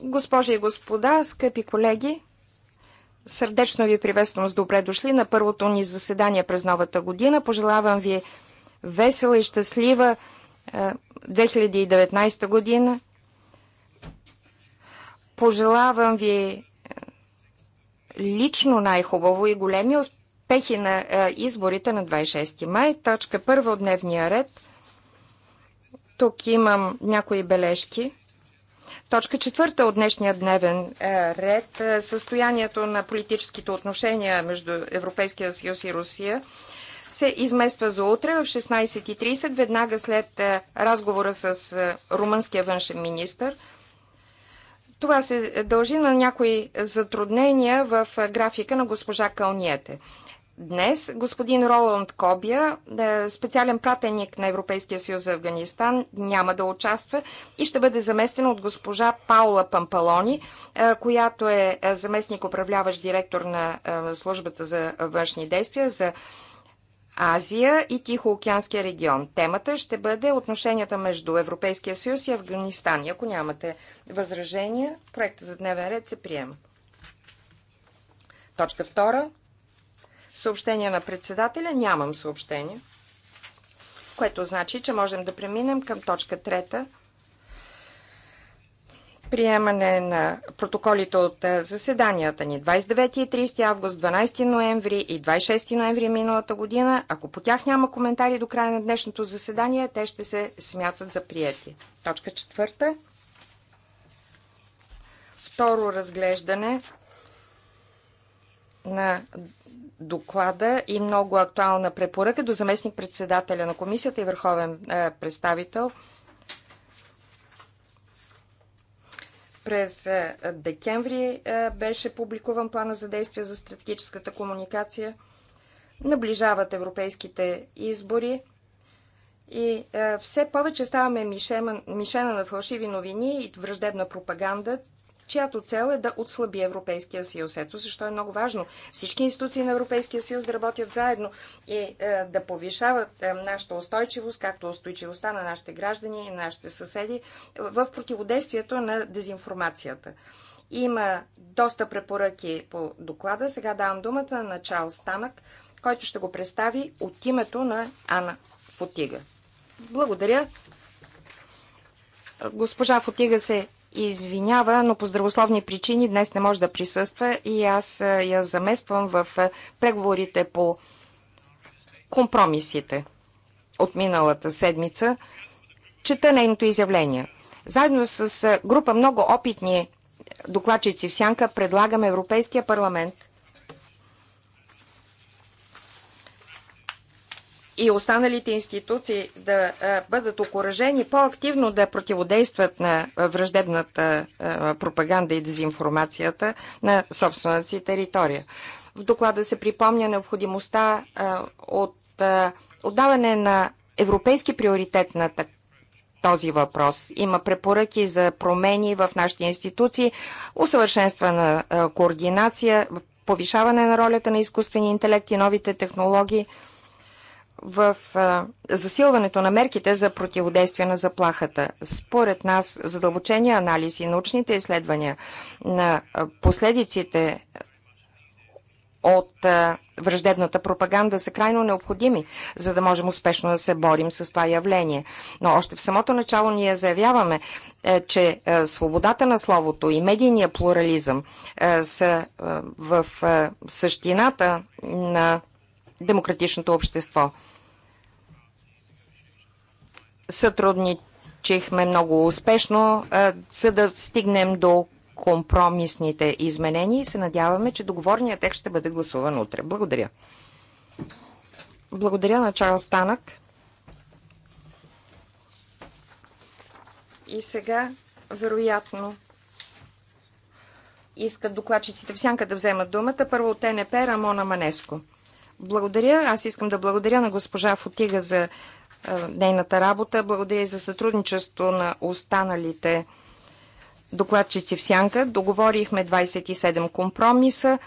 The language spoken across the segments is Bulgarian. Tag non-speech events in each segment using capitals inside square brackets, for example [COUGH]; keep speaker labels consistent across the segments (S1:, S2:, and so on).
S1: Госпожи и господа, скъпи колеги, сърдечно ви приветствам с добре дошли на първото ни заседание през новата година. Пожелавам ви весела и щастлива 2019 е, година. Пожелавам ви е, лично най-хубаво и големи успехи на е, изборите на 26 май. Точка първа от дневния ред – тук имам някои бележки. Точка четвърта от днешния дневен е, ред е, – състоянието на политическите отношения между Европейския съюз и Русия се измества за утре в 16.30, веднага след е, разговора с румънския външен министр. Това се дължи на някои затруднения в графика на госпожа Кълниете. Днес господин Роланд Кобия, е, специален пратеник на Европейския съюз за Афганистан, няма да участва и ще бъде заместена от госпожа Паула Пампалони, е, която е, е заместник управляващ директор на службата за външни действия за Азия и Тихоокеанския регион. Темата ще бъде отношенията между Европейския съюз и Афганистан. И ако нямате възражения, проекта за дневен ред се приема. Точка втора Съобщения на председателя? Нямам съобщения. Което значи, че можем да преминем към точка трета. Приемане на протоколите от заседанията ни 29 и 30 август, 12 ноември и 26 ноември миналата година. Ако по тях няма коментари до края на днешното заседание, те ще се смятат за прияти. Точка четвърта. Второ разглеждане на доклада и много актуална препоръка до заместник председателя на комисията и върховен е, представител. През е, декември е, беше публикуван плана за действие за стратегическата комуникация. Наближават европейските избори и е, все повече ставаме мишена, мишена на фалшиви новини и враждебна пропаганда чиято цел е да отслаби Европейския съюз. Ето защо е много важно всички институции на Европейския съюз да работят заедно и е, да повишават е, нашата устойчивост, както устойчивостта на нашите граждани и нашите съседи в противодействието на дезинформацията. Има доста препоръки по доклада. Сега давам думата на Чарлз Танък, който ще го представи от името на Ана Фотига. Благодаря. Госпожа Фотига се извинява, но по здравословни причини днес не може да присъства и аз я замествам в преговорите по компромисите от миналата седмица. Чета нейното изявление. Заедно с група много опитни докладчици в Сянка предлагам Европейския парламент и останалите институции да бъдат окоръжени по-активно да противодействат на враждебната пропаганда и дезинформацията на собствената си територия. В доклада се припомня необходимостта от отдаване на европейски приоритет на този въпрос. Има препоръки за промени в нашите институции, усъвършенствана координация, повишаване на ролята на изкуствения интелект и новите технологии – в засилването на мерките за противодействие на заплахата. Според нас, задълбочения анализ и научните изследвания на последиците от враждебната пропаганда са крайно необходими, за да можем успешно да се борим с това явление. Но още в самото начало ние заявяваме, е, че е, свободата на словото и медийния плурализъм е, са в същината на демократичното общество. Сътрудничихме много успешно, за да стигнем до компромисните изменения и се надяваме, че договорният текст ще бъде гласуван утре. Благодаря. Благодаря на Чарлз Танък. И сега, вероятно, искат докладчиците в сянка да вземат думата. Първо от ТНП Рамона Манеско. Благодаря. Аз искам да благодаря на госпожа Фотига за е, нейната работа. Благодаря и за сътрудничество на останалите докладчици в сянка. Договорихме 27 компромиса.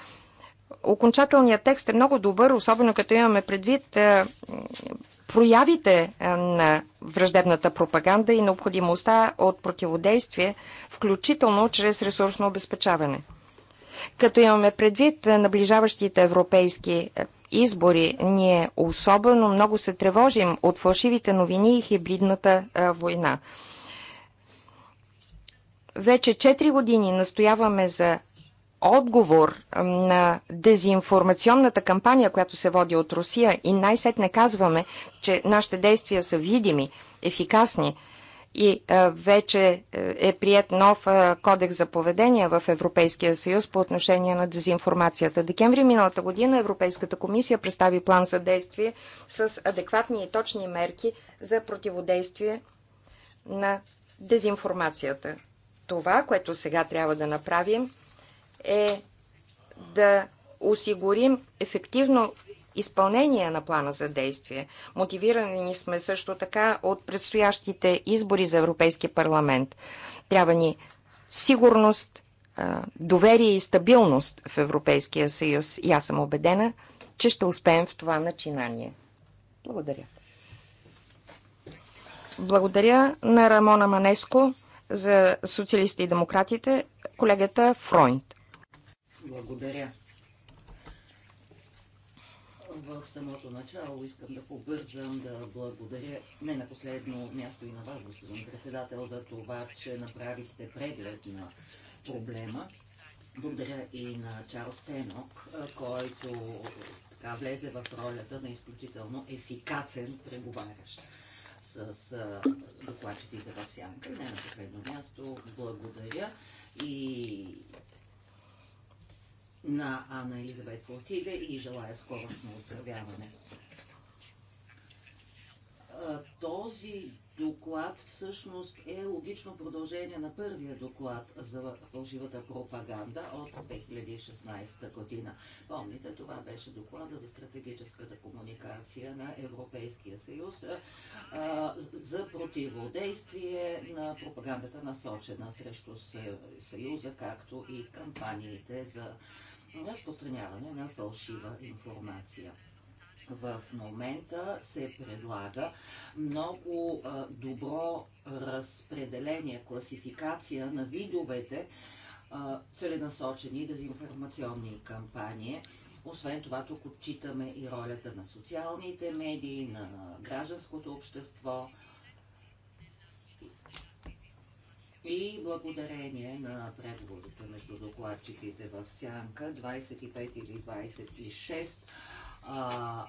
S1: Окончателният текст е много добър, особено като имаме предвид е, проявите е, на враждебната пропаганда и необходимостта от противодействие, включително чрез ресурсно обезпечаване. Като имаме предвид наближаващите европейски избори. Ние особено много се тревожим от фалшивите новини и хибридната а, война. Вече 4 години настояваме за отговор на дезинформационната кампания, която се води от Русия и най-сетне казваме, че нашите действия са видими, ефикасни – и вече е, е прият нов кодекс за поведение в Европейския съюз по отношение на дезинформацията. Декември миналата година Европейската комисия представи план за действие с адекватни и точни мерки за противодействие на дезинформацията. Това, което сега трябва да направим, е да осигурим ефективно изпълнение на плана за действие. Мотивирани сме също така от предстоящите избори за Европейски парламент. Трябва ни сигурност, доверие и стабилност в Европейския съюз. И аз съм убедена, че ще успеем в това начинание. Благодаря. Благодаря на Рамона Манеско за социалисти и демократите, колегата Фройнт.
S2: Благодаря в самото начало искам да побързам да благодаря не на последно място и на вас, господин председател, за това, че направихте преглед на проблема. Благодаря и на Чарлз Стенок, който така, влезе в ролята на изключително ефикасен преговарящ с, с докладчетите в сянка. не на последно място благодаря и на Анна Елизабет Портига и желая скорошно отравяване. Този доклад всъщност е логично продължение на първия доклад за фалшивата пропаганда от 2016 година. Помните, това беше доклада за стратегическата комуникация на Европейския съюз за противодействие на пропагандата насочена срещу Съюза, както и кампаниите за разпространяване на фалшива информация. В момента се предлага много добро разпределение, класификация на видовете целенасочени дезинформационни кампании. Освен това, тук отчитаме и ролята на социалните медии, на гражданското общество – и благодарение на преговорите между докладчиците в Сянка 25 или 26 а,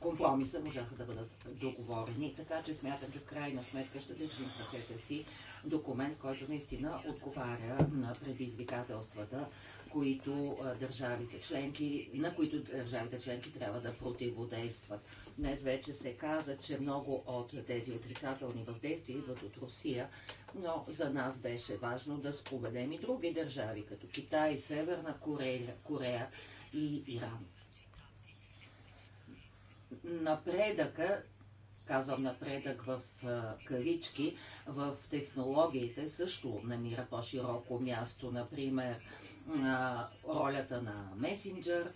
S2: компромиса можаха да бъдат договорени, така че смятам, че в крайна сметка ще държим в ръцете си документ, който наистина отговаря на предизвикателствата които държавите членки, на които държавите членки трябва да противодействат. Днес вече се каза, че много от тези отрицателни въздействия идват от Русия, но за нас беше важно да споведем и други държави, като Китай, Северна Корея, Корея и Иран. Напредъка казвам напредък в кавички, в технологиите също намира по-широко място, например ролята на месенджер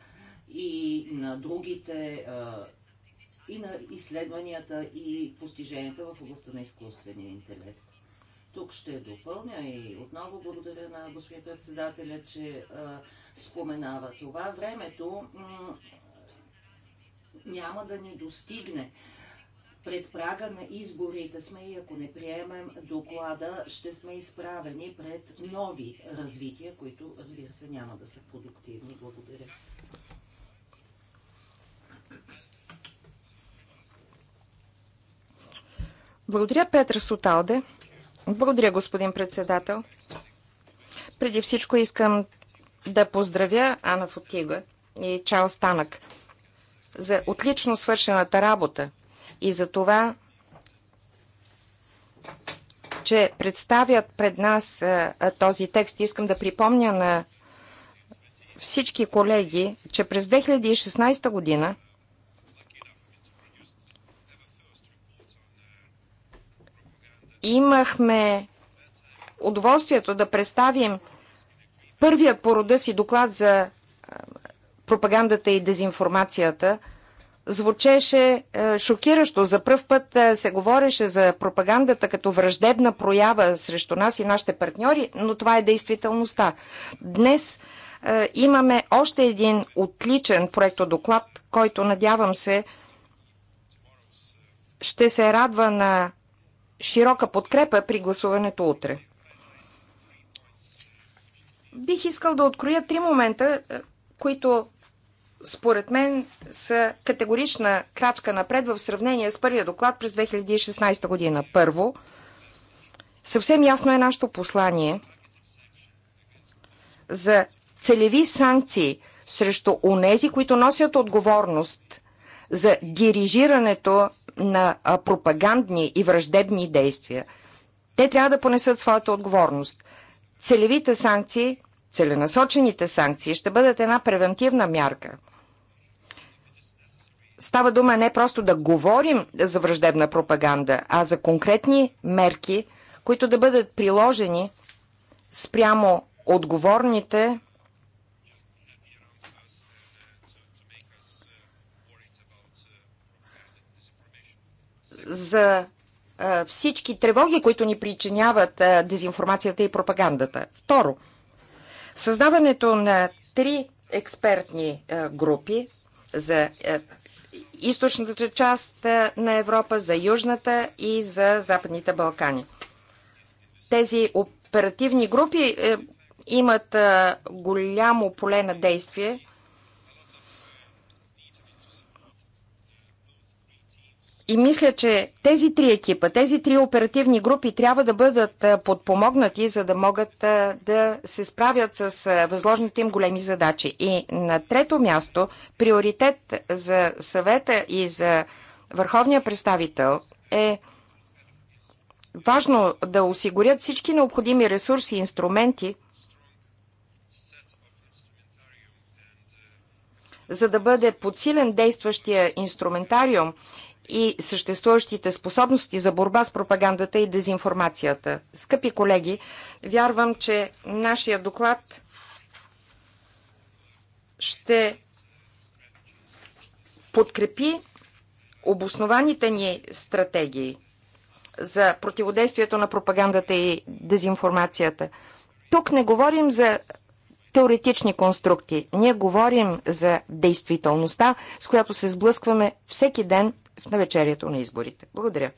S2: и на другите и на изследванията и постиженията в областта на изкуствения интелект. Тук ще допълня и отново благодаря на господин председателя, че споменава това. Времето няма да ни достигне пред прага на изборите сме и ако не приемем доклада, ще сме изправени пред нови развития, които, разбира се, няма да са продуктивни. Благодаря.
S1: Благодаря, Петра Суталде. Благодаря, господин председател. Преди всичко искам да поздравя Ана Фотига и Чао Станък за отлично свършената работа – и за това, че представят пред нас този текст. Искам да припомня на всички колеги, че през 2016 година имахме удоволствието да представим първият по рода си доклад за пропагандата и дезинформацията – звучеше е, шокиращо. За пръв път е, се говореше за пропагандата като враждебна проява срещу нас и нашите партньори, но това е действителността. Днес е, имаме още един отличен проектодоклад, който надявам се ще се радва на широка подкрепа при гласуването утре. Бих искал да откроя три момента, които според мен са категорична крачка напред в сравнение с първия доклад през 2016 година. Първо, съвсем ясно е нашето послание за целеви санкции срещу онези, които носят отговорност за дирижирането на пропагандни и враждебни действия. Те трябва да понесат своята отговорност. Целевите санкции, целенасочените санкции ще бъдат една превентивна мярка – става дума не просто да говорим за враждебна пропаганда, а за конкретни мерки, които да бъдат приложени спрямо отговорните за всички тревоги, които ни причиняват дезинформацията и пропагандата. Второ, създаването на три експертни групи за източната част на Европа, за южната и за Западните Балкани. Тези оперативни групи е, имат голямо поле на действие И мисля, че тези три екипа, тези три оперативни групи трябва да бъдат подпомогнати, за да могат да се справят с възложените им големи задачи. И на трето място, приоритет за съвета и за върховния представител е важно да осигурят всички необходими ресурси и инструменти, за да бъде подсилен действащия инструментариум и съществуващите способности за борба с пропагандата и дезинформацията. Скъпи колеги, вярвам, че нашия доклад ще подкрепи обоснованите ни стратегии за противодействието на пропагандата и дезинформацията. Тук не говорим за теоретични конструкти. Ние говорим за действителността, с която се сблъскваме всеки ден в навечерието на изборите. Благодаря.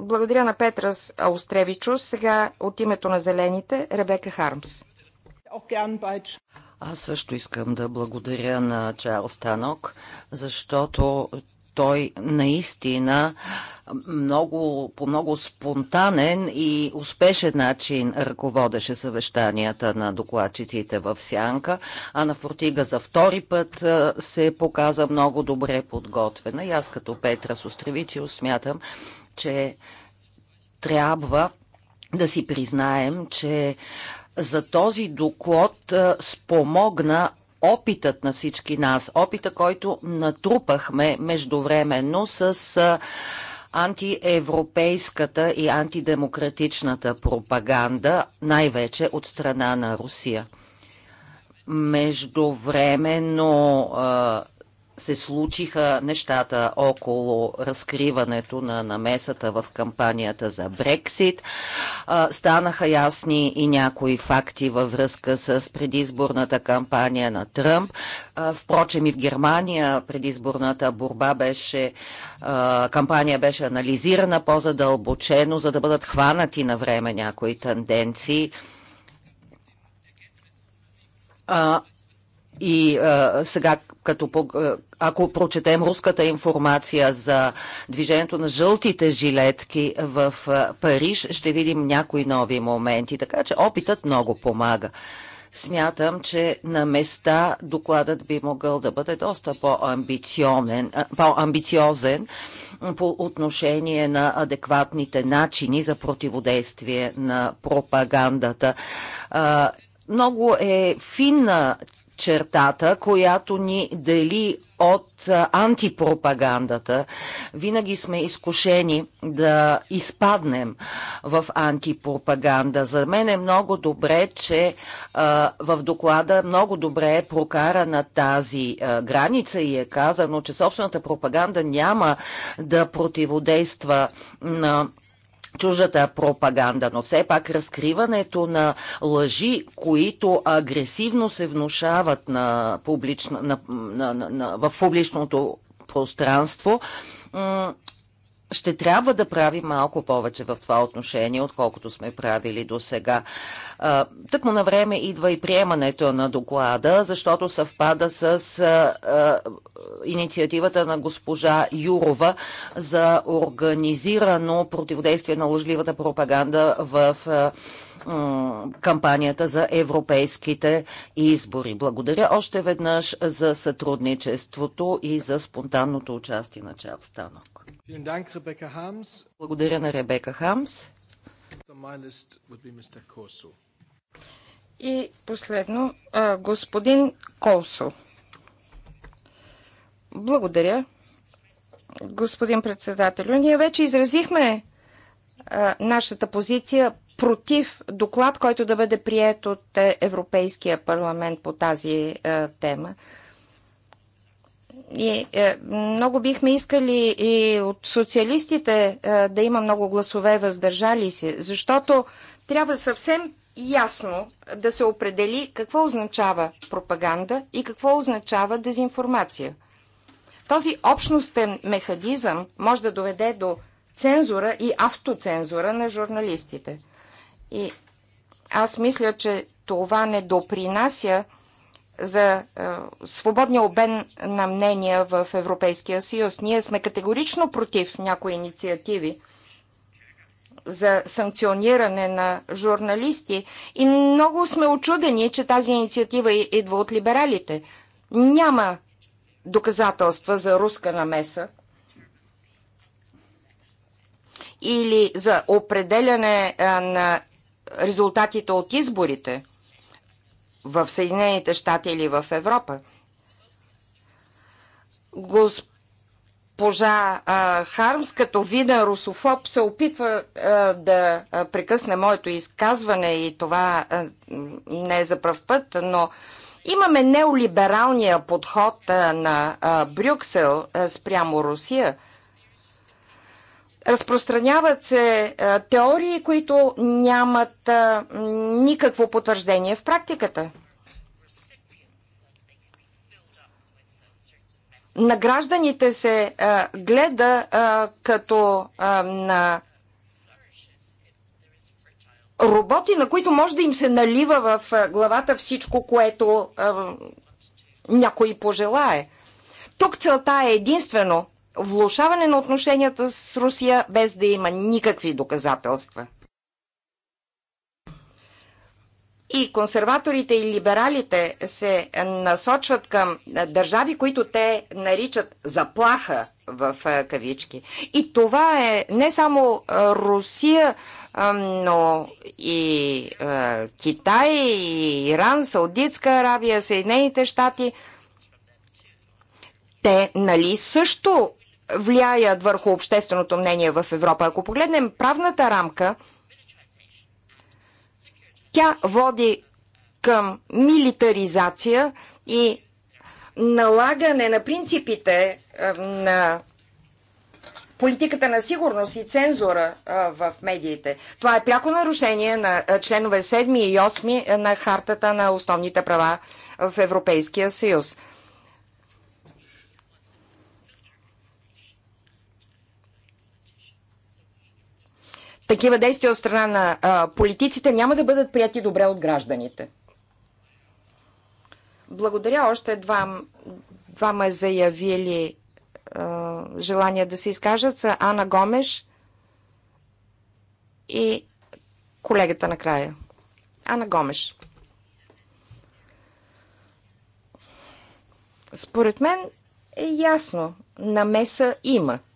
S1: Благодаря на Петрас Аустревичо. Сега от името на Зелените Ребека Хармс.
S2: Аз също искам да благодаря на Чарлз Танок, защото той наистина много, по много спонтанен и успешен начин ръководеше съвещанията на докладчиците в Сянка. а на Фортига за втори път се показа много добре подготвена. И аз като Петра Состревичи смятам, че трябва да си признаем, че за този доклад спомогна опитът на всички нас, опита, който натрупахме междувременно с антиевропейската и антидемократичната пропаганда, най-вече от страна на Русия. Междувременно се случиха нещата около разкриването на намесата в кампанията за Брексит. Станаха ясни и някои факти във връзка с предизборната кампания на Тръмп. Впрочем и в Германия предизборната борба беше, кампания беше анализирана по-задълбочено, за да бъдат хванати на време някои тенденции. И а, сега, като, ако прочетем руската информация за движението на жълтите жилетки в Париж, ще видим някои нови моменти. Така че опитът много помага. Смятам, че на места докладът би могъл да бъде доста по-амбициозен, по-амбициозен по отношение на адекватните начини за противодействие на пропагандата много е финна чертата, която ни дели от антипропагандата. Винаги сме изкушени да изпаднем в антипропаганда. За мен е много добре, че а, в доклада много добре е прокарана тази а, граница и е казано, че собствената пропаганда няма да противодейства на чуждата пропаганда, но все пак разкриването на лъжи, които агресивно се внушават на публично, на, на, на, на, в публичното пространство, ще трябва да правим малко повече в това отношение, отколкото сме правили до сега. Тъкмо на време идва и приемането на доклада, защото съвпада с а, а, инициативата на госпожа Юрова за организирано противодействие на лъжливата пропаганда в а, кампанията за европейските избори. Благодаря още веднъж за сътрудничеството и за спонтанното участие на Чав Станок.
S3: Благодаря
S1: на Ребека Хамс. И последно, господин Колсо. Благодаря, господин председател. Ние вече изразихме нашата позиция против доклад, който да бъде прият от е, Европейския парламент по тази е, тема. И е, много бихме искали и от социалистите е, да има много гласове въздържали се, защото трябва съвсем ясно да се определи какво означава пропаганда и какво означава дезинформация. Този общностен механизъм може да доведе до цензура и автоцензура на журналистите. И аз мисля, че това не допринася за е, свободния обен на мнения в Европейския съюз. Ние сме категорично против някои инициативи за санкциониране на журналисти и много сме очудени, че тази инициатива идва от либералите. Няма доказателства за руска намеса или за определяне е, на резултатите от изборите – в Съединените щати или в Европа. Госпожа а, Хармс, като виден русофоб, се опитва а, да прекъсне моето изказване и това а, не е за пръв път, но имаме неолибералния подход а, на а, Брюксел а, спрямо Русия – Разпространяват се а, е, теории, които нямат а, е, никакво потвърждение в практиката. На гражданите се а, е, гледа а, като а, на роботи, на които може да им се налива в главата всичко, което а, някой пожелае. Тук целта е единствено влушаване на отношенията с Русия, без да има никакви доказателства. И консерваторите и либералите се насочват към държави, които те наричат заплаха в е, кавички. И това е не само е, Русия, е, но и Китай, и Иран, Саудитска Аравия, Съединените щати. Те, нали, също влияят върху общественото мнение в Европа. Ако погледнем правната рамка, тя води към милитаризация и налагане на принципите на политиката на сигурност и цензура в медиите. Това е пряко нарушение на членове 7 и 8 на хартата на основните права в Европейския съюз. такива действия от страна на а, политиците няма да бъдат прияти добре от гражданите. Благодаря още два, двама заявили а, желание да се изкажат са Ана Гомеш и колегата накрая. Ана Гомеш. Според мен е ясно, намеса има –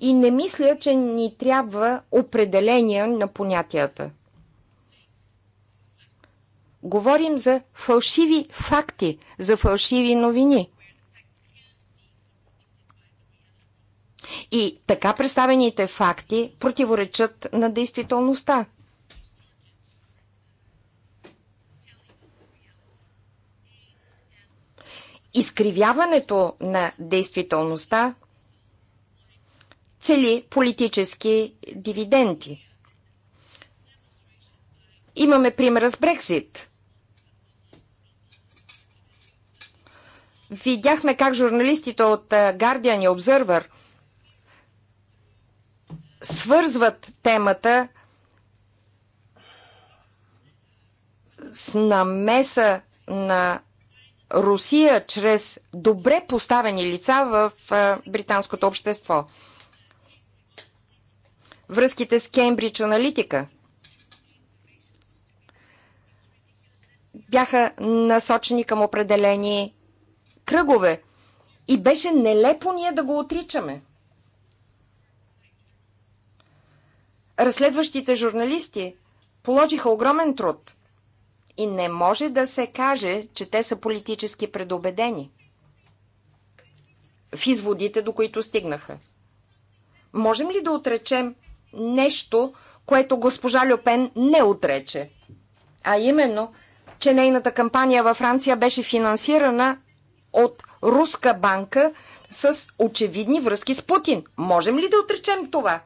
S1: и не мисля, че ни трябва определения на понятията. Говорим за фалшиви факти, за фалшиви новини. И така представените факти противоречат на действителността. Изкривяването на действителността цели политически дивиденти. Имаме пример с Брексит. Видяхме как журналистите от Guardian и Observer свързват темата с намеса на Русия чрез добре поставени лица в британското общество – връзките с Кембридж Аналитика бяха насочени към определени кръгове. И беше нелепо ние да го отричаме. Разследващите журналисти положиха огромен труд и не може да се каже, че те са политически предубедени в изводите, до които стигнаха. Можем ли да отречем нещо, което госпожа Люпен не отрече. А именно, че нейната кампания във Франция беше финансирана от руска банка с очевидни връзки с Путин. Можем ли да отречем това?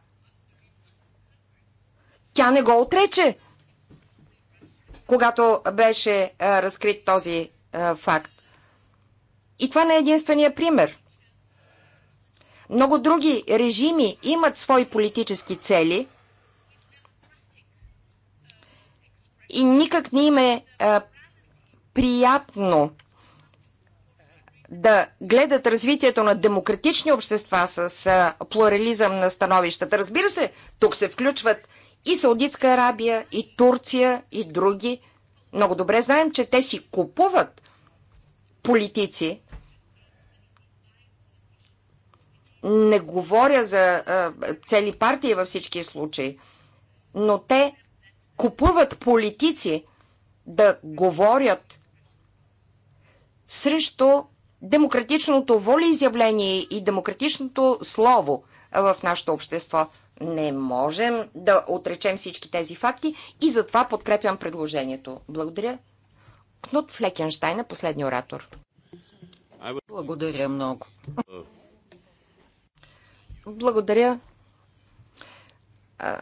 S1: Тя не го отрече, когато беше а, разкрит този а, факт. И това не е единствения пример. Много други режими имат свои политически цели и никак не им е а, приятно да гледат развитието на демократични общества с а, плурализъм на становищата. Разбира се, тук се включват и Саудитска Арабия, и Турция, и други. Много добре знаем, че те си купуват политици Не говоря за цели партии във всички случаи, но те купуват политици да говорят срещу демократичното волеизявление и демократичното слово в нашето общество. Не можем да отречем всички тези факти и затова подкрепям предложението. Благодаря. Кнут Флекенштайн е последния оратор. Благодаря много. Благодаря. А,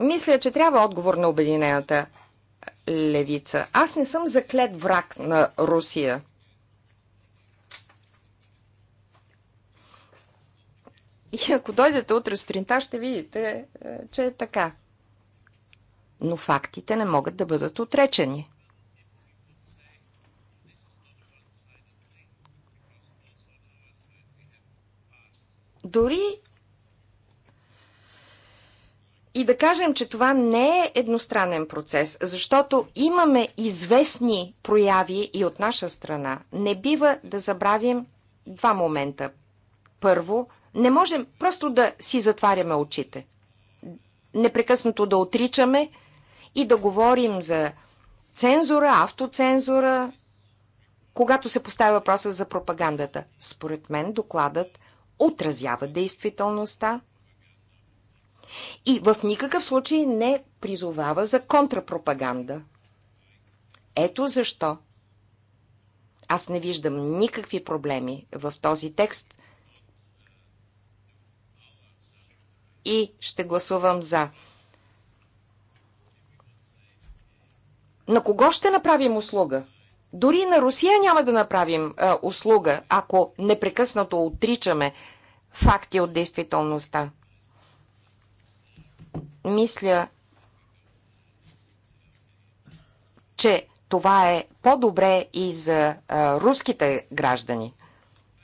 S1: мисля, че трябва отговор на Обединената левица. Аз не съм заклет враг на Русия. И ако дойдете утре сутринта, ще видите, е, че е така. Но фактите не могат да бъдат отречени. Дори и да кажем, че това не е едностранен процес, защото имаме известни прояви и от наша страна. Не бива да забравим два момента. Първо, не можем просто да си затваряме очите, непрекъснато да отричаме и да говорим за цензура, автоцензура, когато се поставя въпроса за пропагандата. Според мен докладът Отразява действителността и в никакъв случай не призовава за контрапропаганда. Ето защо аз не виждам никакви проблеми в този текст и ще гласувам за. На кого ще направим услуга? Дори на Русия няма да направим а, услуга, ако непрекъснато отричаме факти от действителността. Мисля, че това е по-добре и за а, руските граждани.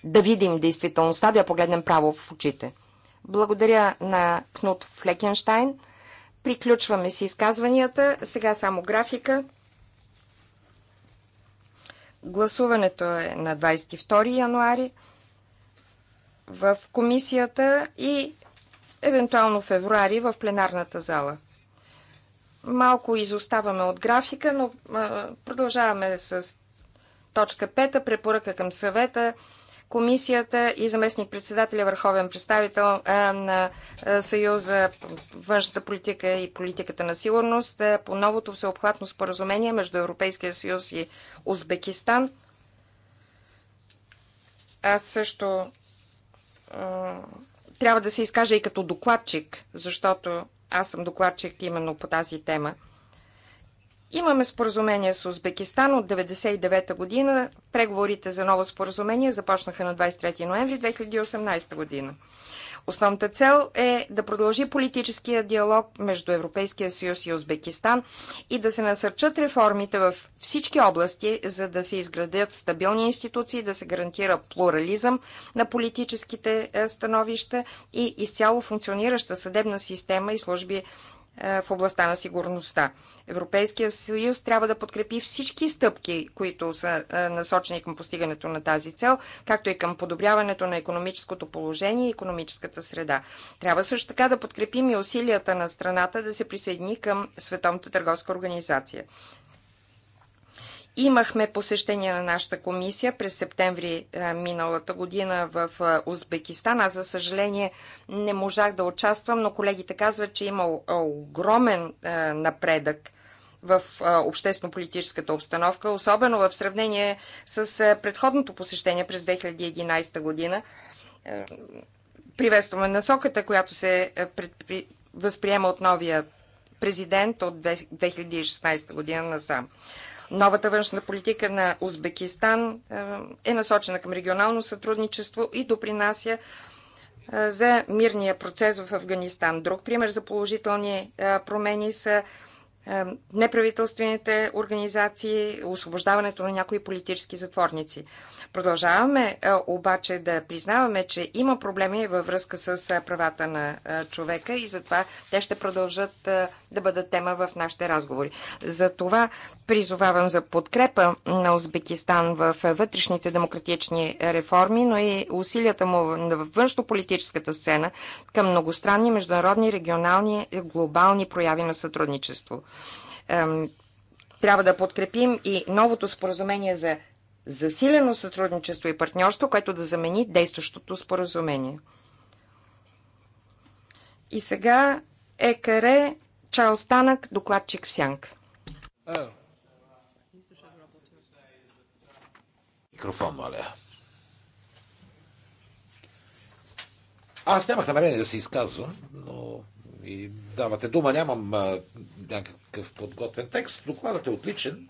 S1: Да видим действителността, да я погледнем право в очите. Благодаря на Кнут Флекенштайн. Приключваме с изказванията. Сега само графика. Гласуването е на 22 януари в комисията и евентуално февруари в пленарната зала. Малко изоставаме от графика, но продължаваме с точка 5, препоръка към съвета, комисията и заместник председателя върховен представител на Съюза външната политика и политиката на сигурност по новото всеобхватно споразумение между Европейския съюз и Узбекистан. Аз също трябва да се изкаже и като докладчик, защото аз съм докладчик именно по тази тема. Имаме споразумение с Узбекистан от 1999 година. Преговорите за ново споразумение започнаха на 23 ноември 2018 година. Основната цел е да продължи политическия диалог между Европейския съюз и Узбекистан и да се насърчат реформите в всички области, за да се изградят стабилни институции, да се гарантира плурализъм на политическите е, становища и изцяло функционираща съдебна система и служби е, в областта на сигурността. Европейския съюз трябва да подкрепи всички стъпки, които са е, насочени към постигането на тази цел, както и към подобряването на економическото положение и економическата среда. Трябва също така да подкрепим и усилията на страната да се присъедини към Световната търговска организация. Имахме посещение на нашата комисия през септември миналата година в Узбекистан. Аз, за съжаление, не можах да участвам, но колегите казват, че има огромен напредък в обществено-политическата обстановка, особено в сравнение с предходното посещение през 2011 година. Приветстваме насоката, която се възприема от новия президент от 2016 година насам. Новата външна политика на Узбекистан е насочена към регионално сътрудничество и допринася за мирния процес в Афганистан. Друг пример за положителни промени са неправителствените организации, освобождаването на някои политически затворници. Продължаваме обаче да признаваме, че има проблеми във връзка с правата на човека и затова те ще продължат да бъдат тема в нашите разговори. За това призовавам за подкрепа на Узбекистан в вътрешните демократични реформи, но и усилията му в външно-политическата сцена към многостранни международни, регионални и глобални прояви на сътрудничество трябва да подкрепим и новото споразумение за засилено сътрудничество и партньорство, което да замени действащото споразумение. И сега ЕКР Чарл Станък, докладчик в Сянк.
S3: Микрофон, моля. Аз нямах намерение да се изказвам, но и давате дума, нямам някакъв подготвен текст. Докладът е отличен.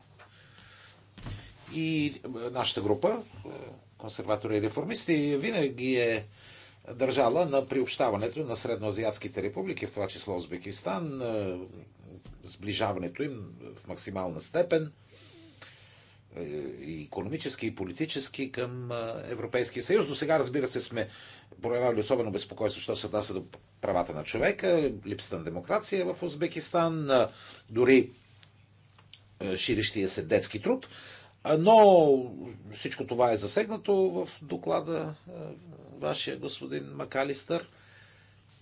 S3: И е, нашата група, е, консерватори и реформисти, винаги е държала на приобщаването на средноазиатските републики, в това число Узбекистан, е, сближаването им в максимална степен и економически, и политически към Европейския съюз. До сега, разбира се, сме проявявали особено безпокойство, що се отнася до правата на човека, липсата на демокрация в Узбекистан, дори ширещия се детски труд. Но всичко това е засегнато в доклада вашия господин Макалистър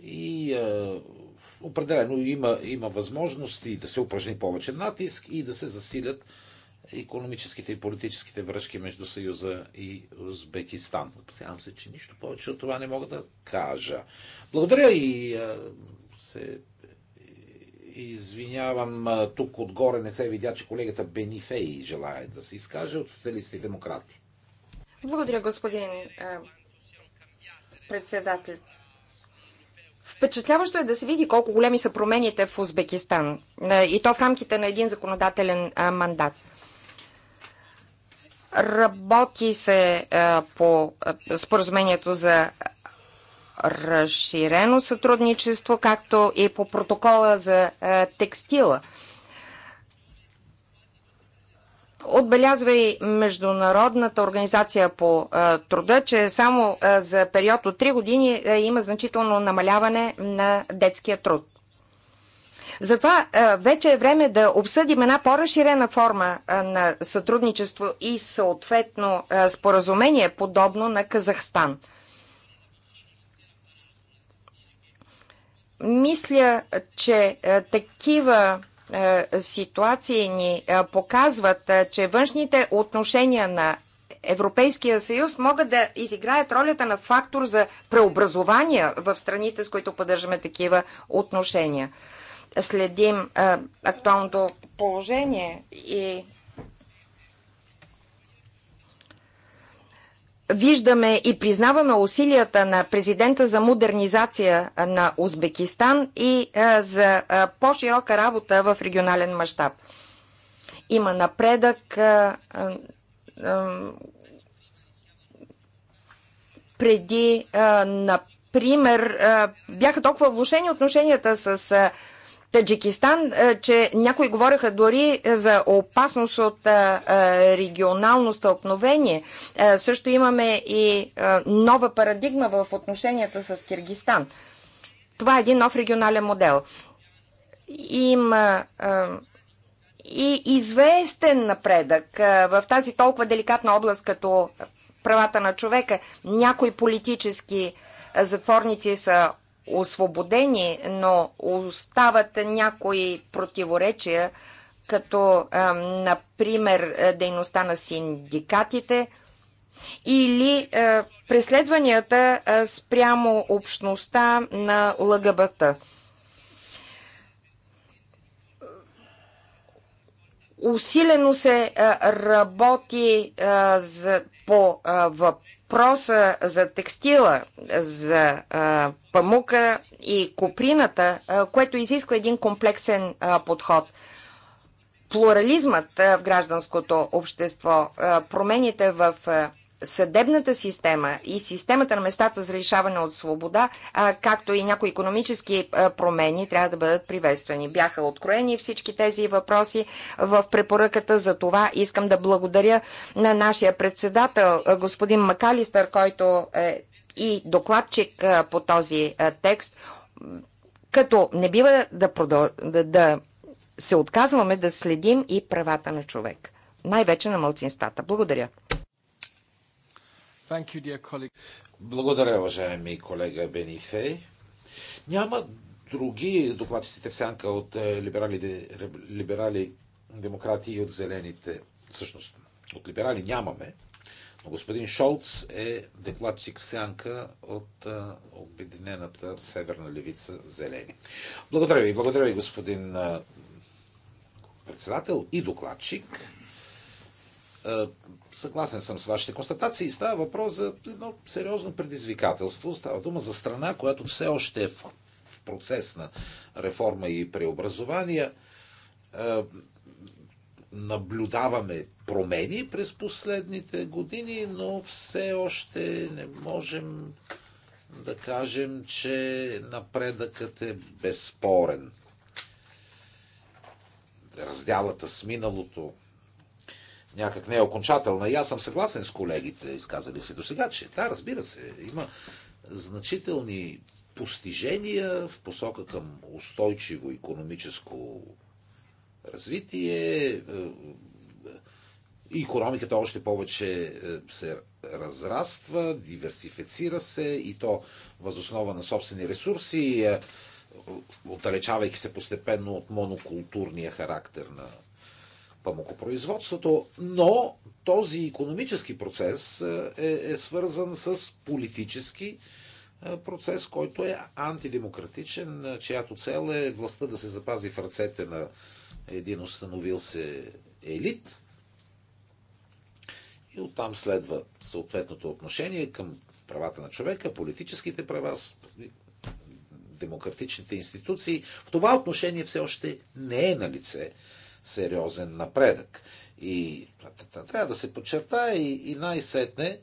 S3: и е, определено има, има възможности да се упражни повече натиск и да се засилят економическите и политическите връзки между Съюза и Узбекистан. Опасявам се, че нищо повече от това не мога да кажа. Благодаря и е, се Извинявам, тук отгоре не се видя, че колегата Бенифей желая да се изкаже от социалисти и демократи.
S1: Благодаря, господин председател. Впечатляващо е да се види колко големи са промените в Узбекистан и то в рамките на един законодателен мандат. Работи се по споразумението за разширено сътрудничество, както и по протокола за е, текстила. Отбелязва и Международната организация по е, труда, че само е, за период от 3 години има значително намаляване на детския труд. Затова вече е време да обсъдим една по-разширена форма на сътрудничество и съответно споразумение, подобно на Казахстан – Мисля, че е, такива е, ситуации ни е, показват, че външните отношения на Европейския съюз могат да изиграят ролята на фактор за преобразование в страните, с които поддържаме такива отношения. Следим а, актуалното положение и Виждаме и признаваме усилията на президента за модернизация на Узбекистан и е, за е, по-широка работа в регионален мащаб. Има напредък е, преди, например, бяха толкова влушени отношенията с Таджикистан, е, че някои говореха дори е, за опасност от е, регионално стълкновение. Също имаме и нова парадигма в отношенията с Киргистан. Това е един нов регионален модел. Има и известен напредък в тази толкова деликатна област като правата на човека. Някои политически затворници са освободени, но остават някои противоречия, като например дейността на синдикатите или преследванията спрямо общността на ЛГБТ. Усилено се работи по въпроса въпроса за текстила, за а, памука и коприната, а, което изисква един комплексен а, подход. Плурализмът а, в гражданското общество, а, промените в а, съдебната система и системата на местата за решаване от свобода, както и някои економически промени, трябва да бъдат приветствани. Бяха откроени всички тези въпроси в препоръката. За това искам да благодаря на нашия председател, господин Макалистър, който е и докладчик по този текст, като не бива да, продъл... да, да се отказваме да следим и правата на човек, най-вече на мълцинствата. Благодаря.
S3: You, Благодаря, уважаеми колега Бенифей. Няма други докладчиците в сянка от е, либерали, либерали демократи и от зелените. Всъщност, от либерали нямаме, но господин Шолц е докладчик в сянка от е, Обединената Северна Левица Зелени. Благодаря ви, благодаря ви, господин е, председател и докладчик. Съгласен съм с вашите констатации. Става въпрос за едно сериозно предизвикателство. Става дума за страна, която все още е в процес на реформа и преобразование. Наблюдаваме промени през последните години, но все още не можем да кажем, че напредъкът е безспорен. Раздялата с миналото някак не е окончателна. И аз съм съгласен с колегите, изказали се до сега, че да, разбира се, има значителни постижения в посока към устойчиво економическо развитие. И е, економиката още повече е, се разраства, диверсифицира се и то възоснова на собствени ресурси, е, отдалечавайки се постепенно от монокултурния характер на памукопроизводството, но този економически процес е, е, е свързан с политически е, процес, който е антидемократичен, е, чиято цел е властта да се запази в ръцете на един установил се елит. И оттам следва съответното отношение към правата на човека, политическите права, демократичните институции. В това отношение все още не е на лице сериозен напредък. И трябва да се подчерта и, и най-сетне,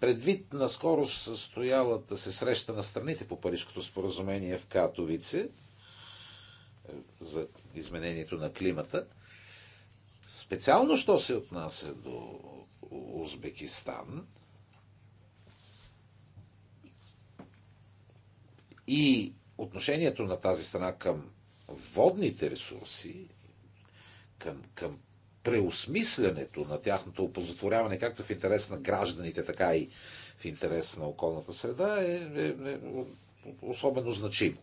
S3: предвид на скоро състоялата се среща на страните по Парижското споразумение в Катовице е, за изменението на климата, специално, що се отнася до Узбекистан и отношението на тази страна към водните ресурси към, към преосмислянето на тяхното опозотворяване, както в интерес на гражданите, така и в интерес на околната среда, е, е, е особено значимо.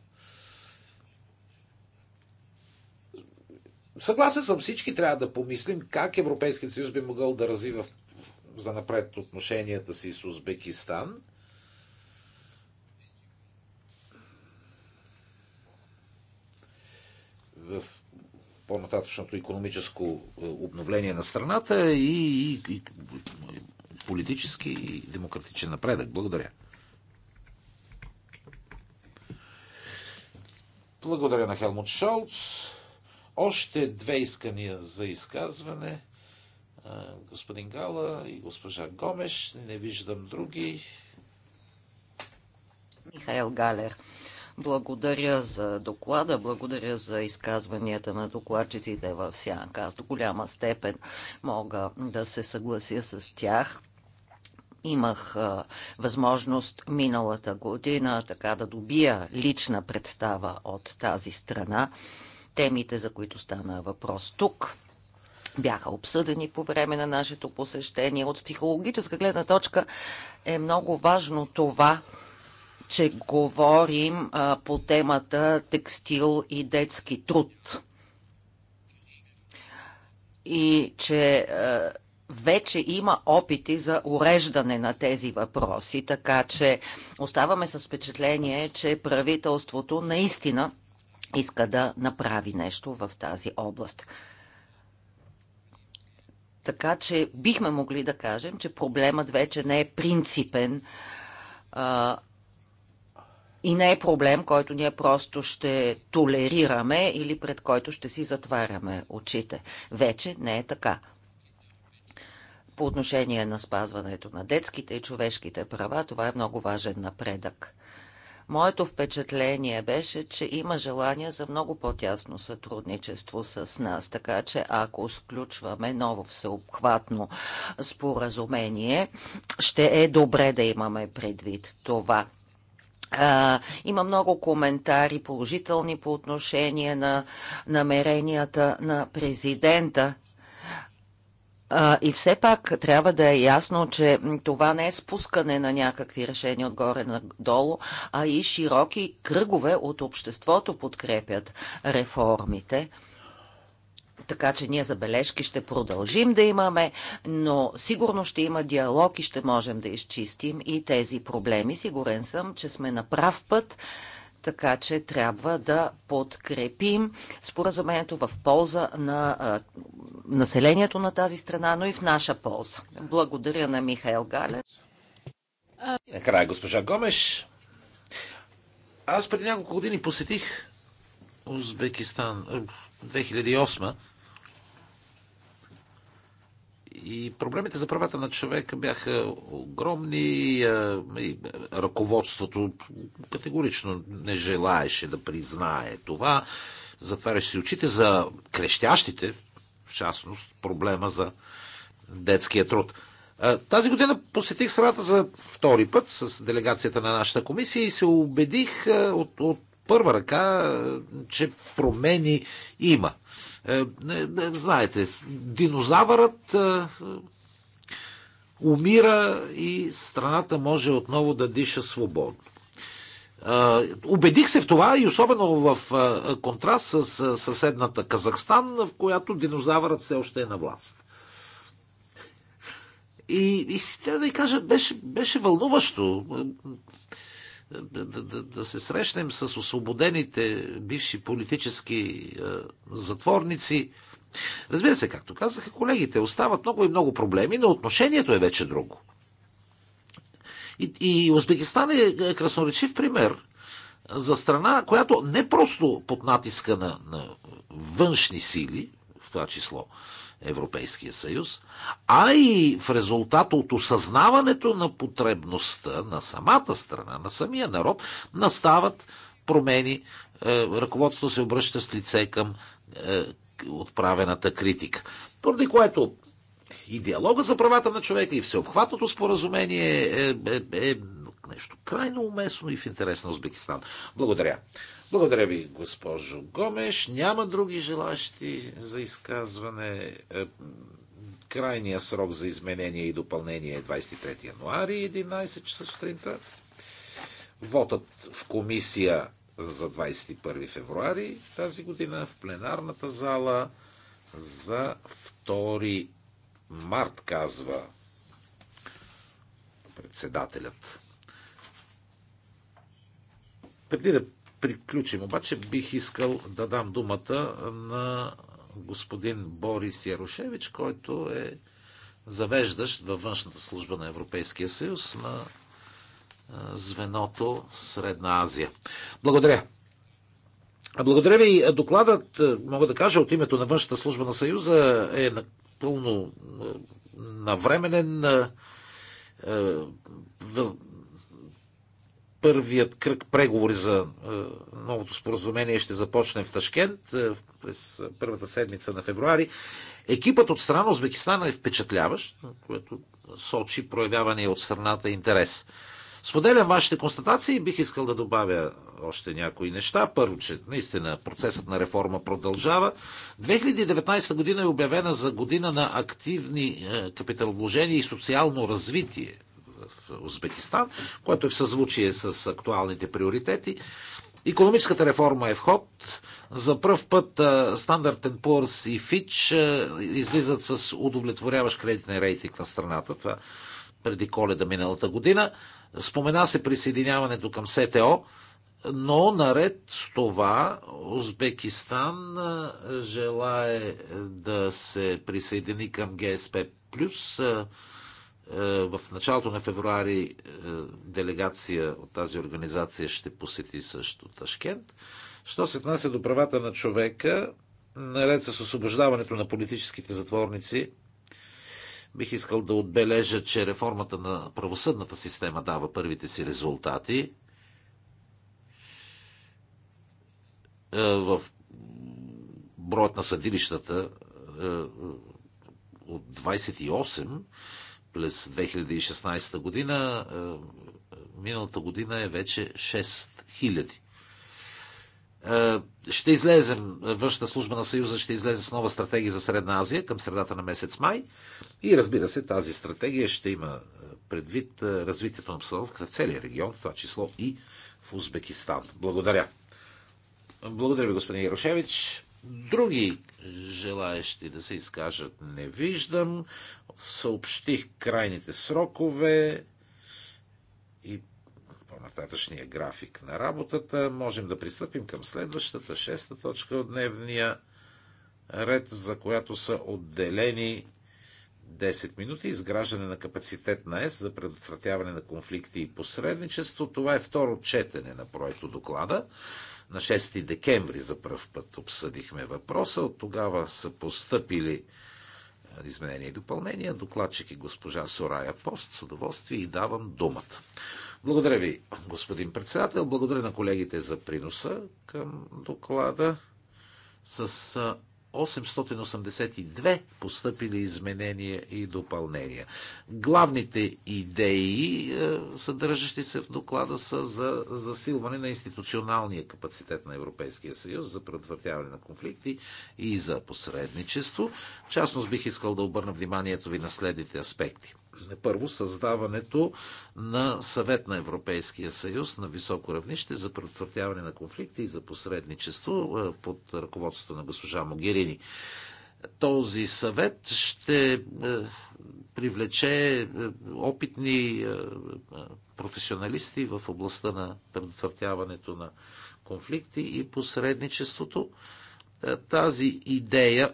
S3: Съгласен съм, всички трябва да помислим как Европейският съюз би могъл да развива за напред отношенията си с Узбекистан. В по-нататъчното економическо е, обновление на страната и, и, и политически и демократичен напредък. Благодаря. Благодаря на Хелмут Шолц. Още две искания за изказване. Е, господин Гала и госпожа Гомеш. Не виждам други.
S2: Михаил Галер. Благодаря за доклада, благодаря за изказванията на докладчиците във Сянка. Аз до голяма степен мога да се съглася с тях имах а, възможност миналата година така да добия лична представа от тази страна. Темите, за които стана въпрос тук, бяха обсъдени по време на нашето посещение. От психологическа гледна точка е много важно това, че говорим а, по темата текстил и детски труд. И че а, вече има опити за уреждане на тези въпроси, така че оставаме с впечатление, че правителството наистина иска да направи нещо в тази област. Така че бихме могли да кажем, че проблемът вече не е принципен, и не е проблем, който ние просто ще толерираме или пред който ще си затваряме очите. Вече не е така. По отношение на спазването на детските и човешките права, това е много важен напредък. Моето впечатление беше, че има желание за много по-тясно сътрудничество с нас, така че ако сключваме ново всеобхватно споразумение, ще е добре да имаме предвид това а, има много коментари положителни по отношение на намеренията на президента. и все пак трябва да е ясно, че това не е спускане на някакви решения отгоре надолу, а и широки кръгове от обществото подкрепят реформите. Така че ние забележки ще продължим да имаме, но сигурно ще има диалог и ще можем да изчистим и тези проблеми. Сигурен съм, че сме на прав път така че трябва да подкрепим споразумението в полза на а, населението на тази страна, но и в наша полза. Благодаря на Михаил Галер.
S3: Накрая госпожа Гомеш. Аз преди няколко години посетих Узбекистан 2008 и проблемите за правата на човека бяха огромни. И ръководството категорично не желаеше да признае това. Затваряше си очите за крещящите, в частност, проблема за детския труд. Тази година посетих страната за втори път с делегацията на нашата комисия и се убедих от, от първа ръка, че промени има е, знаете, динозавърът е, умира и страната може отново да диша свободно. Е, убедих се в това и особено в контраст с съседната Казахстан, в която динозавърът все още е на власт. И, и трябва да ви кажа, беше, беше вълнуващо да, да, да се срещнем с освободените бивши политически е, затворници. Разбира се, както казаха колегите, остават много и много проблеми, но отношението е вече друго. И, и Узбекистан е, е красноречив пример за страна, която не просто под натиска на, на външни сили, в това число, Европейския съюз, а и в резултат от осъзнаването на потребността на самата страна, на самия народ, настават промени. Е, ръководството се обръща с лице към е, отправената критика. Поради което и диалога за правата на човека, и всеобхватното споразумение е, е, е нещо крайно уместно и в интерес на Узбекистан. Благодаря. Благодаря ви, госпожо Гомеш. Няма други желащи за изказване. Е, крайният срок за изменение и допълнение е 23 януари, 11 часа сутринта. Вотът в комисия за 21 февруари тази година в пленарната зала за 2 март, казва председателят. Преди да приключим. Обаче бих искал да дам думата на господин Борис Ярошевич, който е завеждащ във външната служба на Европейския съюз на звеното Средна Азия. Благодаря. Благодаря ви. Докладът, мога да кажа, от името на външната служба на Съюза е напълно навременен. Първият кръг преговори за е, новото споразумение ще започне в Ташкент е, през първата седмица на февруари. Екипът от страна Узбекистана е впечатляващ, което сочи проявяване от страната интерес. Споделям вашите констатации и бих искал да добавя още някои неща. Първо, че наистина процесът на реформа продължава. 2019 година е обявена за година на активни е, капиталовложения и социално развитие в Узбекистан, което е в съзвучие с актуалните приоритети. Економическата реформа е в ход. За първ път Standard Poor's и Fitch излизат с удовлетворяващ кредитен рейтинг на страната. Това преди коледа миналата година. Спомена се присъединяването към СТО, но наред с това Узбекистан желае да се присъедини към ГСП+, е, в началото на февруари е, делегация от тази организация ще посети също Ташкент. Що се отнася до правата на човека, наред с освобождаването на политическите затворници, бих искал да отбележа, че реформата на правосъдната система дава първите си резултати. Е, в броят на съдилищата от 28 през 2016 година, е, е, миналата година е вече 6000. Е, ще излезем, външната служба на Съюза ще излезе с нова стратегия за Средна Азия към средата на месец май. И разбира се, тази стратегия ще има предвид развитието на обстановката в целия регион, в това число и в Узбекистан. Благодаря. Благодаря ви, господин Ярошевич. Други желаящи да се изкажат не виждам съобщих крайните срокове и по-нататъчния график на работата. Можем да пристъпим към следващата, шеста точка от дневния ред, за която са отделени 10 минути. Изграждане на капацитет на ЕС за предотвратяване на конфликти и посредничество. Това е второ четене на проекто доклада. На 6 декември за първ път обсъдихме въпроса. От тогава са постъпили изменения и допълнения. Докладчик и е госпожа Сорая Пост. С удоволствие и давам думата. Благодаря ви, господин председател. Благодаря на колегите за приноса към доклада. С 882 постъпили изменения и допълнения. Главните идеи, е, съдържащи се в доклада, са за засилване на институционалния капацитет на Европейския съюз за предотвратяване на конфликти и за посредничество. В частност бих искал да обърна вниманието ви на следните аспекти. Първо, създаването на съвет на Европейския съюз на високо равнище за предотвратяване на конфликти и за посредничество е, под ръководството на госпожа Могерини. Този съвет ще е, привлече е, опитни професионалисти в областта на предотвратяването на конфликти и посредничеството. Тази идея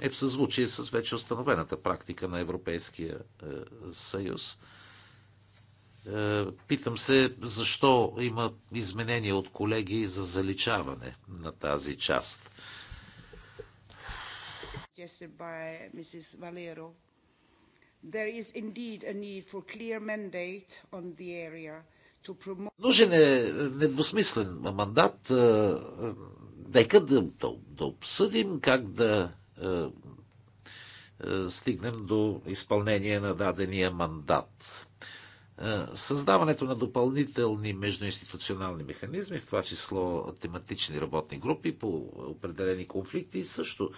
S3: е в съзвучие с вече установената практика на Европейския е, съюз. Е, питам се защо има изменения от колеги за заличаване на тази част. Нужен е недвусмислен мандат. Е, нека да, да, да обсъдим как да е, е, стигнем до изпълнение на дадения мандат. Е, създаването на допълнителни междуинституционални механизми, в това число тематични работни групи по определени конфликти, също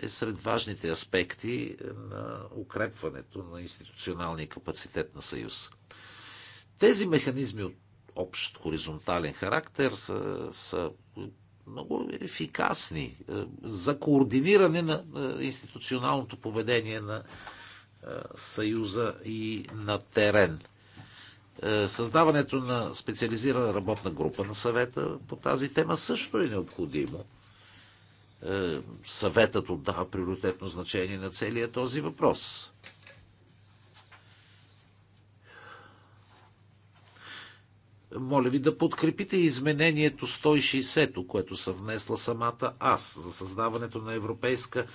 S3: е сред важните аспекти на укрепването на институционалния капацитет на Съюз. Тези механизми от общ хоризонтален характер са, са много ефикасни е, за координиране на е, институционалното поведение на е, Съюза и на терен. Създаването на специализирана работна група на съвета по тази тема също е необходимо. Съветът отдава приоритетно значение на целия този въпрос. моля ви да подкрепите изменението 160, което съм внесла самата аз за създаването на европейска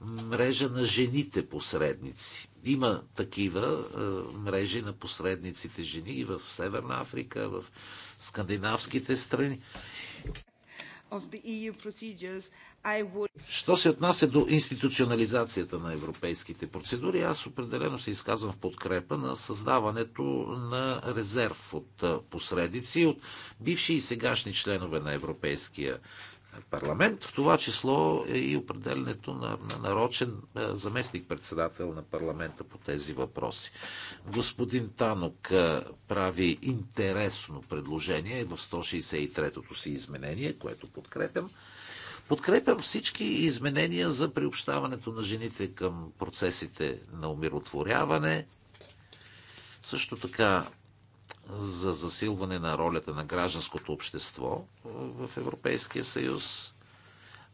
S3: мрежа на жените посредници. Има такива е, мрежи на посредниците жени и в Северна Африка, в скандинавските страни.
S1: Of the EU procedures
S3: Що се отнася до институционализацията на европейските процедури, аз определено се изказвам в подкрепа на създаването на резерв от посредици, от бивши и сегашни членове на Европейския парламент, в това число е и определенето на, на нарочен заместник-председател на парламента по тези въпроси. Господин Танок прави интересно предложение в 163-тото си изменение, което подкрепям Подкрепям всички изменения за приобщаването на жените към процесите на умиротворяване. Също така за засилване на ролята на гражданското общество в Европейския съюз.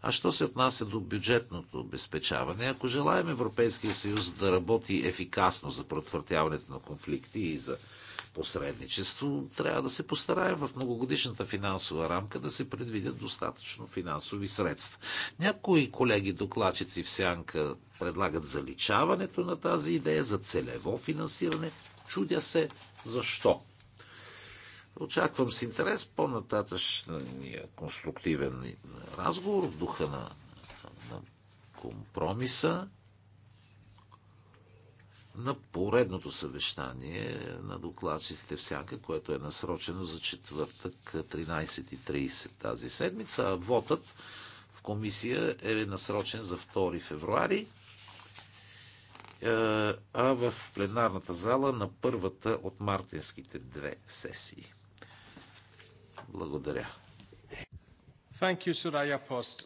S3: А що се отнася до бюджетното обезпечаване, ако желаем Европейския съюз да работи ефикасно за предотвратяването на конфликти и за посредничество, трябва да се постарае в многогодишната финансова рамка да се предвидят достатъчно финансови средства. Някои колеги докладчици в Сянка предлагат заличаването на тази идея за целево финансиране. Чудя се защо. Очаквам с интерес по-нататъчния конструктивен разговор в духа на, на компромиса на поредното съвещание на докладчиците всяка, което е насрочено за четвъртък 13.30 тази седмица. А вотът в комисия е насрочен за 2 февруари, е, а в пленарната зала на първата от мартинските две сесии. Благодаря. Thank you, Suraya Post.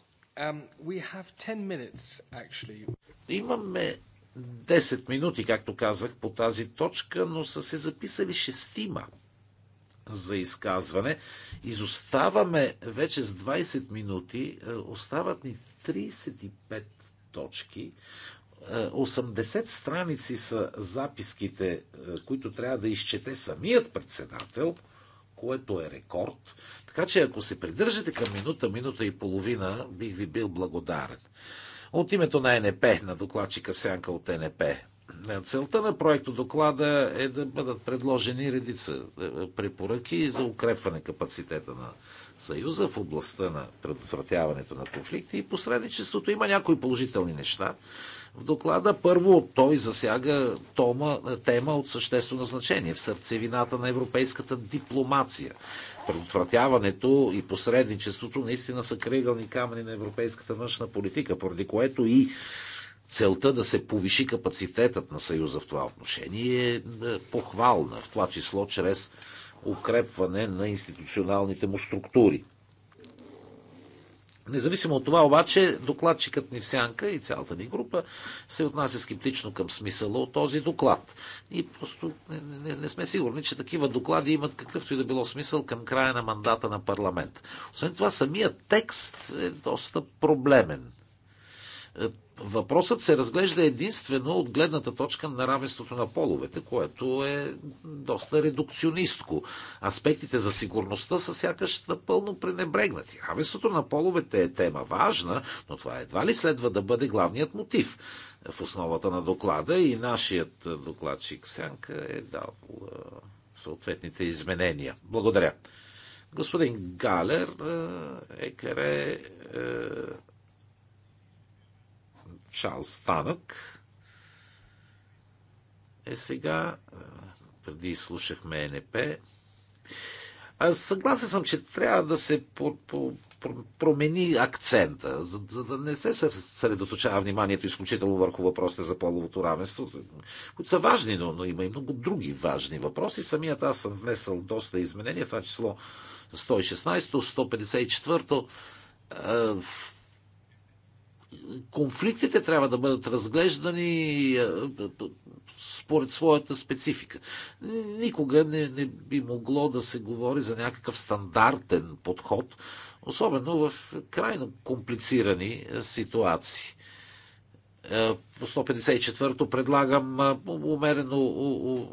S3: Um, we have 10 minutes, actually. Имаме 10 минути, както казах, по тази точка, но са се записали шестима за изказване. Изоставаме вече с 20 минути. Е, остават ни 35 точки. 80 е, страници са записките, е, които трябва да изчете самият председател, което е рекорд. Така че ако се придържате към минута, минута и половина, бих ви бил благодарен. От името на НП, на докладчика сянка от НП. Целта на проекто доклада е да бъдат предложени редица е, препоръки за укрепване капацитета на Съюза в областта на предотвратяването на конфликти и посредничеството. Има някои положителни неща в доклада. Първо, той засяга тома, тема от съществено значение в сърцевината на европейската дипломация предотвратяването и посредничеството наистина са кръгълни камъни на европейската външна политика, поради което и целта да се повиши капацитетът на Съюза в това отношение е, е похвална, в това число чрез укрепване на институционалните му структури. Независимо от това обаче, докладчикът ни в сянка и цялата ни група се отнася скептично към смисъла от този доклад. И просто не, не, не сме сигурни, че такива доклади имат какъвто и да било смисъл към края на мандата на парламент. Освен това, самият текст е доста проблемен. Въпросът се разглежда единствено от гледната точка на равенството на половете, което е доста редукционистко. Аспектите за сигурността са сякаш напълно пренебрегнати. Равенството на половете е тема важна, но това едва ли следва да бъде главният мотив в основата на доклада и нашият докладчик Сянка е дал съответните изменения. Благодаря. Господин Галер, екаре, е, Чарлз Танък е сега. Преди слушахме НП. съгласен съм, че трябва да се по, по, промени акцента, за, за да не се съсредоточава вниманието изключително върху въпросите за половото равенство, които са важни, но, но има и много други важни въпроси. Самият аз съм внесъл доста изменения, това число 116, 154 конфликтите трябва да бъдат разглеждани е, според своята специфика. Никога не, не би могло да се говори за някакъв стандартен подход, особено в крайно комплицирани е, ситуации. Е, по 154-то предлагам умерено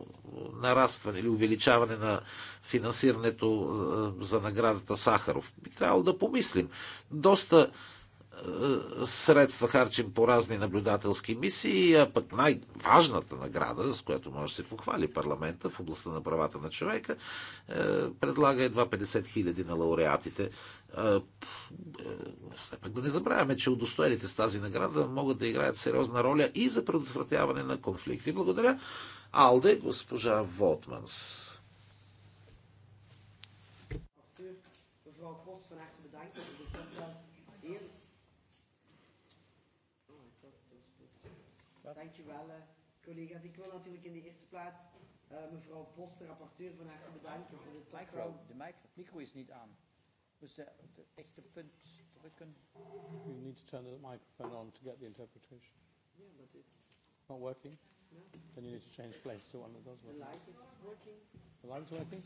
S3: нарастване или увеличаване на финансирането за наградата Сахаров. Би трябвало да помислим. Доста е, средства харчим по разни наблюдателски мисии, а пък най-важната награда, с която може да се похвали парламента в областта на правата на човека, е, предлага едва 50 хиляди на лауреатите. Е, все пак да не забравяме, че удостоените с тази награда могат да играят сериозна роля и за предотвратяване на конфликти. Благодаря. Алде, госпожа Вотманс.
S2: Ja. Dankjewel, uh, collega's. Ik wil natuurlijk in de eerste plaats uh, mevrouw Post, de rapporteur, van harte bedanken voor dit micro. De micro, micro is niet aan. Dus de,
S3: de echte punt drukken. You need to turn the microphone on to get the
S1: interpretation. Yeah, but it's... Not working? No. Then you need to change place to one that does work. The light is working. The light is working?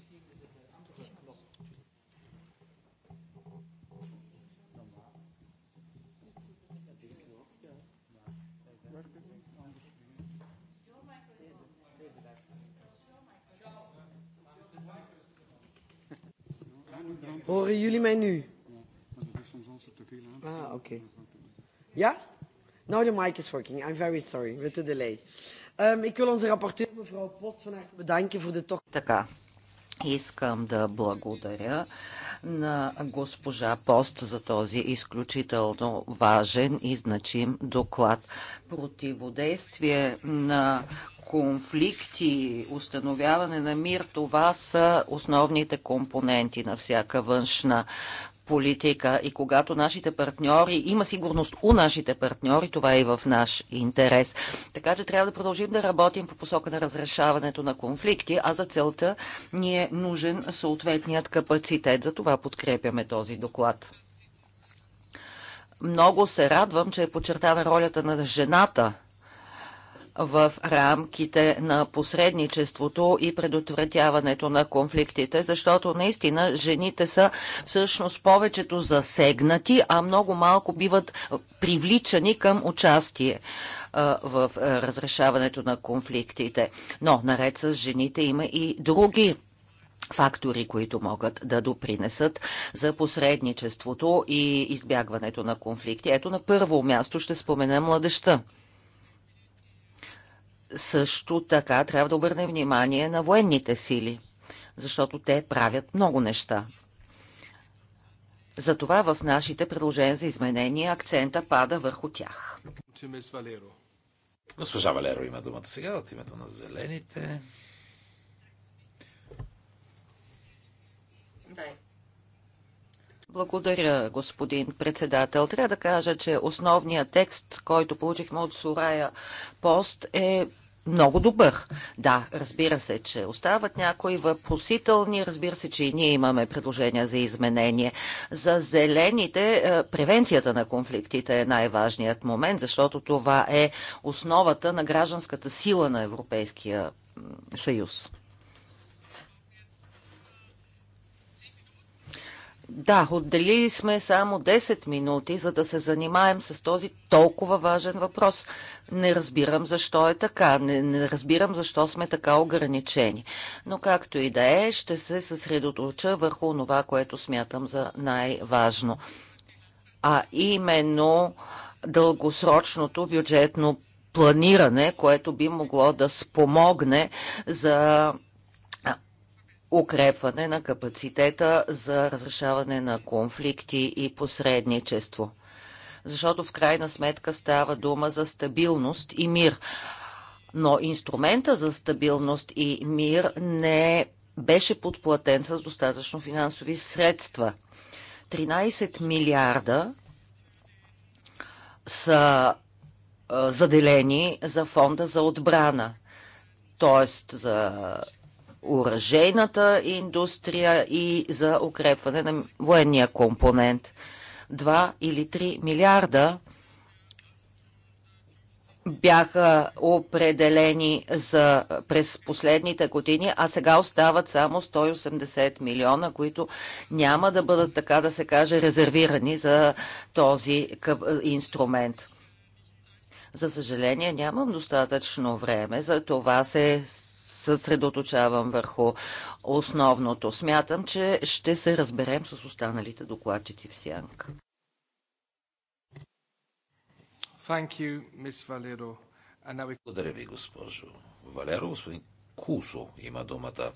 S2: Horen jullie mij nu? Ah, oké. Okay.
S1: Ja? Now the mic is working. I'm very sorry with the delay. Um, ik wil onze rapporteur, mevrouw Post, van harte
S2: bedanken voor de tocht. Така, искам да благодаря на госпожа Пост за този изключително важен и значим доклад. Противодействие на конфликти, установяване на мир, това са основните компоненти на всяка външна политика. И когато нашите партньори, има сигурност у нашите партньори, това е и в наш интерес. Така че трябва да продължим да работим по посока на разрешаването на конфликти, а за целта ни е нужен съответният капацитет. За това подкрепяме този доклад. Много се радвам, че е подчертана ролята на жената в рамките на посредничеството и предотвратяването на конфликтите, защото наистина жените са всъщност повечето засегнати, а много малко биват привличани към участие в разрешаването на конфликтите. Но наред с жените има и други фактори, които могат да допринесат за посредничеството и избягването на конфликти. Ето на първо място ще спомена младеща също така трябва да обърнем внимание на военните сили, защото те правят много неща. Затова в нашите предложения за изменения акцента пада върху тях.
S3: Госпожа Валеро има думата сега от името на Зелените.
S2: Благодаря, господин председател. Трябва да кажа, че основният текст, който получихме от Сурая Пост е много добър. Да, разбира се, че остават някои въпросителни. Разбира се, че и ние имаме предложения за изменение. За зелените е, превенцията на конфликтите е най-важният момент, защото това е основата на гражданската сила на Европейския съюз. Да, отделили сме само 10 минути, за да се занимаем с този толкова важен въпрос. Не разбирам защо е така, не, не разбирам защо сме така ограничени. Но както и да е, ще се съсредоточа върху това, което смятам за най-важно. А именно дългосрочното бюджетно планиране, което би могло да спомогне за укрепване на капацитета за разрешаване на конфликти и посредничество. Защото в крайна сметка става дума за стабилност и мир. Но инструмента за стабилност и мир не беше подплатен с достатъчно финансови средства. 13 милиарда са заделени за фонда за отбрана, т.е. за оръжейната индустрия и за укрепване на военния компонент. 2 или 3 милиарда бяха определени за през последните години, а сега остават само 180 милиона, които няма да бъдат, така да се каже, резервирани за този инструмент. За съжаление, нямам достатъчно време, за това се съсредоточавам върху основното. Смятам, че ще се разберем с останалите докладчици в сянка.
S3: Благодаря ви, госпожо Валеро. Господин Кусо има думата.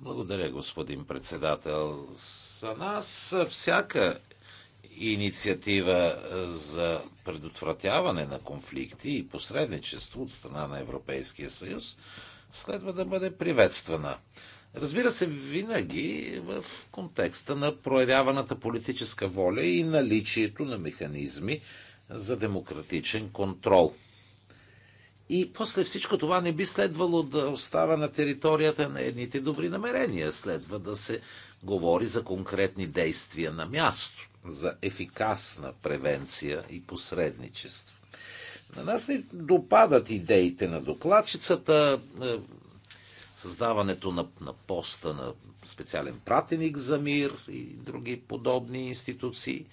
S3: Благодаря, господин председател. За нас всяка инициатива за предотвратяване на конфликти и посредничество от страна на Европейския съюз следва да бъде приветствана. Разбира се, винаги в контекста на проявяваната политическа воля и наличието на механизми за демократичен контрол. И после всичко това не би следвало да остава на територията на едните добри намерения. Следва да се говори за конкретни действия на място, за ефикасна превенция и посредничество. На нас ли допадат идеите на докладчицата, е, създаването на, на поста на специален пратеник за мир и други подобни институции.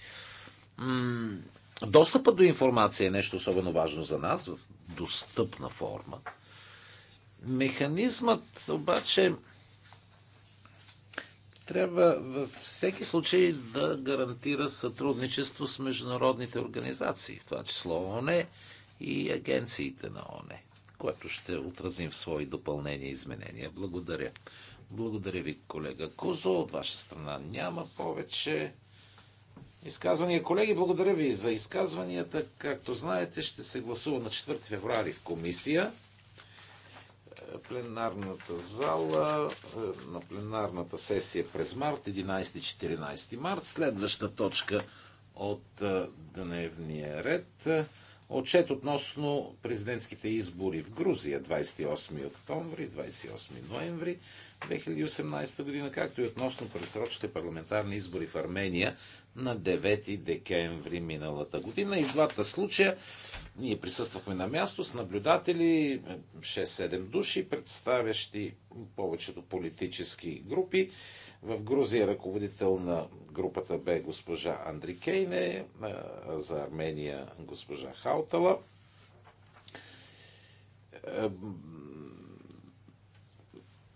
S3: Достъпът до информация е нещо особено важно за нас, в достъпна форма. Механизмът обаче трябва във всеки случай да гарантира сътрудничество с международните организации, в това число не и агенциите на ОНЕ, което ще отразим в свои допълнения и изменения. Благодаря. Благодаря ви, колега Кузо. От ваша страна няма повече изказвания. Колеги, благодаря ви за изказванията. Както знаете, ще се гласува на 4 феврари в комисия. Пленарната зала е, на пленарната сесия през март, 11-14 март. Следваща точка от е, дневния ред. Отчет относно президентските избори в Грузия 28 октомври, 28 ноември 2018 година, както и относно предсрочните парламентарни избори в Армения на 9 декември миналата година. И в двата случая ние присъствахме на място с наблюдатели, 6-7 души, представящи повечето политически групи. В Грузия ръководител на групата бе госпожа Андри Кейне, за Армения госпожа Хаутала.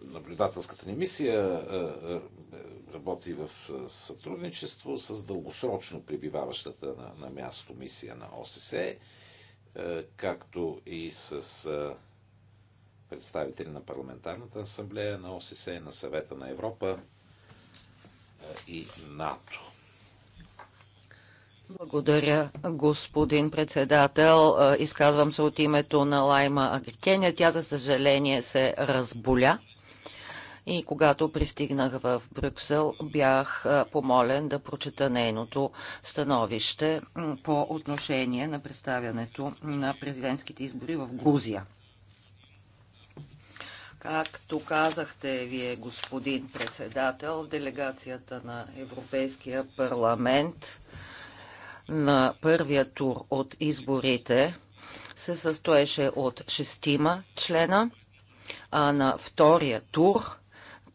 S3: Наблюдателската ни мисия е, е, е, работи в е, сътрудничество с дългосрочно пребиваващата на, на място мисия на ОССЕ, както и с е, представители на Парламентарната асамблея на ОССЕ, на Съвета на Европа и НАТО.
S2: Благодаря, господин председател. Изказвам се от името на Лайма Агрикения. Тя, за съжаление, се разболя и когато пристигнах в Брюксел, бях помолен да прочета нейното становище по отношение на представянето на президентските избори в Грузия. Както казахте вие, господин председател, делегацията на Европейския парламент на първия тур от изборите се състоеше от шестима члена, а на втория тур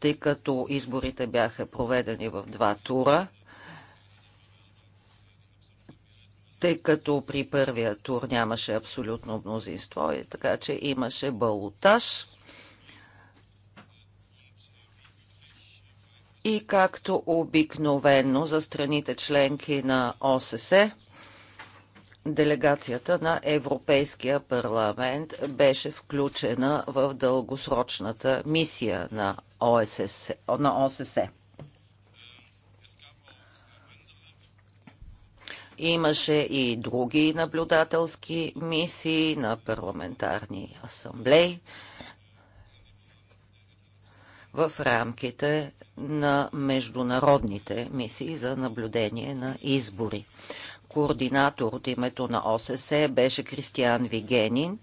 S2: тъй като изборите бяха проведени в два тура. Тъй като при първия тур нямаше абсолютно мнозинство, и така че имаше балотаж. И както обикновено за страните членки на ОССЕ, делегацията на Европейския парламент беше включена в дългосрочната мисия на ОСС. На ОСС. Имаше и други наблюдателски мисии на парламентарни асамблеи в рамките на международните мисии за наблюдение на избори координатор от името на ОССЕ беше Кристиан Вигенин,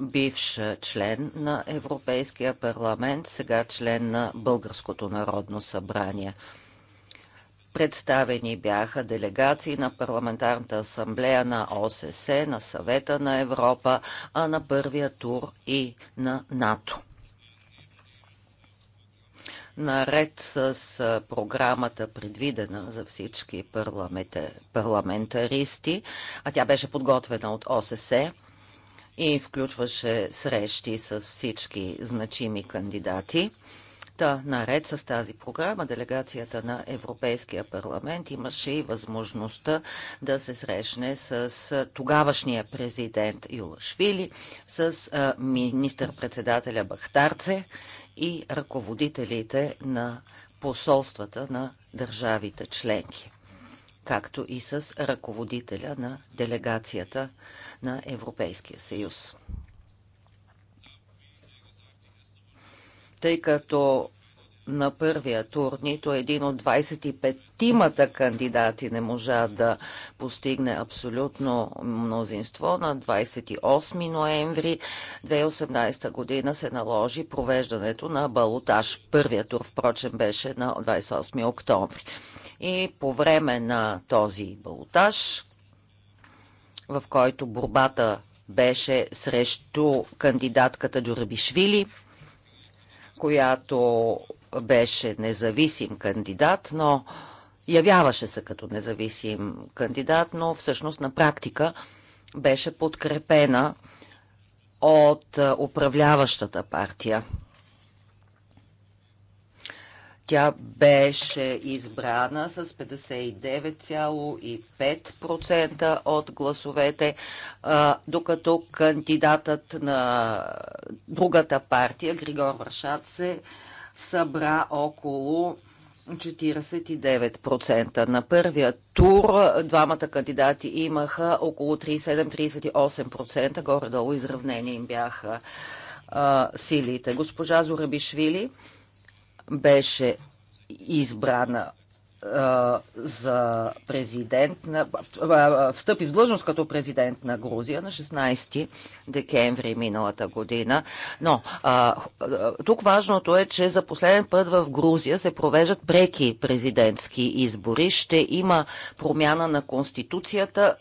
S2: бивш член на Европейския парламент, сега член на Българското народно събрание. Представени бяха делегации на Парламентарната асамблея на ОССЕ, на Съвета на Европа, а на първия тур и на НАТО наред с програмата предвидена за всички парламентаристи, а тя беше подготвена от ОССЕ и включваше срещи с всички значими кандидати. Та, наред с тази програма, делегацията на Европейския парламент имаше и възможността да се срещне с тогавашния президент Юлашвили, с министър-председателя Бахтарце и ръководителите на посолствата на държавите членки, както и с ръководителя на делегацията на Европейския съюз. Тъй като на първия тур нито един от 25-тимата кандидати не можа да постигне абсолютно мнозинство. На 28 ноември 2018 година се наложи провеждането на балотаж. Първия тур, впрочем, беше на 28 октомври. И по време на този балотаж, в който борбата беше срещу кандидатката Джурабишвили, която беше независим кандидат, но явяваше се като независим кандидат, но всъщност на практика беше подкрепена от управляващата партия. Тя беше избрана с 59,5% от гласовете, докато кандидатът на другата партия, Григор Варшат, се събра около 49%. На първия тур двамата кандидати имаха около 37-38%, горе-долу изравнение им бяха а, силите. Госпожа Зорабишвили беше избрана за президент на, встъпи в длъжност като президент на Грузия на 16 декември миналата година. Но а, тук важното е, че за последен път в Грузия се провеждат преки президентски избори. Ще има промяна на Конституцията,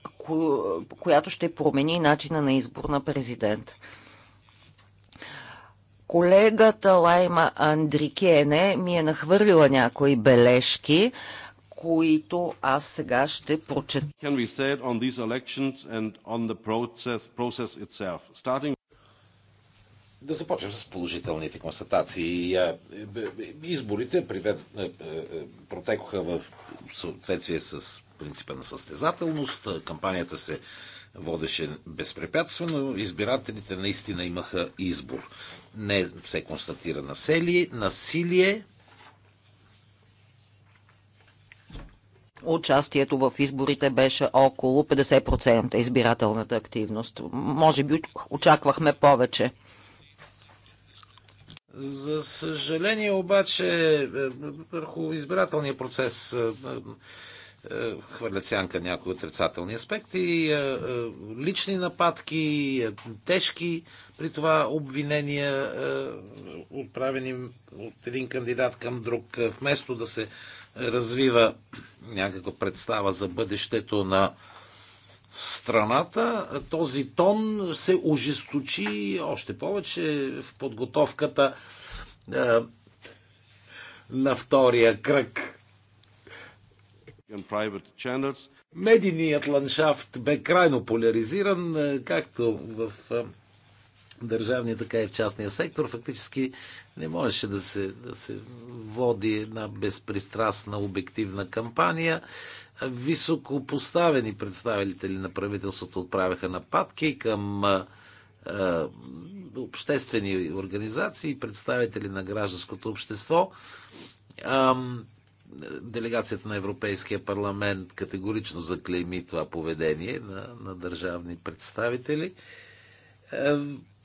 S2: която ще промени начина на избор на президент. Колегата Лайма Андрикене ми е нахвърлила някои бележки, които аз сега ще прочета.
S3: Да започнем с положителните констатации. Е, е, изборите привед... Е, протекоха в съответствие с принципа на състезателност. Кампанията се водеше безпрепятствено. Избирателите наистина имаха избор не се констатира насилие, насилие.
S2: Участието в изборите беше около 50% избирателната активност. Може би очаквахме повече.
S3: За съжаление обаче е, е, върху избирателния процес е, е, хвърлят сянка някои отрицателни аспекти, е, е, лични нападки, тежки при това обвинения, отправени от един кандидат към друг, вместо да се развива някаква представа за бъдещето на страната, този тон се ожесточи още повече в подготовката на втория кръг Медийният ландшафт бе крайно поляризиран, е, както в е, държавния, така и в частния сектор. Фактически не можеше да се, да се води една безпристрастна, обективна кампания. Високопоставени представители на правителството отправяха нападки към е, обществени организации, представители на гражданското общество. Делегацията на Европейския парламент категорично заклейми това поведение на, на държавни представители.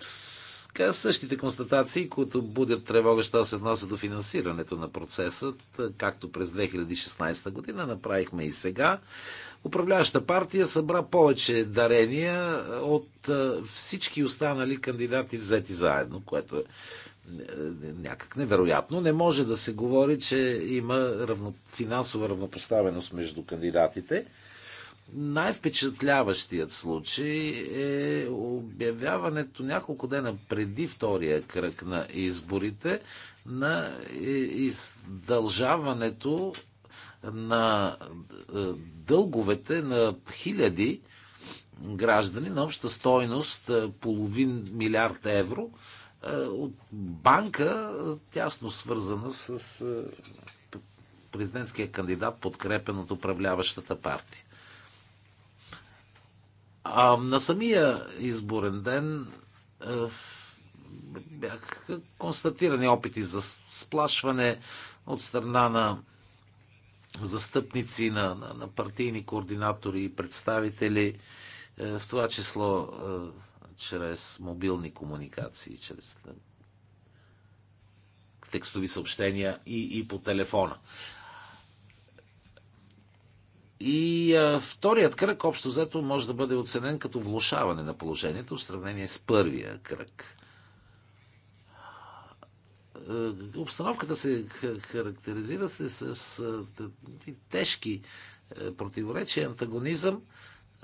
S3: Ска същите констатации, които будят тревога, що се отнася до финансирането на процесът, както през 2016 година, направихме и сега. Управляваща партия събра повече дарения от е, всички останали кандидати взети заедно, което е някак невероятно не може да се говори, че има равно, финансова равнопоставеност между кандидатите. Най-впечатляващият случай е обявяването няколко дена преди втория кръг на изборите на издължаването на е, дълговете на хиляди граждани на обща стойност е, половин милиард евро – е, от банка, тясно свързана с е, президентския кандидат, подкрепен от управляващата партия. А на самия изборен ден е, бяха констатирани опити за сплашване от страна на застъпници на, на, на партийни координатори и представители, в това число чрез мобилни комуникации, чрез е, текстови съобщения и, и по телефона. И а, е, вторият кръг, общо взето, може да бъде оценен като влушаване на положението в сравнение с първия кръг. Е, обстановката се характеризира се с тежки противоречия, антагонизъм,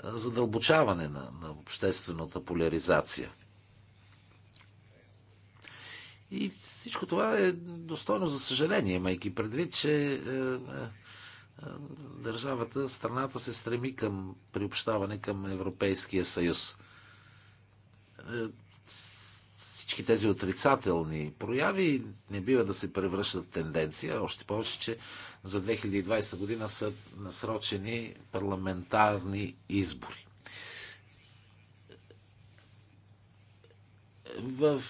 S3: задълбочаване на, на обществената поляризация. И всичко това е достойно за съжаление, имайки предвид, че е, е, е държавата, страната се стреми към приобщаване към Европейския съюз. Е, всички тези отрицателни прояви не бива да се превръщат в тенденция, още повече, че за 2020 година са насрочени парламентарни избори. В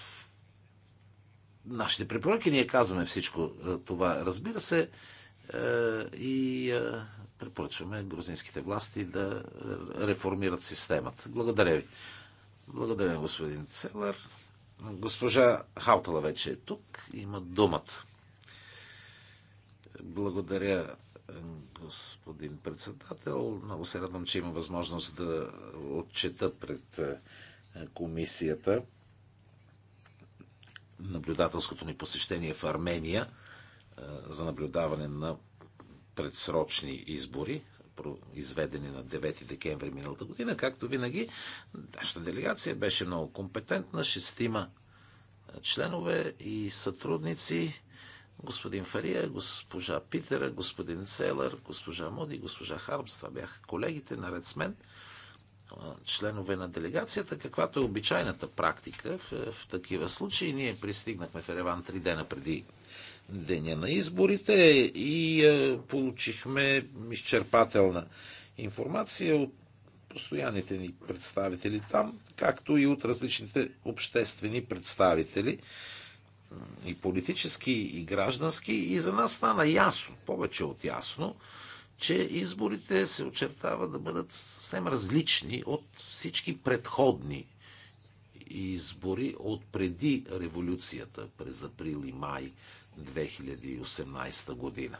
S3: нашите препоръки ние казваме всичко е, това, разбира се, е, и е, препоръчваме грузинските власти да реформират системата. Благодаря ви. Благодаря, господин Целър. Госпожа Хаутала вече е тук. Има думата. Благодаря, господин председател. Много се радвам, че има възможност да отчета пред е, комисията наблюдателското ни посещение в Армения е, за наблюдаване на предсрочни избори произведени на 9 декември миналата година. Както винаги, нашата делегация беше много компетентна, шестима членове и сътрудници господин Фария, госпожа Питера, господин Целър, госпожа Моди, госпожа Хармс. Това бяха колегите, наред с мен, членове на делегацията, каквато е обичайната практика в, в такива случаи. Ние пристигнахме в Ереван три дена преди деня на изборите и е, получихме изчерпателна информация от постоянните ни представители там, както и от различните обществени представители и политически, и граждански. И за нас стана ясно, повече от ясно, че изборите се очертава да бъдат съвсем различни от всички предходни избори от преди революцията през април и май 2018 година.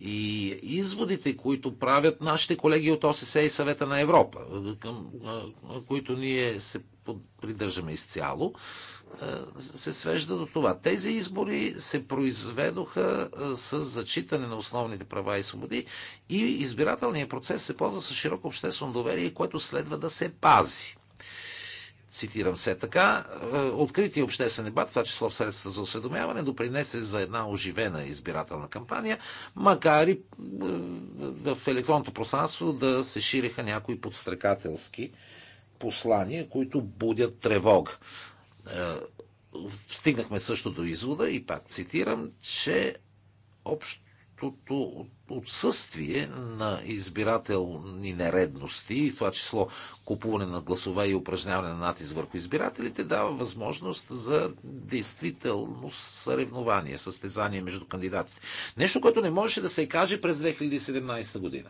S3: И изводите, които правят нашите колеги от ОССЕ и съвета на Европа, към които ние се придържаме изцяло, се свежда до това. Тези избори се произведоха с зачитане на основните права и свободи и избирателният процес се ползва с широко обществено доверие, което следва да се пази цитирам все така, е, открития обществен дебат, това число в средства за осведомяване, допринесе за една оживена избирателна кампания, макар и е, в електронното пространство да се шириха някои подстрекателски послания, които будят тревога. Е, стигнахме също до извода, и пак цитирам, че общо отсъствие на избирателни нередности, в това число купуване на гласове и упражняване на натиск върху избирателите, дава възможност за действително съревнование, състезание между кандидатите. Нещо, което не можеше да се каже през 2017 година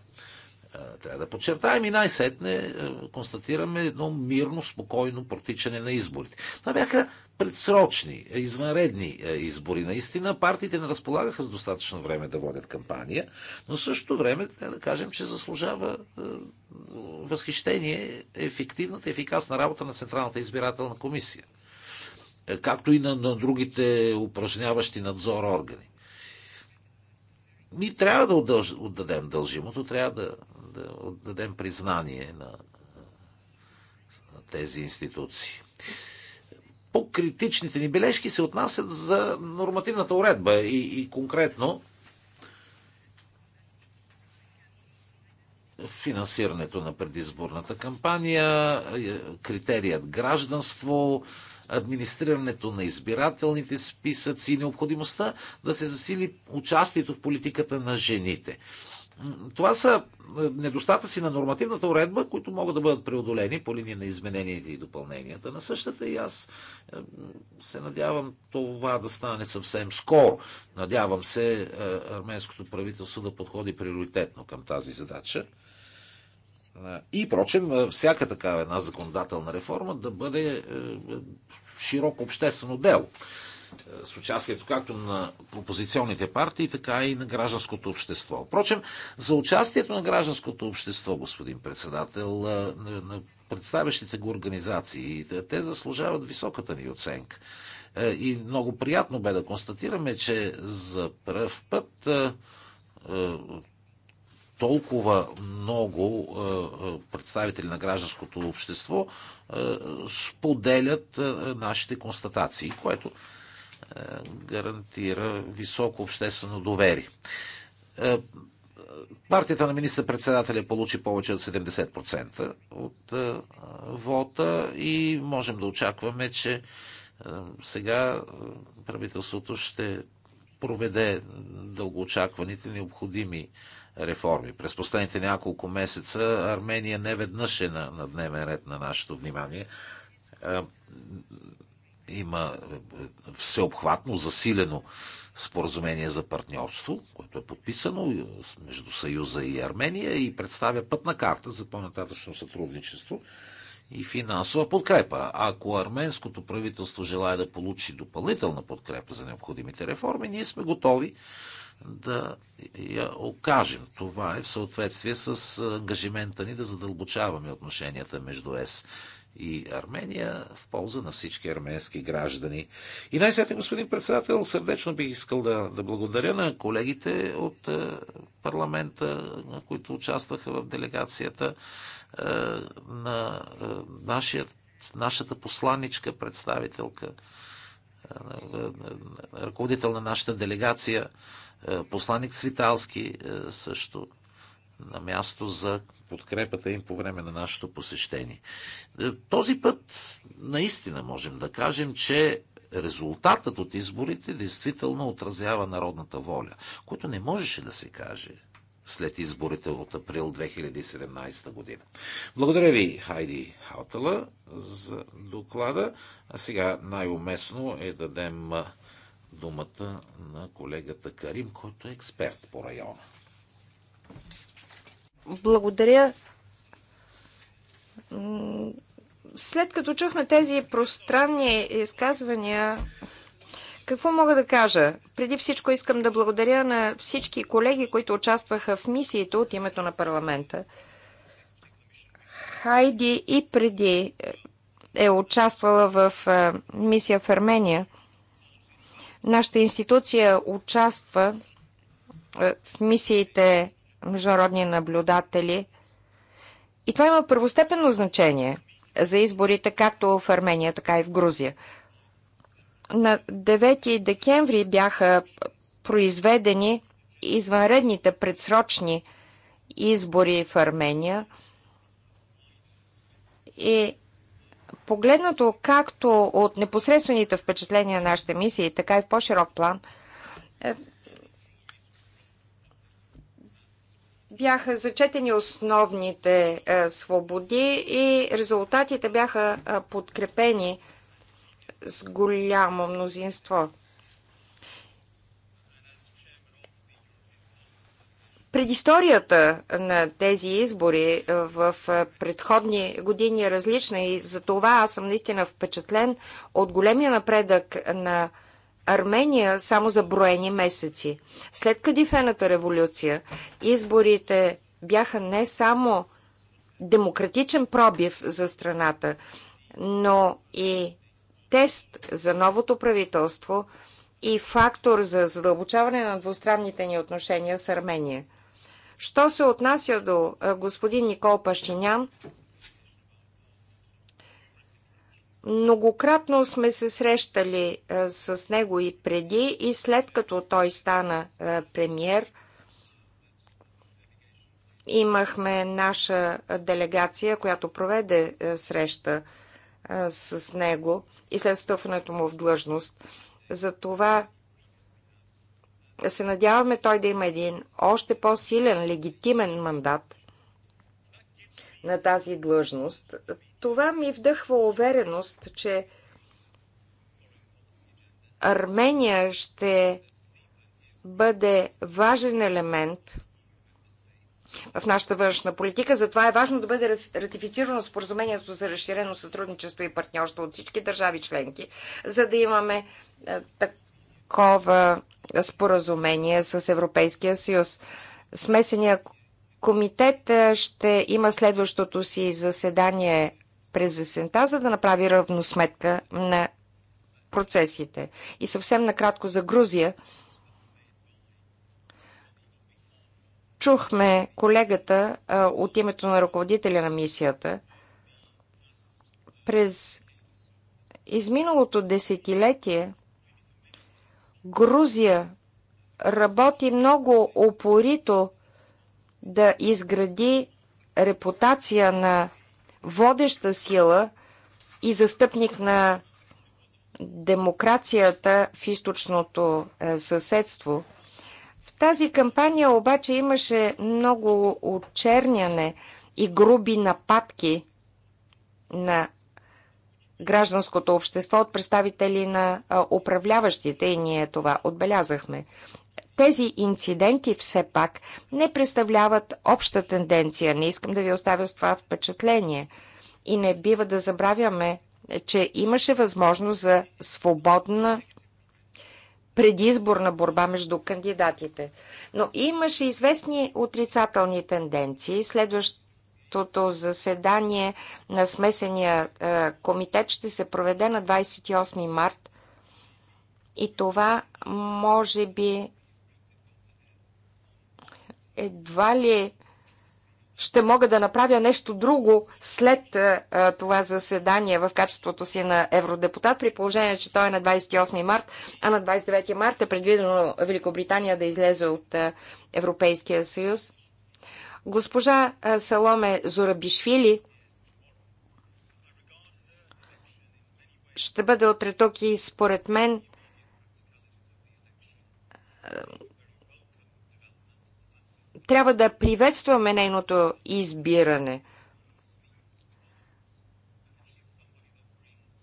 S3: трябва да подчертаем и най-сетне констатираме едно мирно, спокойно протичане на изборите. Това бяха предсрочни, извънредни избори. Наистина партиите не разполагаха с достатъчно време да водят кампания, но също време трябва да кажем, че заслужава възхищение ефективната, ефикасна работа на Централната избирателна комисия, както и на, на другите упражняващи надзор органи ми трябва да отдадем дължимото, трябва да да отдадем признание на, на тези институции. По-критичните ни бележки се отнасят за нормативната уредба и, и конкретно финансирането на предизборната кампания, критерият гражданство, администрирането на избирателните списъци и необходимостта да се засили участието в политиката на жените. Това са е, недостатъци на нормативната уредба, които могат да бъдат преодолени по линия на измененията и допълненията на същата и аз е, се надявам това да стане съвсем скоро. Надявам се е, арменското правителство да подходи приоритетно към тази задача. И, прочим, всяка такава една законодателна реформа да бъде широко обществено дело. Е, с участието както на опозиционните партии, така и на гражданското общество. Впрочем, за участието на гражданското общество, господин председател, е, на представящите го организации, е, те заслужават високата ни оценка. И много приятно бе да констатираме, че за пръв път толкова много представители на гражданското общество споделят нашите констатации, което е, гарантира високо обществено доверие. Е, партията на министър-председателя получи повече от 70% от е, вота и можем да очакваме, че сега правителството ще проведе дългоочакваните необходими реформи. През последните няколко месеца Армения не веднъж е на, на дневен ред на нашето внимание. Има е, всеобхватно, засилено споразумение за партньорство, което е подписано е, между Съюза и Армения и представя пътна карта за по-нататъчно сътрудничество и финансова подкрепа. Ако арменското правителство желая да получи допълнителна подкрепа за необходимите реформи, ние сме готови да я окажем. Това е в съответствие с е, ангажимента ни да задълбочаваме отношенията между ЕС и Армения в полза на всички арменски граждани. И най-сетне, господин председател, сърдечно бих искал да, да благодаря на колегите от е, парламента, които участваха в делегацията е, на е, нашия, нашата посланничка, представителка, ръководител на нашата делегация, посланник Свиталски също на място за подкрепата им по време на нашето посещение. Е, този път наистина можем да кажем, че резултатът от изборите действително отразява народната воля, което не можеше да се каже след изборите от април 2017 година. Благодаря ви, Хайди Хаутала, за доклада. А сега най-уместно е да дадем думата на колегата Карим, който е експерт
S1: по района. Благодаря. След като чухме тези пространни изказвания, какво мога да кажа? Преди всичко искам да благодаря на всички колеги, които участваха в мисиите от името на парламента. Хайди и преди е участвала в е, мисия в Армения. Нашата институция участва е, в мисиите международни наблюдатели. И това има първостепенно значение за изборите както в Армения, така и в Грузия. На 9 декември бяха произведени извънредните предсрочни избори в Армения и погледнато както от непосредствените впечатления на нашите мисии, така и в по-широк план, е, бяха зачетени основните е, свободи и резултатите бяха е, подкрепени с голямо мнозинство. Предисторията на тези избори е, в предходни години е различна и за това аз съм наистина впечатлен от големия напредък на Армения само за броени месеци. След Кадифената революция изборите бяха не само демократичен пробив за страната, но и тест за новото правителство и фактор за задълбочаване на двустранните ни отношения с Армения. Що се отнася до господин Никол Пащинян, Многократно сме се срещали а, с него и преди, и след като той стана а, премьер. Имахме наша делегация, която проведе а, среща а, с него и след стъпването му в длъжност. Затова се надяваме той да има един още по-силен, легитимен мандат на тази длъжност, това ми вдъхва увереност, че Армения ще бъде важен елемент в нашата външна политика. Затова е важно да бъде ратифицирано споразумението за разширено сътрудничество и партньорство от всички държави членки, за да имаме е, такова споразумение с Европейския съюз. Смесения комитет е, ще има следващото си заседание през есента, за да направи равносметка на процесите. И съвсем накратко за Грузия. Чухме колегата а, от името на ръководителя на мисията. През изминалото десетилетие Грузия работи много опорито да изгради репутация на водеща сила и застъпник на демокрацията в източното е, съседство. В тази кампания обаче имаше много очерняне и груби нападки на гражданското общество от представители на управляващите и ние това отбелязахме тези инциденти все пак не представляват обща тенденция. Не искам да ви оставя с това впечатление. И не бива да забравяме, че имаше възможност за свободна предизборна борба между кандидатите. Но имаше известни отрицателни тенденции. Следващото заседание на смесения е, комитет ще се проведе на 28 март. И това може би едва ли ще мога да направя нещо друго след е, е, това заседание в качеството си на евродепутат, при положение, че той е на 28 март, а на 29 март е предвидено Великобритания да излезе от е, Европейския съюз. Госпожа Саломе Зорабишвили ще бъде отриток и според мен трябва да приветстваме нейното избиране.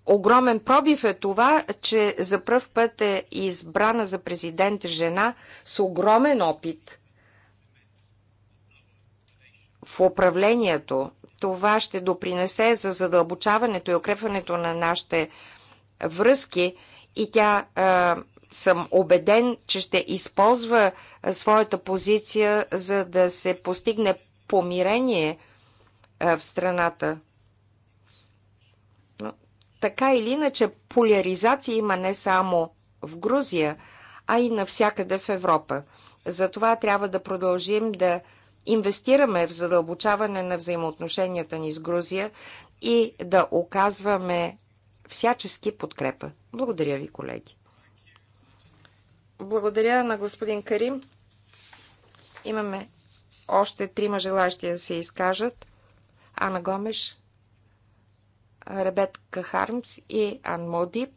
S1: Огромен пробив е това, че за пръв път е избрана за президент жена с огромен опит в управлението. Това ще допринесе за задълбочаването и укрепването на нашите връзки и тя съм убеден, че ще използва своята позиция, за да се постигне помирение в страната. Но, така или иначе, поляризация има не само в Грузия, а и навсякъде в Европа. Затова трябва да продължим да инвестираме в задълбочаване на взаимоотношенията ни с Грузия и да оказваме всячески подкрепа. Благодаря ви, колеги. Благодаря на господин Карим. Имаме още трима желащи да се изкажат. Ана Гомеш, Ребетка Хармс и Ан Моди.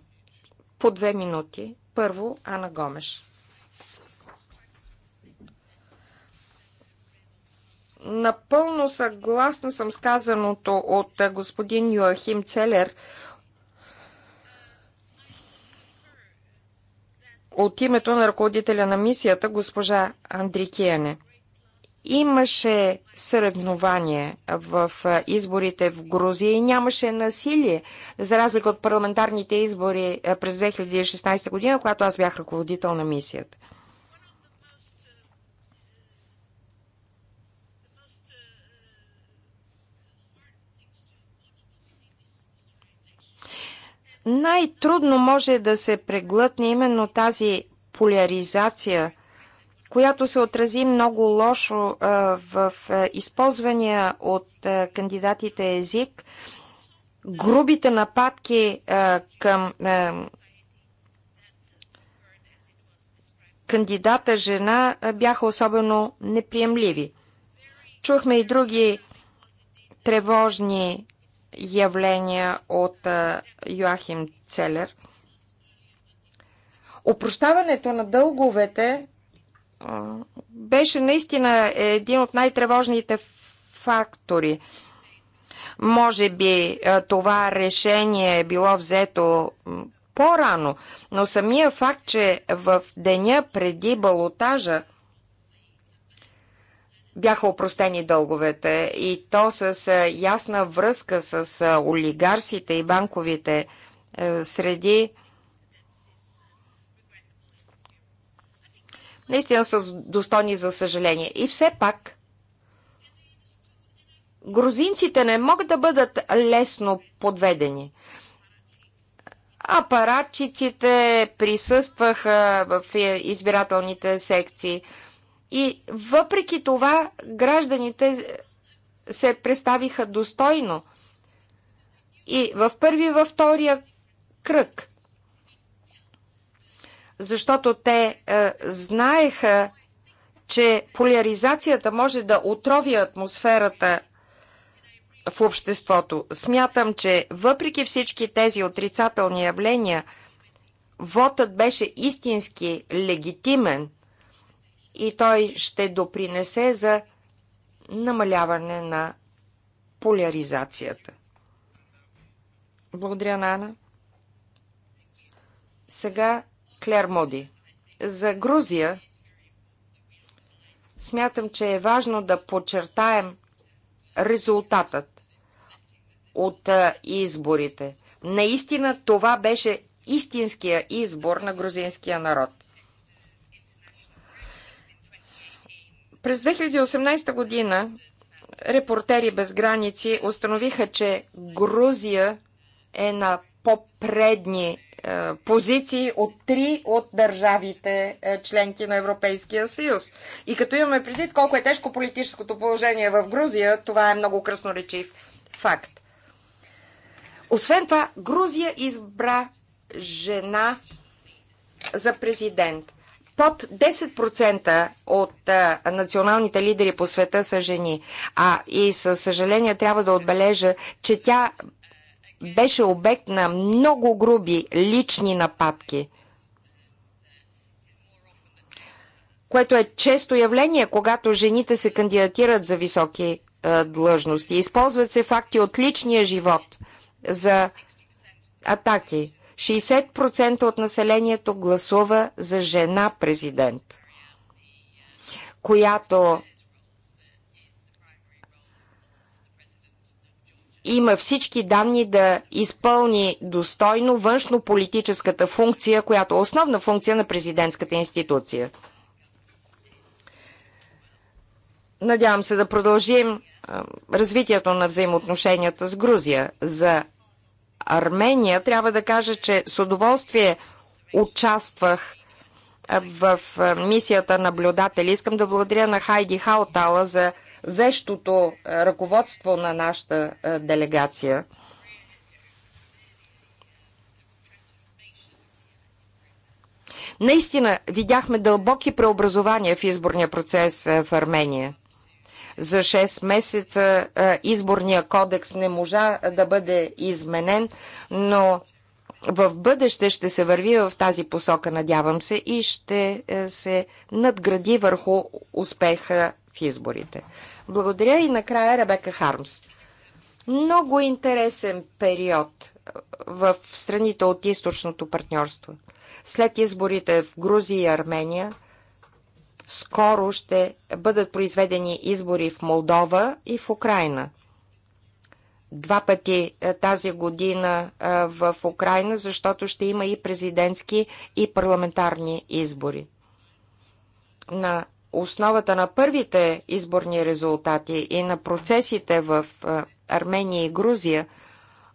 S1: По две минути. Първо Ана Гомеш. Напълно съгласна съм сказаното от господин Йоахим Целер от името на ръководителя на мисията, госпожа Андрикиене. Имаше съревнование в изборите в Грузия и нямаше насилие, за разлика от парламентарните избори през 2016 година, когато аз бях ръководител на мисията. най-трудно може да се преглътне именно тази поляризация, която се отрази много лошо в използвания от кандидатите език, грубите нападки към кандидата жена бяха особено неприемливи. Чухме и други тревожни явления от Йоахим Целер. Опрощаването на дълговете беше наистина един от най-тревожните фактори. Може би това решение е било взето по-рано, но самия факт, че в деня преди балотажа бяха опростени дълговете и то с е, ясна връзка с е, олигарсите и банковите е, среди. Наистина са достойни за съжаление. И все пак, грузинците не могат да бъдат лесно подведени. Апаратчиците присъстваха в избирателните секции – и въпреки това гражданите се представиха достойно. И в първи и във втория кръг. Защото те е, знаеха, че поляризацията може да отрови атмосферата в обществото. Смятам, че въпреки всички тези отрицателни явления, вотът беше истински легитимен – и той ще допринесе за намаляване на поляризацията. Благодаря, Нана. Сега Клер Моди. За Грузия смятам, че е важно да подчертаем резултатът от изборите. Наистина това беше истинския избор на грузинския народ. През 2018 година репортери без граници установиха, че Грузия е на по-предни е, позиции от три от държавите е, членки на Европейския съюз. И като имаме предвид колко е тежко политическото положение в Грузия, това е много красноречив факт. Освен това, Грузия избра жена за президент под 10% от а, националните лидери по света са жени. А и със съжаление трябва да отбележа, че тя беше обект на много груби лични нападки. Което е често явление, когато жените се кандидатират за високи а, длъжности. Използват се факти от личния живот за атаки. 60% от населението гласува за жена президент, която има всички данни да изпълни достойно външно-политическата функция, която е основна функция на президентската институция. Надявам се да продължим развитието на взаимоотношенията с Грузия. За Армения, трябва да кажа, че с удоволствие участвах в мисията наблюдатели. Искам да благодаря на Хайди Хаутала за вещото ръководство на нашата делегация. Наистина видяхме дълбоки преобразования в изборния процес в Армения – за 6 месеца изборния кодекс не можа да бъде изменен, но в бъдеще ще се върви в тази посока, надявам се, и ще е, се надгради върху успеха в изборите. Благодаря и накрая Ребека Хармс. Много интересен период е, в страните от източното партньорство. След изборите в Грузия и Армения – скоро ще бъдат произведени избори в Молдова и в Украина. Два пъти е, тази година е, в Украина, защото ще има и президентски и парламентарни избори. На основата на първите изборни резултати и на процесите в е, Армения и Грузия,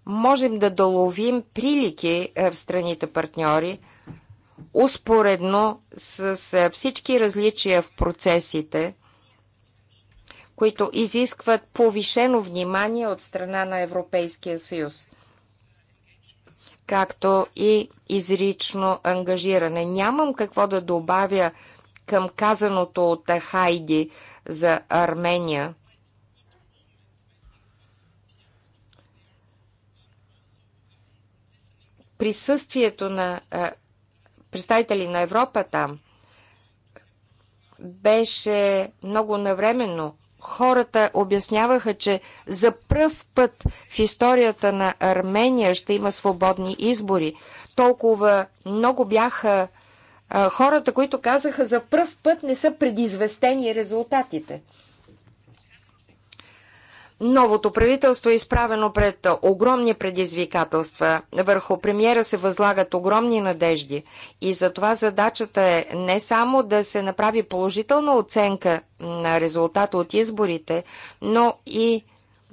S1: можем да доловим прилики в страните партньори – успоредно с е, всички различия в процесите, които изискват повишено внимание от страна на Европейския съюз, както и изрично ангажиране. Нямам какво да добавя към казаното от Хайди за Армения. Присъствието на е, представители на Европа там. Беше много навременно. Хората обясняваха, че за пръв път в историята на Армения ще има свободни избори. Толкова много бяха хората, които казаха за пръв път не са предизвестени резултатите. Новото правителство е изправено пред огромни предизвикателства. Върху премиера се възлагат огромни надежди и затова задачата е не само да се направи положителна оценка на резултата от изборите, но и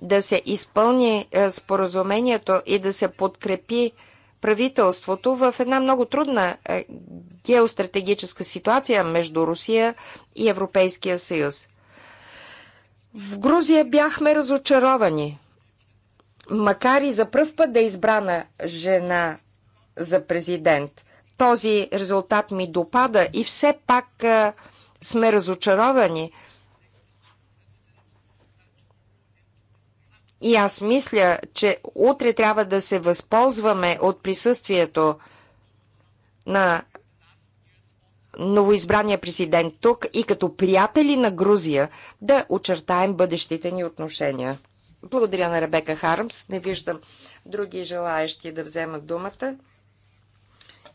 S1: да се изпълни е, споразумението и да се подкрепи правителството в една много трудна е, геостратегическа ситуация между Русия и Европейския съюз. В Грузия бяхме разочаровани. Макар и за пръв път да е избрана жена за президент, този резултат ми допада и все пак а, сме разочаровани. И аз мисля, че утре трябва да се възползваме от присъствието на новоизбрания президент тук и като приятели на Грузия да очертаем бъдещите ни отношения. Благодаря на Ребека Хармс. Не виждам други желаящи да вземат думата.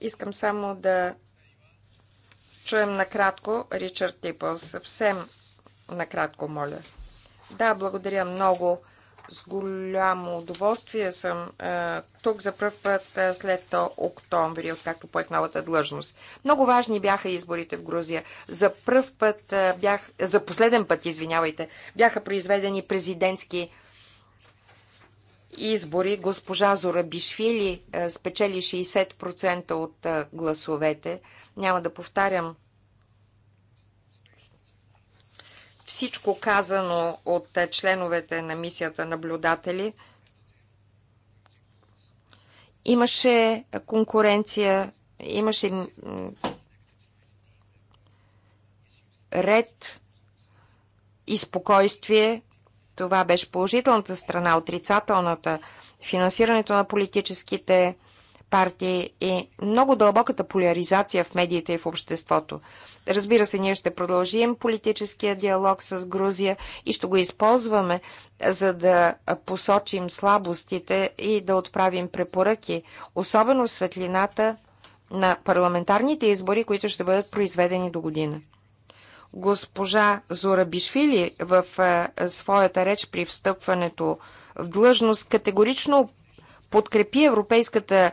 S1: Искам само да чуем накратко Ричард Типъл. Съвсем накратко, моля. Да, благодаря много с голямо удоволствие съм а, тук за първ път а, след то, октомври, откакто поех новата длъжност. Много важни бяха изборите в Грузия. За първ път а, бях, за последен път, извинявайте, бяха произведени президентски избори. Госпожа Зорабишвили а, спечели 60% от а, гласовете. Няма да повтарям всичко казано от е, членовете на мисията наблюдатели. Имаше конкуренция, имаше ред и спокойствие. Това беше положителната страна, отрицателната. Финансирането на политическите партии и е много дълбоката поляризация в медиите и в обществото. Разбира се, ние ще продължим политическия диалог с Грузия и ще го използваме, за да посочим слабостите и да отправим препоръки, особено в светлината на парламентарните избори, които ще бъдат произведени до година. Госпожа Зора Бишвили в своята реч при встъпването в длъжност категорично подкрепи европейската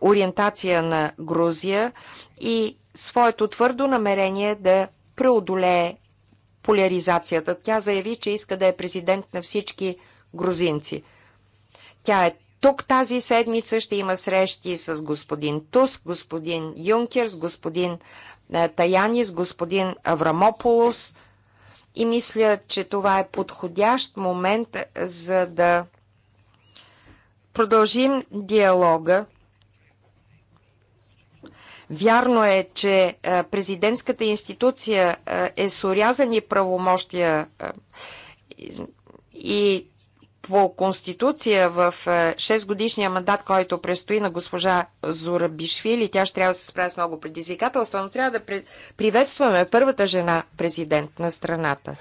S1: ориентация на Грузия и своето твърдо намерение да преодолее поляризацията. Тя заяви, че иска да е президент на всички грузинци. Тя е тук тази седмица ще има срещи с господин Тус, господин Юнкер, с господин е, Таяни, с господин Аврамополос. И мисля, че това е подходящ момент е, за да продължим диалога. Вярно е, че е, президентската институция е, е с урязани правомощия е, и по конституция в 6 годишния мандат, който предстои на госпожа Зура Бишвили, тя ще трябва да се справя с много предизвикателства, но трябва да приветстваме първата жена президент на страната.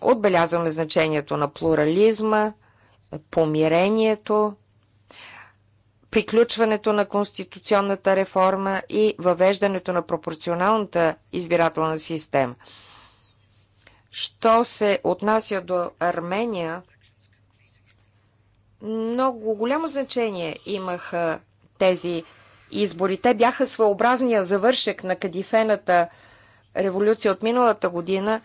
S1: Отбелязваме значението на плурализма, помирението, приключването на конституционната реформа и въвеждането на пропорционалната избирателна система. Що се отнася до Армения, много голямо значение имаха тези избори. Те бяха своеобразния завършек на кадифената революция от миналата година.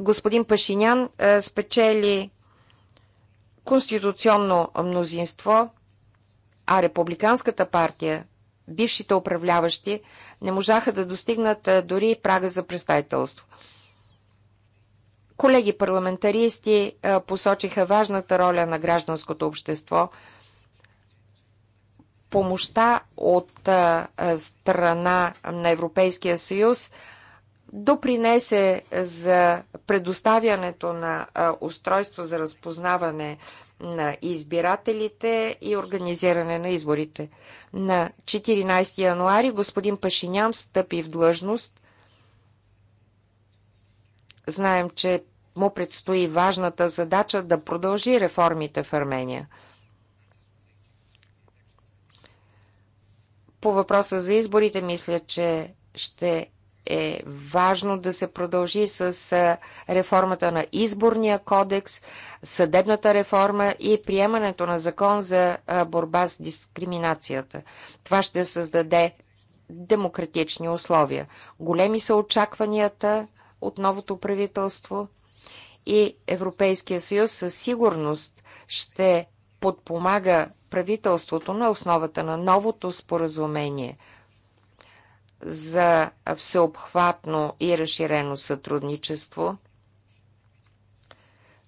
S1: Господин Пашинян спечели конституционно мнозинство, а Републиканската партия, бившите управляващи, не можаха да достигнат дори прага за представителство. Колеги парламентаристи посочиха важната роля на гражданското общество – помощта от страна на Европейския съюз допринесе за предоставянето на устройство за разпознаване на избирателите и организиране на изборите. На 14 януари господин Пашинян встъпи в длъжност. Знаем, че му предстои важната задача да продължи реформите в Армения. По въпроса за изборите, мисля, че ще е важно да се продължи с е, реформата на изборния кодекс, съдебната реформа и приемането на закон за е, борба с дискриминацията. Това ще създаде демократични условия. Големи са очакванията от новото правителство и Европейския съюз със сигурност ще подпомага правителството на основата на новото споразумение – за всеобхватно и разширено сътрудничество.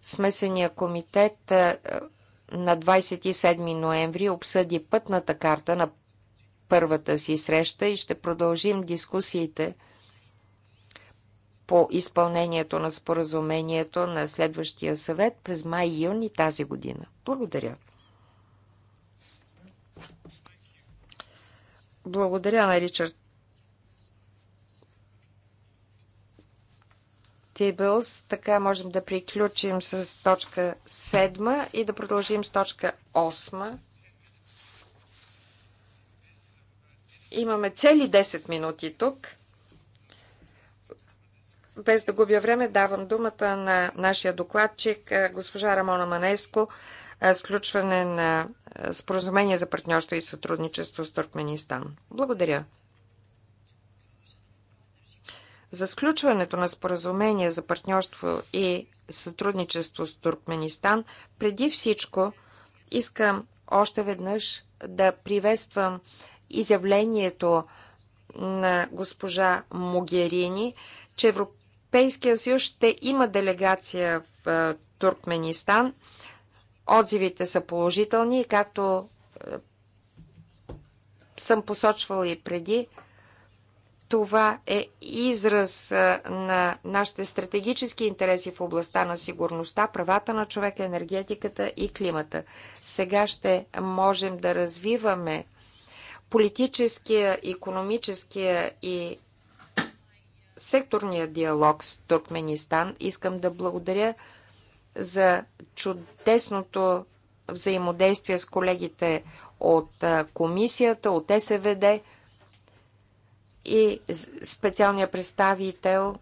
S1: Смесения комитет на 27 ноември обсъди пътната карта на първата си среща и ще продължим дискусиите по изпълнението на споразумението на следващия съвет през май и юни тази година. Благодаря. Благодаря на Ричард Тибълс. Така можем да приключим с точка 7 и да продължим с точка 8. Имаме цели 10 минути тук. Без да губя време, давам думата на нашия докладчик, госпожа Рамона Манеско, сключване на споразумение за партньорство и сътрудничество с Туркменистан. Благодаря, за сключването на споразумение за партньорство и сътрудничество с Туркменистан, преди всичко искам още веднъж да приветствам изявлението на госпожа Могерини, че Европейския съюз ще има делегация в Туркменистан. Отзивите са положителни както съм посочвала и преди, това е израз на нашите стратегически интереси в областта на сигурността, правата на човека, енергетиката и климата. Сега ще можем да развиваме политическия, економическия и секторния диалог с Туркменистан. Искам да благодаря за чудесното взаимодействие с колегите от комисията, от СВД и специалния представител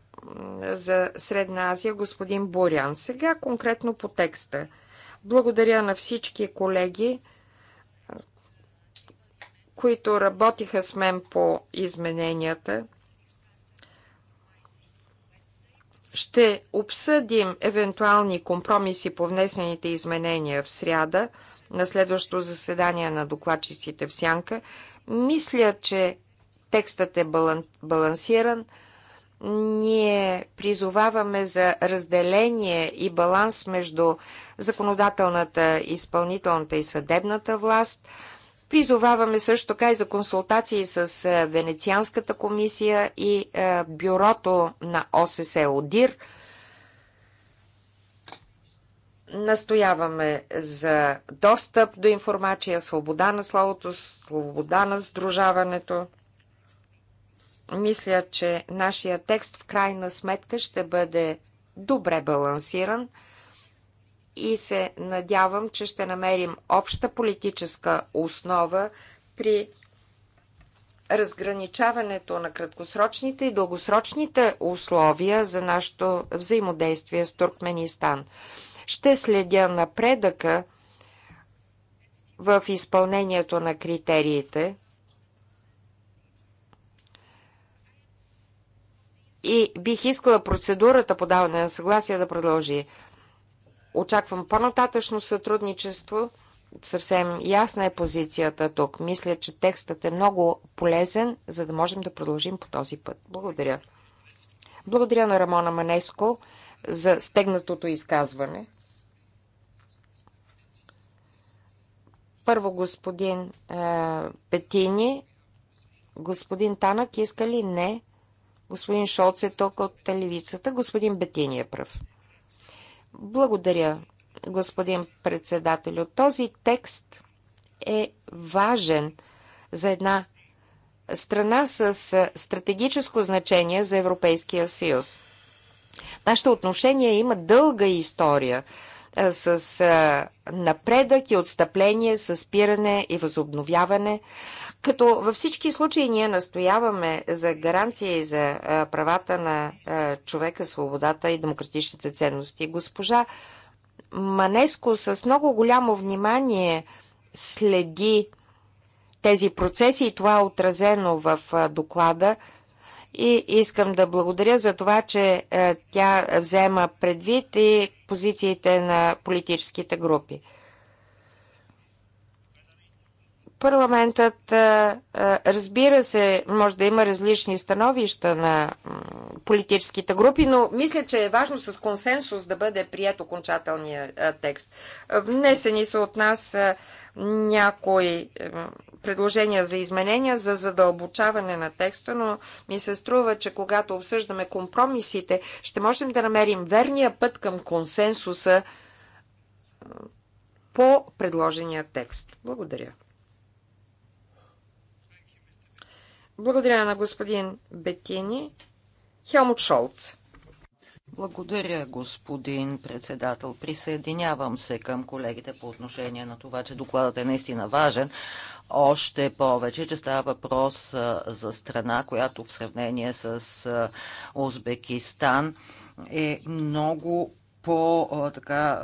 S1: за Средна Азия, господин Бурян. Сега конкретно по текста. Благодаря на всички колеги, които работиха с мен по измененията. Ще обсъдим евентуални компромиси по внесените изменения в сряда на следващото заседание на докладчиците в Сянка. Мисля, че Текстът е балансиран. Ние призоваваме за разделение и баланс между законодателната, изпълнителната и съдебната власт. Призоваваме също така и за консултации с е, Венецианската комисия и е, бюрото на ОССЕ ОДИР. Настояваме за достъп до информация, свобода на словото, свобода на сдружаването. Мисля, че нашия текст в крайна сметка ще бъде добре балансиран и се надявам, че ще намерим обща политическа основа при разграничаването на краткосрочните и дългосрочните условия за нашето взаимодействие с Туркменистан. Ще следя напредъка в изпълнението на критериите и бих искала процедурата по даване на съгласие да продължи. Очаквам по-нататъчно сътрудничество. Съвсем ясна е позицията тук. Мисля, че текстът е много полезен, за да можем да продължим по този път. Благодаря. Благодаря на Рамона Манеско за стегнатото изказване. Първо господин е, Петини, господин Танък иска ли? Не. Господин Шолц е тук от телевицата, Господин Бетини е пръв. Благодаря, господин председател. Този текст е важен за една страна с стратегическо значение за Европейския съюз. Нашите отношение има дълга история – с напредък и отстъпление, с спиране и възобновяване. Като във всички случаи ние настояваме за гаранция и за правата на човека, свободата и демократичните ценности. Госпожа Манеско с много голямо внимание следи тези процеси и това е отразено в доклада – и искам да благодаря за това, че е, тя взема предвид и позициите на политическите групи. Парламентът, е, е, разбира се, може да има различни становища на политическите групи, но мисля, че е важно с консенсус да бъде прият окончателния текст. Внесени са от нас някои предложения за изменения, за задълбочаване на текста, но ми се струва, че когато обсъждаме компромисите, ще можем да намерим верния път към консенсуса по предложения текст. Благодаря. Благодаря на господин Бетини. Хелмут Шолц. Благодаря, господин председател.
S2: Присъединявам се към колегите по отношение на това, че докладът е наистина важен. Още повече, че става въпрос за страна, която в сравнение с Узбекистан е много по така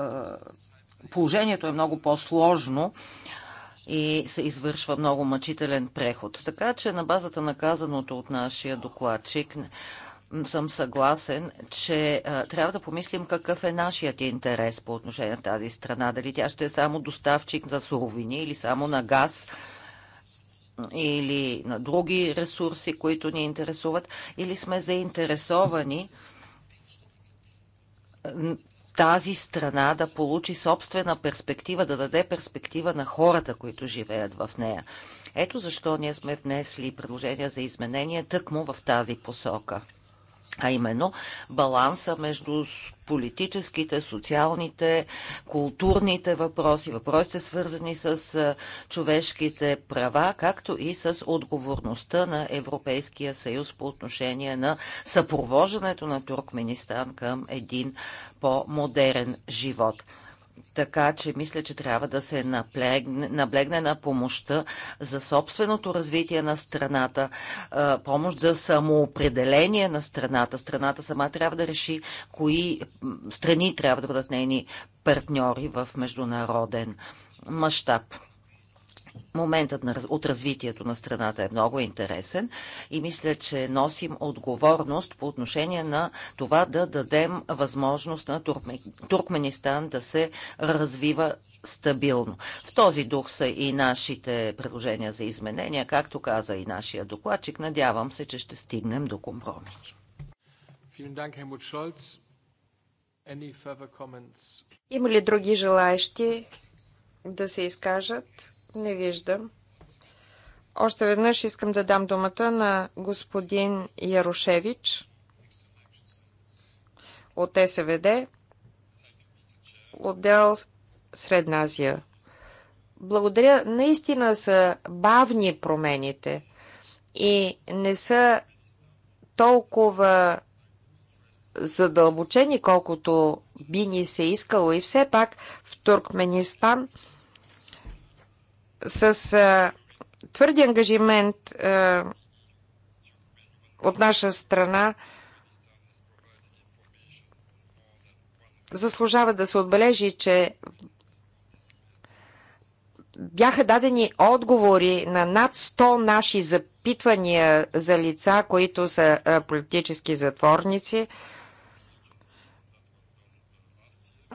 S2: положението е много по-сложно и се извършва много мъчителен преход. Така че на базата на казаното от нашия докладчик съм съгласен, че а, трябва да помислим какъв е нашият интерес по отношение на тази страна. Дали тя ще е само доставчик за суровини или само на газ или на други ресурси, които ни интересуват, или сме заинтересовани тази страна да получи собствена перспектива, да даде перспектива на хората, които живеят в нея. Ето защо ние сме внесли предложения за изменения тъкмо в тази посока а именно баланса между политическите, социалните, културните въпроси, въпросите свързани с човешките права, както и с отговорността на Европейския съюз по отношение на съпровождането на Туркменистан към един по-модерен живот. Така че мисля, че трябва да се наблегне, наблегне на помощта за собственото развитие на страната, помощ за самоопределение на страната. Страната сама трябва да реши кои страни трябва да бъдат нейни партньори в международен мащаб моментът на, от развитието на страната е много интересен и мисля, че носим отговорност по отношение на това да дадем възможност на Туркменистан да се развива стабилно. В този дух са и нашите предложения за изменения, както каза и нашия докладчик. Надявам се, че ще стигнем до компромиси.
S1: Има ли други желаещи да се изкажат? Не виждам. Още веднъж искам да дам думата на господин Ярошевич от СВД, отдел Средна Азия. Благодаря. Наистина са бавни промените и не са толкова задълбочени, колкото би ни се искало. И все пак в Туркменистан – с а, твърди ангажимент а, от наша страна заслужава да се отбележи, че бяха дадени отговори на над 100 наши запитвания за лица, които са политически затворници.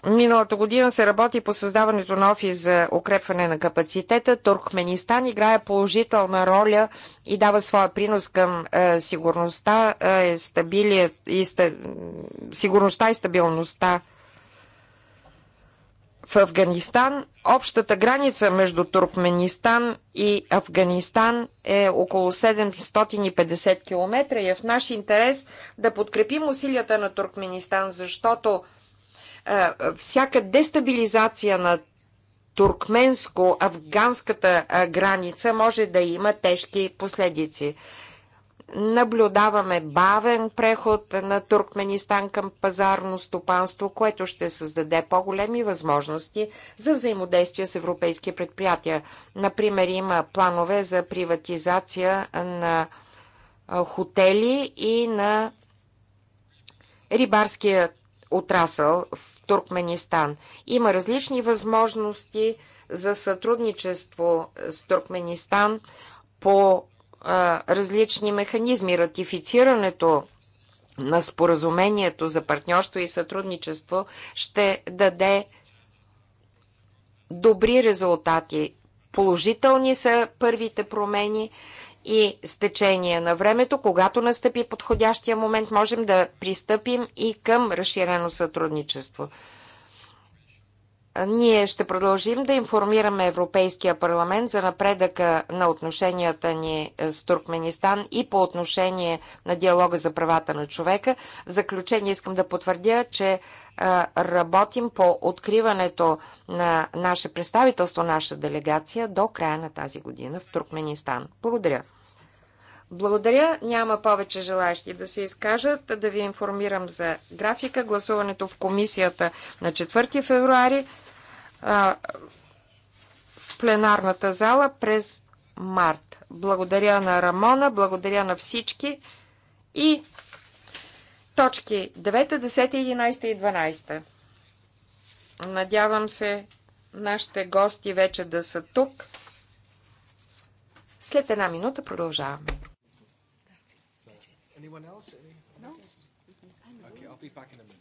S1: Миналата година се работи по създаването на офис за укрепване на капацитета. Туркменистан играе положителна роля и дава своя принос към е, сигурността, е, стабилия, и ста, сигурността и стабилността в Афганистан. Общата граница между Туркменистан и Афганистан е около 750 км и е в наш интерес да подкрепим усилията на Туркменистан, защото е, е, всяка дестабилизация на туркменско-афганската е, граница може да има тежки последици. Наблюдаваме бавен преход на Туркменистан към пазарно стопанство, което ще създаде по-големи възможности за взаимодействие с европейски предприятия. Например, има планове за приватизация на хотели и на рибарския отрасъл в Туркменистан. Има различни възможности за сътрудничество с Туркменистан по а, различни механизми. Ратифицирането на споразумението за партньорство и сътрудничество ще даде добри резултати. Положителни са първите промени и с течение на времето, когато настъпи подходящия момент, можем да пристъпим и към разширено сътрудничество. Ние ще продължим да информираме Европейския парламент за напредъка на отношенията ни с Туркменистан и по отношение на диалога за правата на човека. В заключение искам да потвърдя, че работим по откриването на наше представителство, наша делегация до края на тази година в Туркменистан. Благодаря. Благодаря. Няма повече желаящи да се изкажат. Да ви информирам за графика. Гласуването в комисията на 4 февруари в пленарната зала през март. Благодаря на Рамона, благодаря на всички и точки 9, 10, 11 и 12. Надявам се нашите гости вече да са тук. След една минута продължаваме. Anyone else? Any? No. Okay, I'll be back in a minute.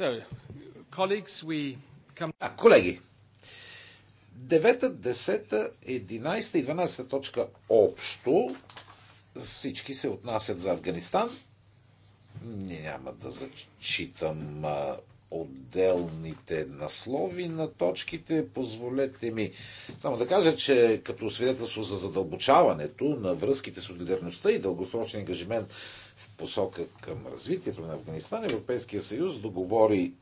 S3: А, колеги, 9, 10, 11 и 12 точка общо всички се отнасят за Афганистан. Няма да зачитам отделните наслови на точките. Позволете ми само да кажа, че като свидетелство за задълбочаването на връзките с солидарността и дългосрочен ангажимент в посока към развитието на Афганистан, Европейския съюз договори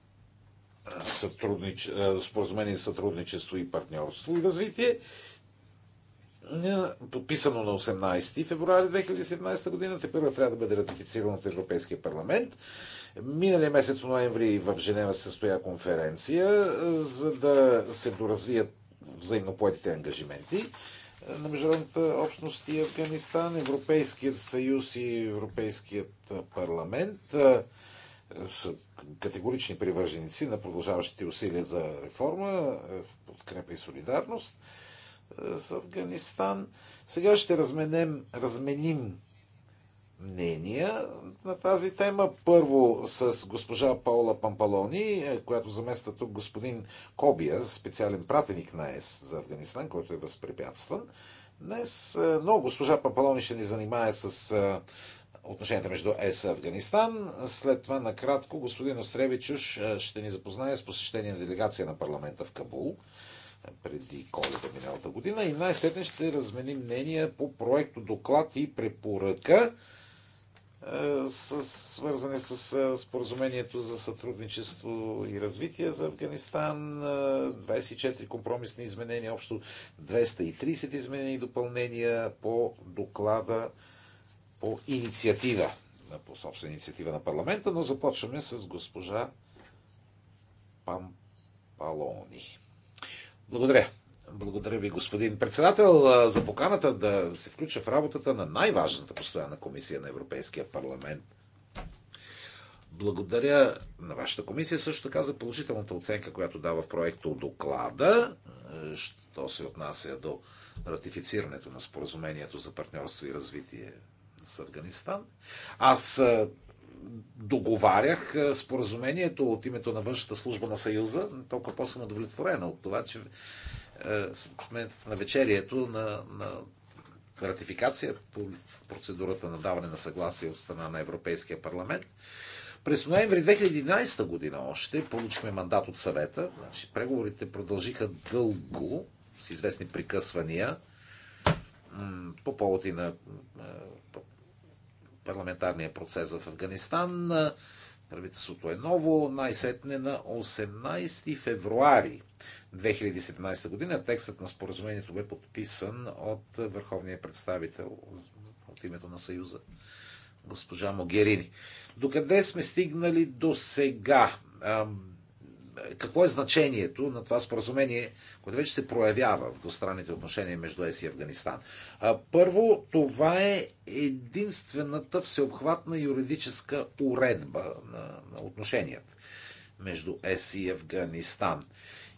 S3: сътруднич... споразумение сътрудничество и партньорство и развитие, подписано на 18 февруари 2017 година, те първо трябва да бъде ратифицирано от Европейския парламент. Миналия месец ноември в Женева се състоя конференция, за да се доразвият взаимно поетите ангажименти на международната общност и Афганистан, Европейският съюз и Европейският парламент са категорични привърженици на продължаващите усилия за реформа, подкрепа и солидарност с Афганистан. Сега ще разменем, разменим мнения на тази тема. Първо с госпожа Паула Пампалони, е, която замества тук господин Кобия, специален пратеник на ЕС за Афганистан, който е възпрепятстван днес. Е, но госпожа Пампалони ще ни занимае с е, отношенията между ЕС и Афганистан. След това накратко господин Остревичуш ще ни запознае с посещение на делегация на парламента в Кабул преди коледа миналата година и най-сетне ще разменим мнения по проекто доклад и препоръка е, с, свързани с е, споразумението за сътрудничество и развитие за Афганистан, 24 е, компромисни изменения, общо 230 изменения и допълнения по доклада по инициатива, по собствена инициатива на парламента, но започваме с госпожа Пампалони. Благодаря. Благодаря ви, господин председател, за поканата да се включа в работата на най-важната постоянна комисия на Европейския парламент. Благодаря на вашата комисия също така за положителната оценка, която дава в проекта доклада, що се отнася до ратифицирането на споразумението за партньорство и развитие с Афганистан. Аз договарях споразумението от името на външната служба на Съюза, толкова по-съм удовлетворена от това, че в е, навечерието на, на ратификация по процедурата на даване на съгласие от страна на Европейския парламент. През ноември 2011 година още получихме мандат от съвета. Значи, преговорите продължиха дълго, с известни прекъсвания, по повод и на е, парламентарния процес в Афганистан. Правителството е ново, най-сетне на 18 февруари 2017 година. Текстът на споразумението бе подписан от върховния представител от името на Съюза, госпожа Могерини. Докъде сме стигнали до сега? какво е значението на това споразумение, което вече се проявява в двустранните отношения между ЕС и Афганистан? Първо, това е единствената всеобхватна юридическа уредба на, на отношенията между ЕС и Афганистан.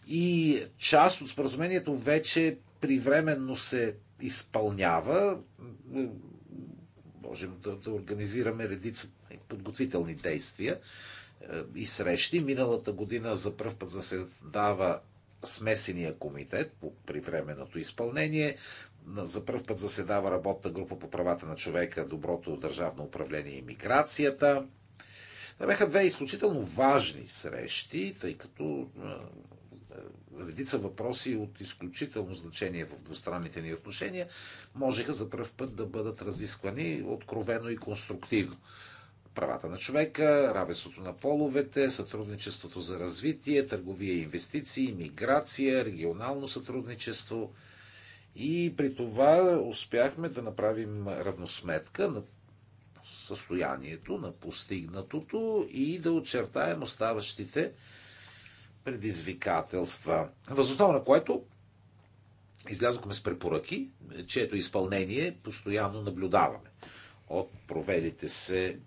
S3: И част от споразумението вече привременно се изпълнява. Можем да, да организираме редица подготвителни действия и срещи. Миналата година за първ път заседава смесения комитет при временното изпълнение. За първ път заседава работна група по правата на човека, доброто държавно управление и миграцията. Това бяха две изключително важни срещи, тъй като редица въпроси от изключително значение в двустранните ни отношения можеха за първ път да бъдат разисквани откровено и конструктивно правата на човека, равенството на половете, сътрудничеството за развитие, търговия и инвестиции, миграция, регионално сътрудничество. И при това успяхме да направим равносметка на състоянието, на постигнатото и да очертаем оставащите предизвикателства. Възоснова на което излязохме с препоръки, чието изпълнение постоянно наблюдаваме от провелите се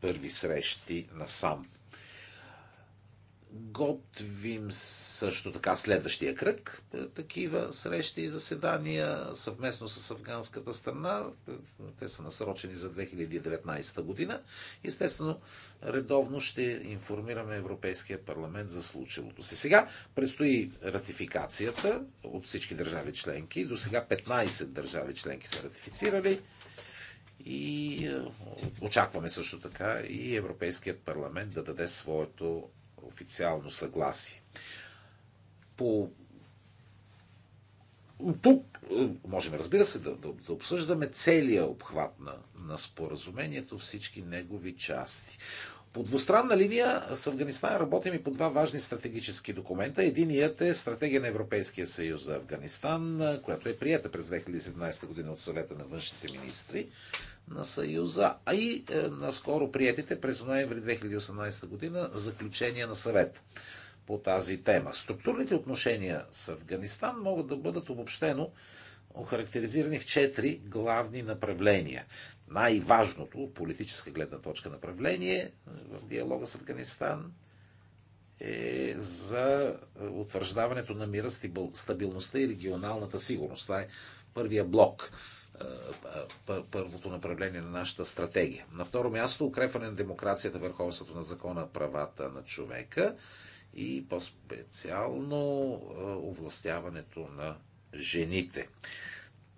S3: първи срещи насам. Готвим също така следващия кръг е, такива срещи и заседания съвместно с афганската страна. Те са насрочени за 2019 година. Естествено, редовно ще информираме Европейския парламент за случилото се. Сега предстои ратификацията от всички държави членки. До сега 15 държави членки са ратифицирали. И е, очакваме също така и Европейският парламент да даде своето официално съгласие. По тук е, можем, разбира се, да, да, да обсъждаме целия обхват на, на споразумението, всички негови части. По двустранна линия с Афганистан работим и по два важни стратегически документа. Единият е Стратегия на Европейския съюз за Афганистан, която е прията през 2017 година от съвета на външните министри на Съюза, а и е, наскоро приятите през ноември 2018 година заключения на съвет по тази тема. Структурните отношения с Афганистан могат да бъдат обобщено охарактеризирани в четири главни направления. Най-важното от политическа гледна точка направление е, в диалога с Афганистан е за е, утвърждаването на мира, стабилността и регионалната сигурност. Това е първия блок е, е, е, първото направление на нашата стратегия. На второ място, укрепване на демокрацията, върховството на закона, правата на човека и по-специално овластяването на жените.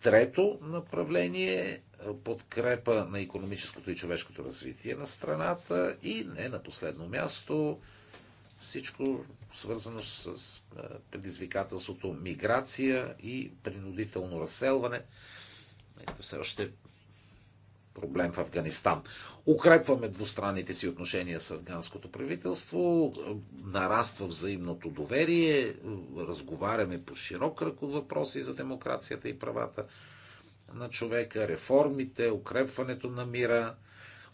S3: Трето направление подкрепа на економическото и човешкото развитие на страната и не на последно място всичко свързано с предизвикателството миграция и принудително разселване ето все още проблем в Афганистан. Укрепваме двустранните си отношения с афганското правителство, нараства взаимното доверие, разговаряме по широк кръг от въпроси за демокрацията и правата на човека, реформите, укрепването на мира,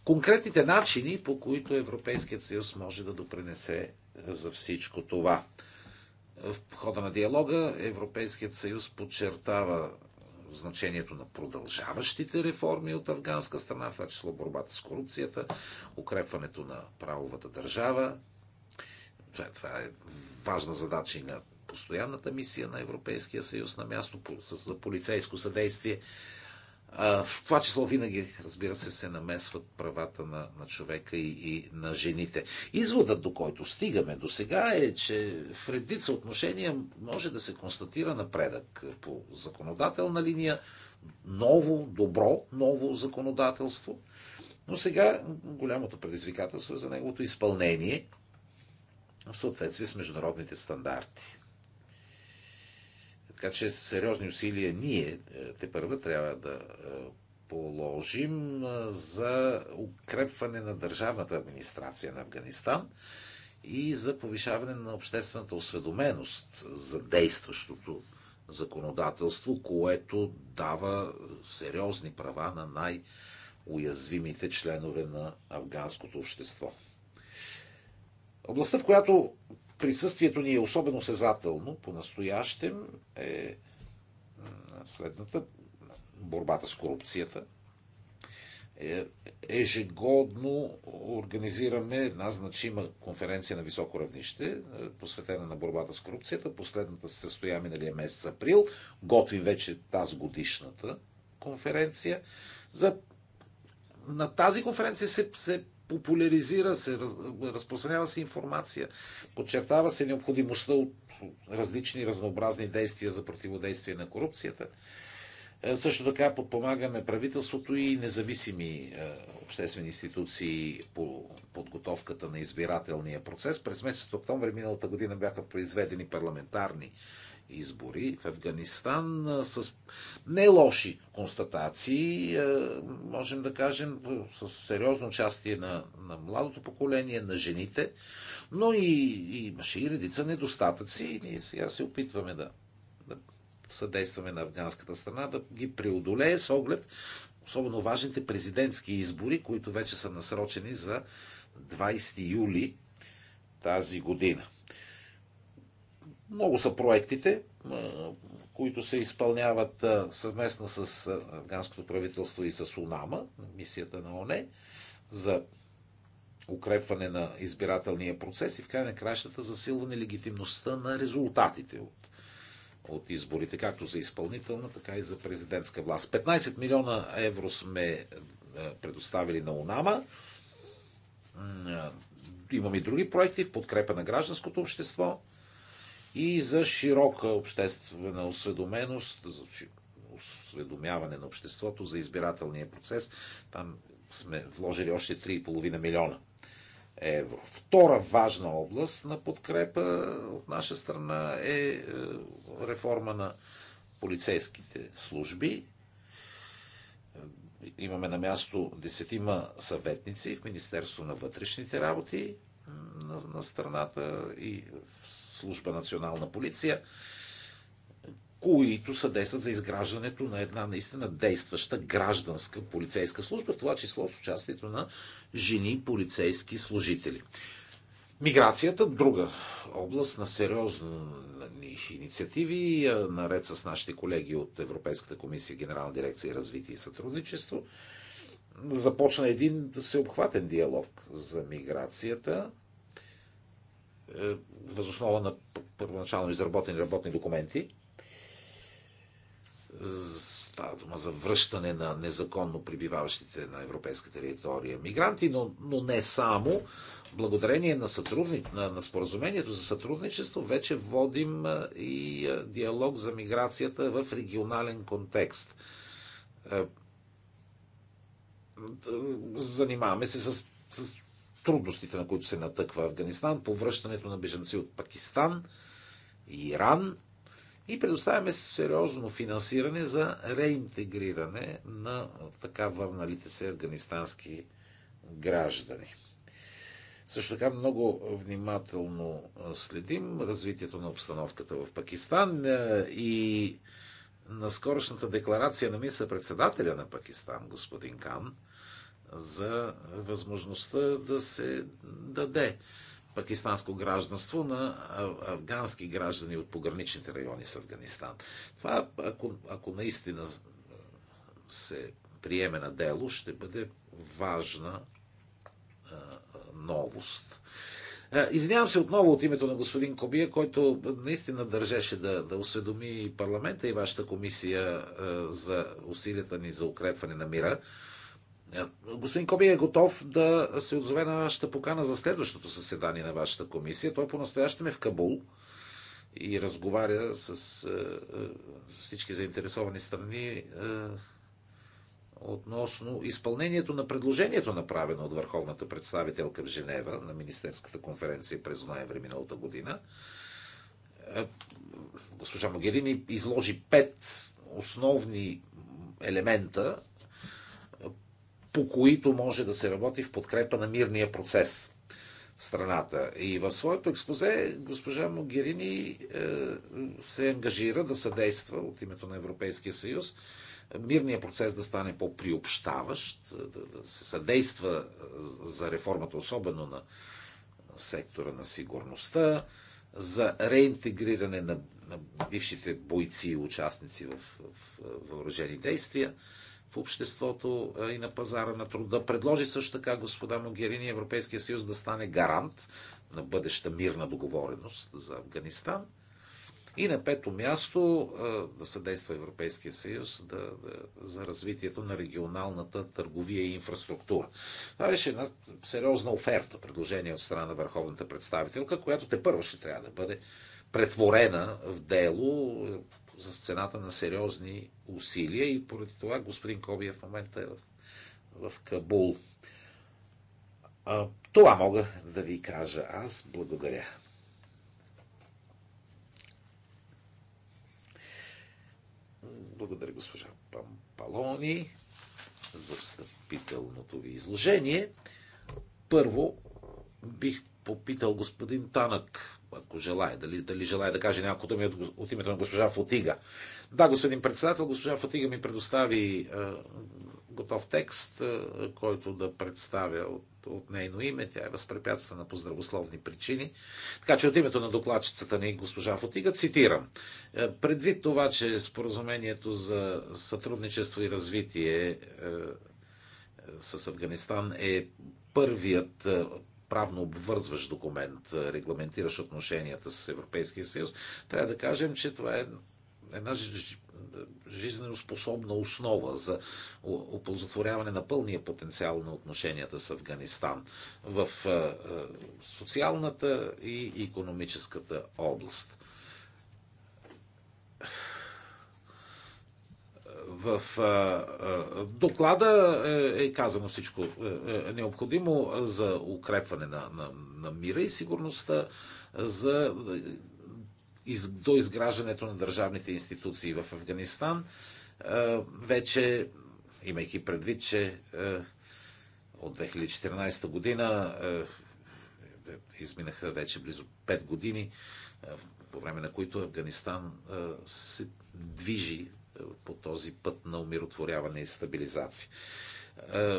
S3: конкретните начини, по които Европейският съюз може да допринесе е, за всичко това. В хода на диалога Европейският съюз подчертава значението на продължаващите реформи от афганска страна, в това число борбата с корупцията, укрепването на правовата държава. Това е, е важна задача и на постоянната мисия на Европейския съюз на място за полицейско съдействие. В това число винаги, разбира се, се намесват правата на, на човека и, и на жените. Изводът, до който стигаме до сега е, че в редица отношения може да се констатира напредък по законодателна линия, ново, добро, ново законодателство. Но сега голямото предизвикателство е за неговото изпълнение в съответствие с международните стандарти. Така че сериозни усилия ние е, те първа трябва да е, положим е, за укрепване на държавната администрация на Афганистан и за повишаване на обществената осведоменост за действащото законодателство, което дава сериозни права на най-уязвимите членове на афганското общество. Областта, в която присъствието ни е особено сезателно по-настоящем е следната борбата с корупцията. Е, ежегодно организираме една значима конференция на високо равнище, е, посветена на борбата с корупцията. Последната се състоя миналия месец април. Готвим вече тази годишната конференция. За... На тази конференция се, се популяризира се, раз, разпространява се информация, подчертава се необходимостта от различни разнообразни действия за противодействие на корупцията. Е, също така подпомагаме правителството и независими е, обществени институции по подготовката на избирателния процес. През месец октомври миналата година бяха произведени парламентарни избори в Афганистан с не лоши констатации, можем да кажем, с сериозно участие на, на младото поколение, на жените, но и, и имаше и редица недостатъци и ние сега се опитваме да, да съдействаме на афганската страна да ги преодолее с оглед особено важните президентски избори, които вече са насрочени за 20 юли тази година. Много са проектите, които се изпълняват съвместно с афганското правителство и с УНАМА, мисията на ОНЕ, за укрепване на избирателния процес и в край на кращата засилване легитимността на резултатите от, от изборите, както за изпълнителна, така и за президентска власт. 15 милиона евро сме предоставили на УНАМА. Имаме и други проекти в подкрепа на гражданското общество и за широка обществена осведоменост, за осведомяване на обществото за избирателния процес. Там сме вложили още 3,5 милиона евро. Втора важна област на подкрепа от наша страна е, е реформа на полицейските служби. Имаме на място десетима съветници в Министерство на вътрешните работи на, на страната и в служба национална полиция, които съдействат за изграждането на една наистина действаща гражданска полицейска служба, в това число с участието на жени полицейски служители. Миграцията, друга област на сериозни инициативи, наред с нашите колеги от Европейската комисия, Генерална дирекция развитие и сътрудничество, започна един всеобхватен диалог за миграцията, е, възоснова на първоначално изработени работни документи. Става дума за връщане на незаконно прибиваващите на европейска територия мигранти, но, но не само. Благодарение на, сътрудни, на, на споразумението за сътрудничество вече водим е, и е, диалог за миграцията в регионален контекст. Занимаваме се с, с трудностите, на които се натъква Афганистан, повръщането на беженци от Пакистан и Иран и предоставяме сериозно финансиране за реинтегриране на така върналите се афганистански граждани. Също така много внимателно следим развитието на обстановката в Пакистан и на скорошната декларация на мисля председателя на Пакистан, господин Кан, за възможността да се даде пакистанско гражданство на афгански граждани от пограничните райони с Афганистан. Това, ако, ако наистина се приеме на дело, ще бъде важна а, новост. Извинявам се отново от името на господин Кобия, който наистина държеше да, да осведоми парламента и вашата комисия а, за усилията ни за укрепване на мира. Е, господин Коби е готов да се отзове на вашата покана за следващото съседание на вашата комисия. Той по-настоящем е в Кабул и разговаря с е, е, всички заинтересовани страни относно изпълнението на предложението, направено от върховната представителка в Женева на Министерската конференция през ноември миналата година. Госпожа Могерини изложи пет основни елемента по които може да се работи в подкрепа на мирния процес в страната. И в своето експозе госпожа Могерини е, се ангажира да съдейства от името на Европейския съюз мирният процес да стане по-приобщаващ, е, да, да се съдейства е, за реформата, особено на сектора на сигурността, за реинтегриране на, на бившите бойци и участници в, в въоръжени действия в обществото и на пазара на труда. Предложи също така господа Могерини Европейския съюз да стане гарант на бъдеща мирна договореност за Афганистан. И на пето място да съдейства Европейския съюз да, да, за развитието на регионалната търговия и инфраструктура. Това беше една сериозна оферта, предложение от страна на върховната представителка, която те първо ще трябва да бъде претворена в дело, за цената на сериозни усилия и поради това господин Кобия в момента е в, в Кабул. А, това мога да ви кажа. Аз благодаря. Благодаря госпожа Пампалони за встъпителното ви изложение. Първо бих попитал господин Танък, ако желая, дали, дали желая да каже няколко думи от, от името на госпожа Фотига. Да, господин председател, госпожа Фотига ми предостави е, готов текст, е, който да представя от, от нейно име. Тя е възпрепятствана по здравословни причини. Така че от името на докладчицата ни, госпожа Фотига, цитирам. Е, предвид това, че споразумението за сътрудничество и развитие е, е с Афганистан е първият е, правно обвързващ документ, регламентиращ отношенията с Европейския съюз, трябва да кажем, че това е една жизненоспособна основа за оползотворяване на пълния потенциал на отношенията с Афганистан в социалната и економическата област. В доклада е, е казано всичко е, е, необходимо за укрепване на, на, на мира и сигурността, за из, до изграждането на държавните институции в Афганистан. Вече, имайки предвид, че от 2014 година изминаха вече близо 5 години, по време на които Афганистан се движи по този път на умиротворяване и стабилизация.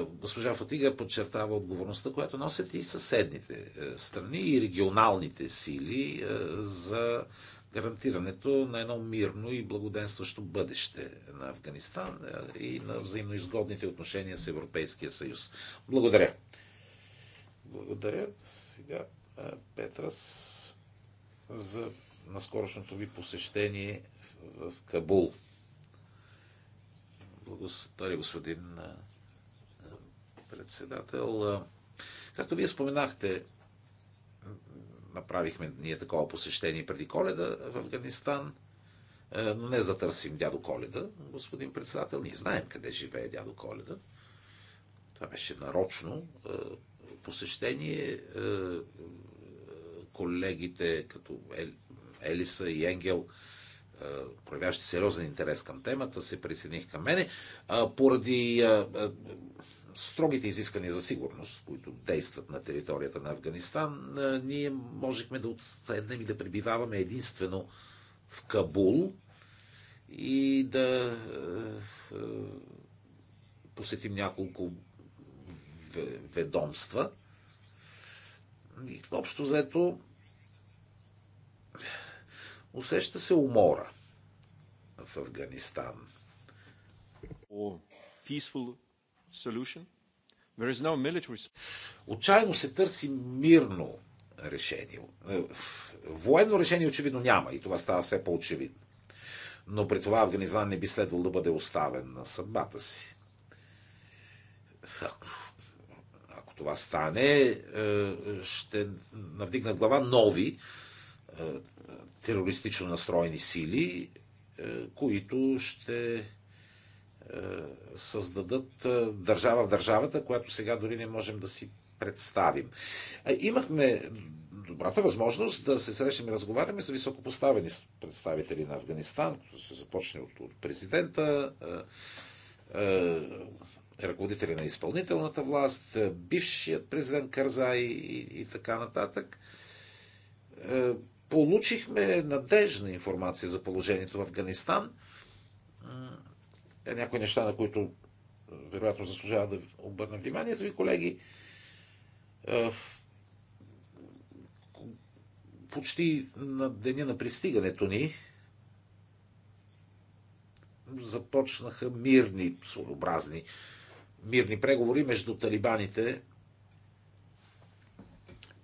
S3: Госпожа Фатига подчертава отговорността, която носят и съседните страни и регионалните сили за гарантирането на едно мирно и благоденстващо бъдеще на Афганистан и на взаимноизгодните отношения с Европейския съюз. Благодаря. Благодаря. Сега Петрас за наскорошното ви посещение в Кабул. Благодаря, господин председател. Както вие споменахте, направихме ние такова посещение преди коледа в Афганистан. Но не за да търсим дядо Коледа, господин председател. Ние знаем къде живее дядо Коледа. Това беше нарочно посещение. Колегите като Елиса и Енгел проявяващи сериозен интерес към темата, се присъединих към мене, поради строгите изисквания за сигурност, които действат на територията на Афганистан, ние можехме да отседнем и да пребиваваме единствено в Кабул и да посетим няколко ведомства. И общо взето Усеща се умора в Афганистан. Отчаяно се търси мирно решение. Е, военно решение очевидно няма и това става все по-очевидно. Но при това Афганистан не би следвал да бъде оставен на съдбата си. Ако, ако това стане, е, е, ще навдигнат глава нови е, терористично настроени сили, е, които ще е, създадат държава в държавата, която сега дори не можем да си представим. Имахме добрата възможност да се срещнем и разговаряме с високопоставени представители на Афганистан, като се започне от президента, ръководители на изпълнителната власт, бившият президент Карзай и, и така нататък Получихме надежна информация за положението в Афганистан. Е, някои неща, на които е, вероятно заслужава да обърна вниманието ви, колеги. Е, почти на деня на пристигането ни започнаха мирни, своеобразни, мирни преговори между талибаните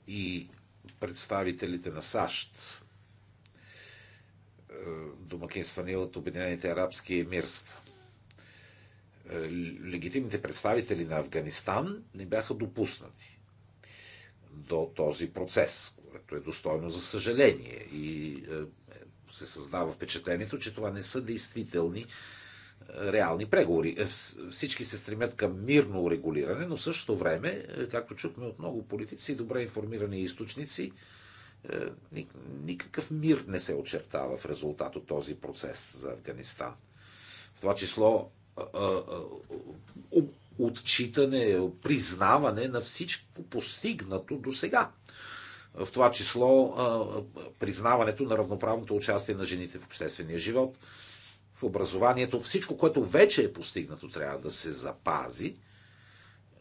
S3: и представителите на САЩ, е, домакинствани от Обединените арабски емирства. Е, легитимните представители на Афганистан не бяха допуснати до този процес, което е достойно за съжаление и е, се създава впечатлението, че това не са действителни реални преговори. Е, всички се стремят към мирно урегулиране, но същото време, е, както чухме от много политици и добре информирани източници, е, никакъв мир не се очертава в резултат от този процес за Афганистан. В това число отчитане, признаване на всичко постигнато до сега. В това число признаването на равноправното участие на жените в обществения живот – в образованието. Всичко, което вече е постигнато, трябва да се запази,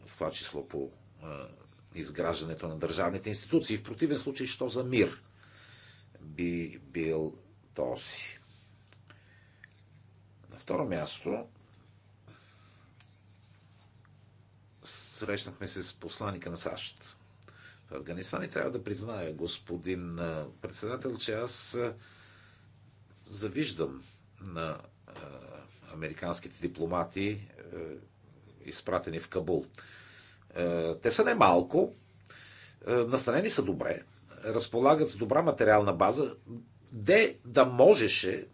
S3: в това число по изграждането на държавните институции. В противен случай, що за мир би бил този? На второ място, срещнахме се с посланика на САЩ в Афганистан и трябва да призная, господин председател, че аз завиждам на е, американските дипломати, е, изпратени в Кабул. Е, те са немалко, настанени са добре, разполагат с добра материална база, де да можеше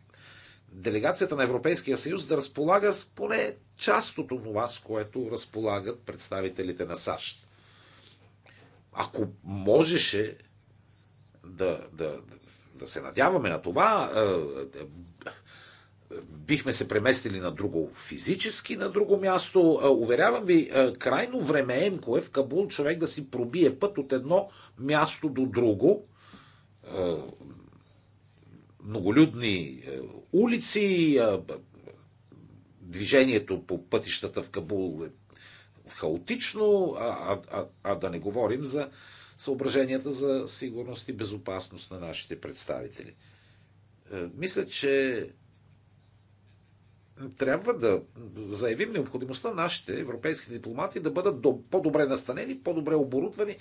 S3: делегацията на Европейския съюз да разполага с поне част от това, с което разполагат представителите на САЩ. Ако можеше да, да, да се надяваме на това, бихме се преместили на друго физически, на друго място. Уверявам ви, крайно времеемко е в Кабул човек да си пробие път от едно място до друго. Многолюдни улици, движението по пътищата в Кабул е хаотично, а, а, а да не говорим за съображенията за сигурност и безопасност на нашите представители. Мисля, че трябва да заявим необходимостта нашите европейски дипломати да бъдат по-добре настанени, по-добре оборудвани,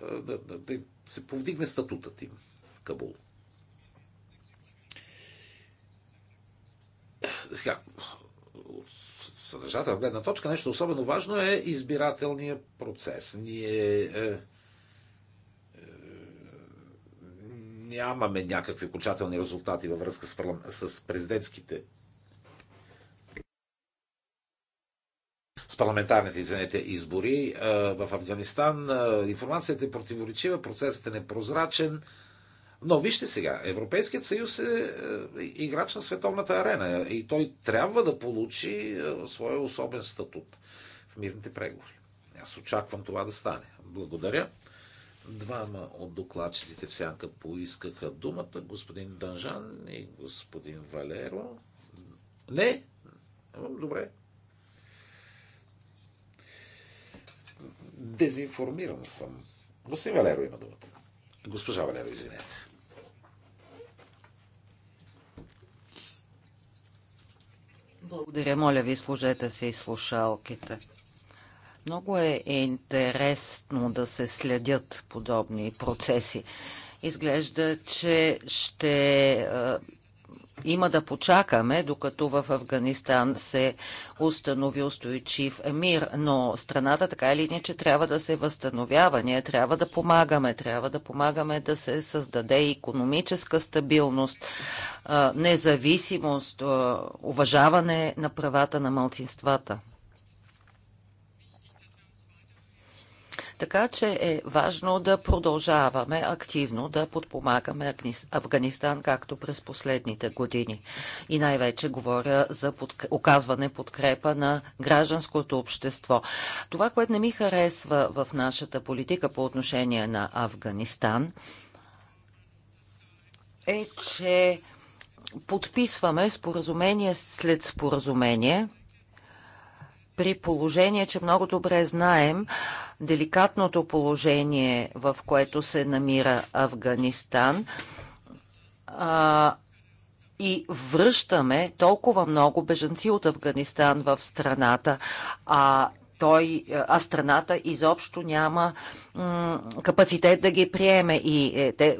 S3: да, да, да се повдигне статутът им в Кабул. Сега, съдържателна гледна точка, нещо особено важно е избирателния процес. Ние е, е, е нямаме някакви окончателни резултати във връзка с, с президентските парламентарните извинете, избори в Афганистан. Информацията е противоречива, процесът е непрозрачен. Но вижте сега, Европейският съюз е, е играч на световната арена и той трябва да получи своя особен статут в мирните преговори. Аз очаквам това да стане. Благодаря. Двама от докладчиците в сянка поискаха думата. Господин Данжан и господин Валеро. Не? Добре. Дезинформиран съм. Господин Валеро има думата.
S2: Госпожа Валеро, извинете. Благодаря. Моля ви, служете се и слушалките. Много е интересно да се следят подобни процеси. Изглежда, че ще има да почакаме, докато в Афганистан се установи устойчив мир, но страната така или иначе трябва да се възстановява. Ние трябва да помагаме, трябва да помагаме да се създаде економическа стабилност, независимост, уважаване на правата на малцинствата. Така че е важно да продължаваме активно да подпомагаме Афганистан, както през последните години. И най-вече говоря за подк... оказване подкрепа на гражданското общество. Това, което не ми харесва в нашата политика по отношение на Афганистан, е, че подписваме споразумение след споразумение, при положение, че много добре знаем, деликатното положение, в което се намира Афганистан а, и връщаме толкова много бежанци от Афганистан в страната, а той, а страната изобщо няма капацитет да ги приеме. И е, те,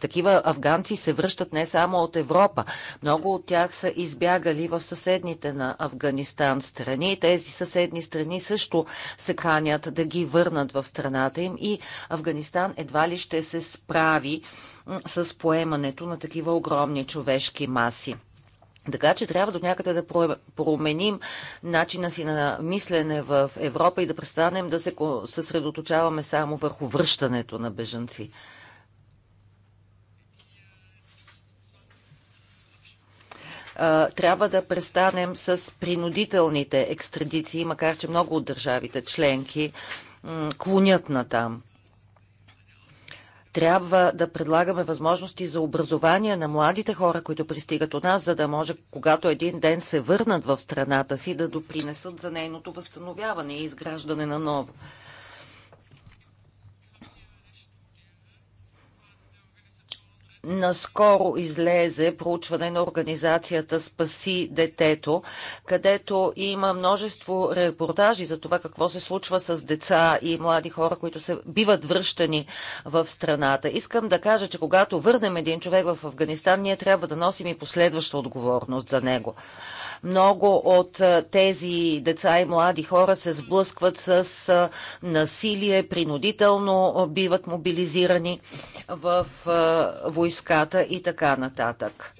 S2: такива афганци се връщат не само от Европа. Много от тях са избягали в съседните на Афганистан страни. Тези съседни страни също се канят да ги върнат в страната им и Афганистан едва ли ще се справи с поемането на такива огромни човешки маси. Така че трябва до някъде да променим начина си на мислене в Европа и да престанем да се съсредоточаваме само върху връщането на бежанци. трябва да престанем с принудителните екстрадиции, макар че много от държавите членки клонят на там трябва да предлагаме възможности за образование на младите хора, които пристигат у нас, за да може, когато един ден се върнат в страната си, да допринесат за нейното възстановяване и изграждане на ново. Наскоро излезе проучване на организацията Спаси детето, където има множество репортажи за това какво се случва с деца и млади хора, които се биват връщани в страната. Искам да кажа, че когато върнем един човек в Афганистан, ние трябва да носим и последваща отговорност за него. Много от тези деца и млади хора се сблъскват с насилие, принудително биват мобилизирани в войската и така нататък.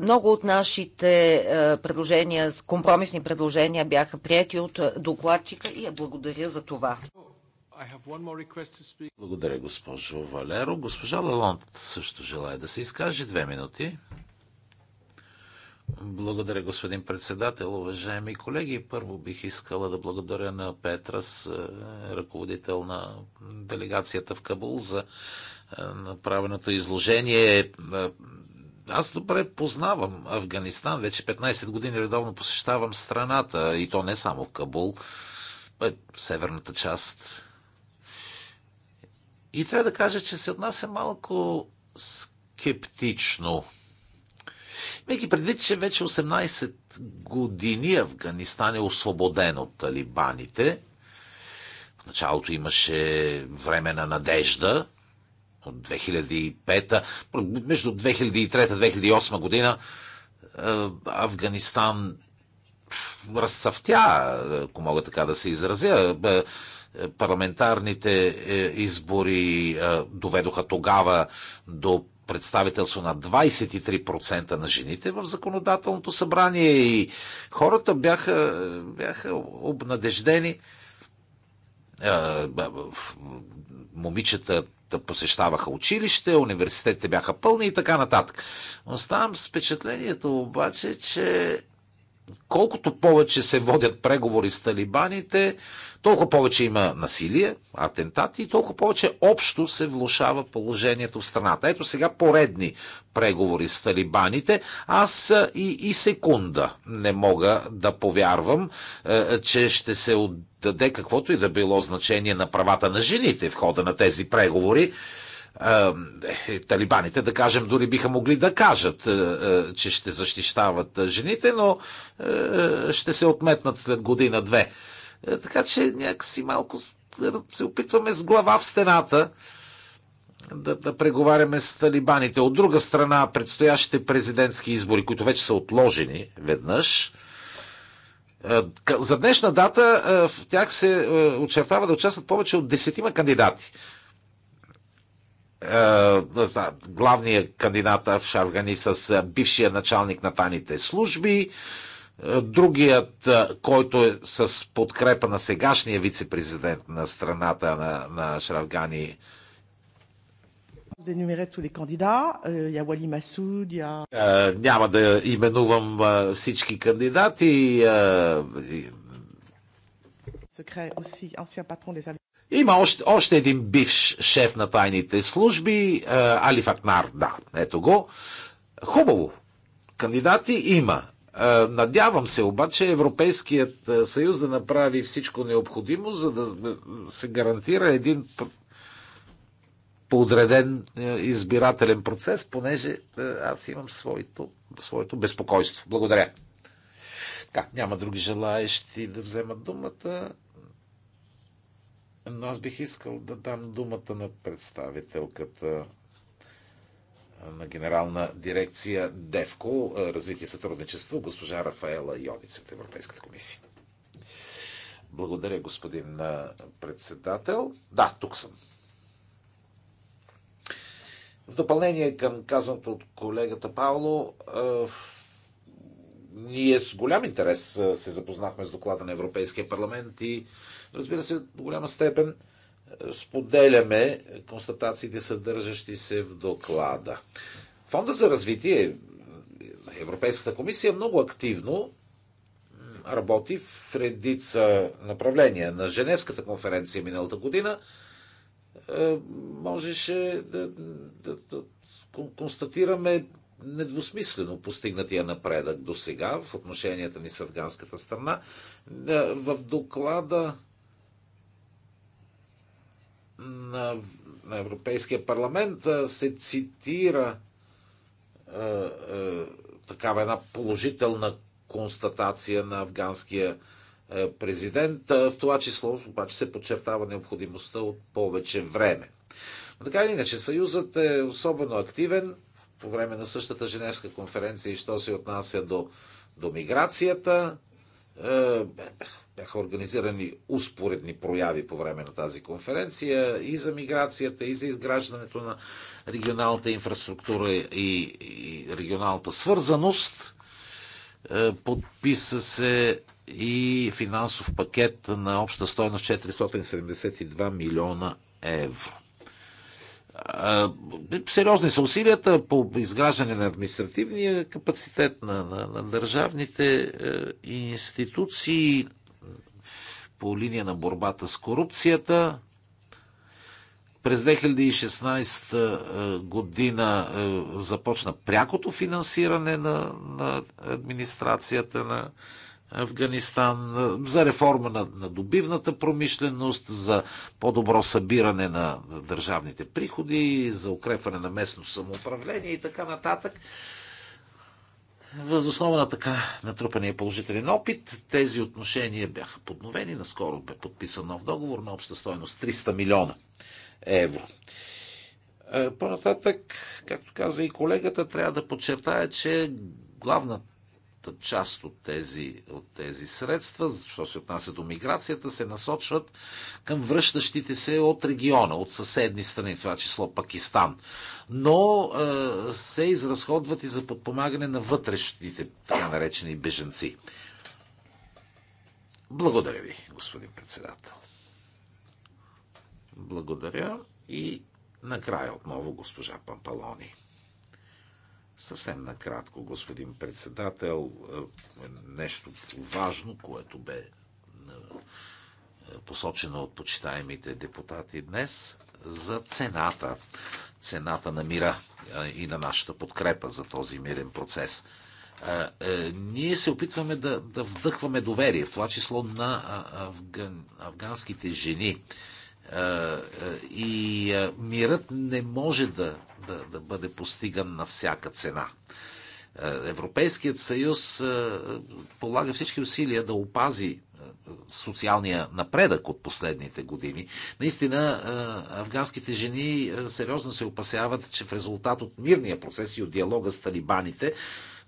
S2: Много от нашите предложения, компромисни предложения бяха прияти от докладчика и я благодаря за това.
S3: Благодаря, госпожо Валеро. Госпожа Лалонт също желая да се изкаже. Две минути. Благодаря, господин председател. Уважаеми колеги, първо бих искала да благодаря на Петрас, е, ръководител на делегацията в Кабул, за е, направеното изложение. Е, аз добре познавам Афганистан. Вече 15 години редовно посещавам страната, и то не само Кабул, а северната част. И трябва да кажа, че се отнася малко скептично Имайки предвид, че вече 18 години Афганистан е освободен от талибаните, в началото имаше време на надежда от 2005, между 2003-2008 година е, Афганистан разцъфтя, ако мога така да се изразя. Е, е, парламентарните избори доведоха тогава до представителство на 23% на жените в законодателното събрание и хората бяха, бяха обнадеждени. Момичета посещаваха училище, университетите бяха пълни и така нататък. Оставам с впечатлението обаче, че колкото повече се водят преговори с талибаните, толкова повече има насилие, атентати и толкова повече общо се влушава положението в страната. Ето сега поредни преговори с талибаните. Аз и, и секунда не мога да повярвам, е, че ще се отдаде каквото и да било значение на правата на жените в хода на тези преговори е, талибаните, да кажем, дори биха могли да кажат, е, е, че ще защищават жените, но ще се отметнат след година-две. Така че някакси малко се опитваме с глава в стената да, да преговаряме с талибаните. От друга страна, предстоящите президентски избори, които вече са отложени веднъж, за днешна дата в тях се очертава да участват повече от десетима кандидати. Е, главния кандидат Афшаргани с е, бившия началник на тайните служби, е, другият, който е с подкрепа на сегашния вице-президент на страната на, на
S1: euh,
S3: Няма да именувам всички кандидати.
S1: Секрет, ancien patron des
S3: има още, още един бивш шеф на тайните служби, е, Али Факнар, да, ето го. Хубаво. Кандидати има. Е, надявам се обаче Европейският е, съюз да направи всичко необходимо, за да се гарантира един подреден избирателен процес, понеже аз имам своето, своето безпокойство. Благодаря. Така, няма други желаещи да вземат думата. Но аз бих искал да дам думата на представителката на генерална дирекция ДЕВКО, развитие и сътрудничество, госпожа Рафаела Йониц от Европейската комисия. Благодаря, господин председател. Да, тук съм. В допълнение към казаното от колегата Пауло, ние с голям интерес се запознахме с доклада на Европейския парламент и Разбира се, до голяма степен е, споделяме констатациите, съдържащи се в доклада. Фонда за развитие на е, Европейската комисия много активно работи в редица направления. На Женевската конференция миналата година е, можеше да, да, да констатираме недвусмислено постигнатия напредък до сега в отношенията ни с афганската страна. В доклада на, на Европейския парламент се цитира е, е, такава една положителна констатация на афганския президент. В това число обаче се подчертава необходимостта от повече време. Но така или иначе, Съюзът е особено активен по време на същата Женевска конференция и що се отнася до, до миграцията. Е, бяха организирани успоредни прояви по време на тази конференция и за миграцията, и за изграждането на регионалната инфраструктура и, и регионалната свързаност. Е, подписа се и финансов пакет на обща стоеност 472 милиона евро. Е, сериозни са усилията по изграждане на административния капацитет на, на, на държавните е, институции по линия на борбата с корупцията. През 2016 е, година е, започна прякото финансиране на, на администрацията на Афганистан, е, за реформа на, на добивната промишленост, за по-добро събиране на държавните приходи, за укрепване на местно самоуправление и така нататък. Възоснова на така натрупания положителен опит, тези отношения бяха подновени. Наскоро бе подписан нов договор на обща стоеност 300 милиона евро. Е, по-нататък, както каза и колегата, трябва да подчертая, че главната част от тези, от тези средства, що се отнася до миграцията, се насочват към връщащите се от региона, от съседни страни, това число Пакистан. Но е, се изразходват и за подпомагане на вътрешните, така наречени беженци. Благодаря ви, господин председател. Благодаря и накрая отново госпожа Пампалони. Съвсем накратко, господин председател, е, е нещо важно, което бе е, посочено от почитаемите депутати днес за цената. Цената на мира и на нашата подкрепа за този мирен процес. Ние се опитваме да, да вдъхваме доверие, в това число на афган, афганските жени и мирът не може да, да, да бъде постиган на всяка цена. Европейският съюз полага всички усилия да опази социалния напредък от последните години. Наистина, афганските жени сериозно се опасяват, че в резултат от мирния процес и от диалога с талибаните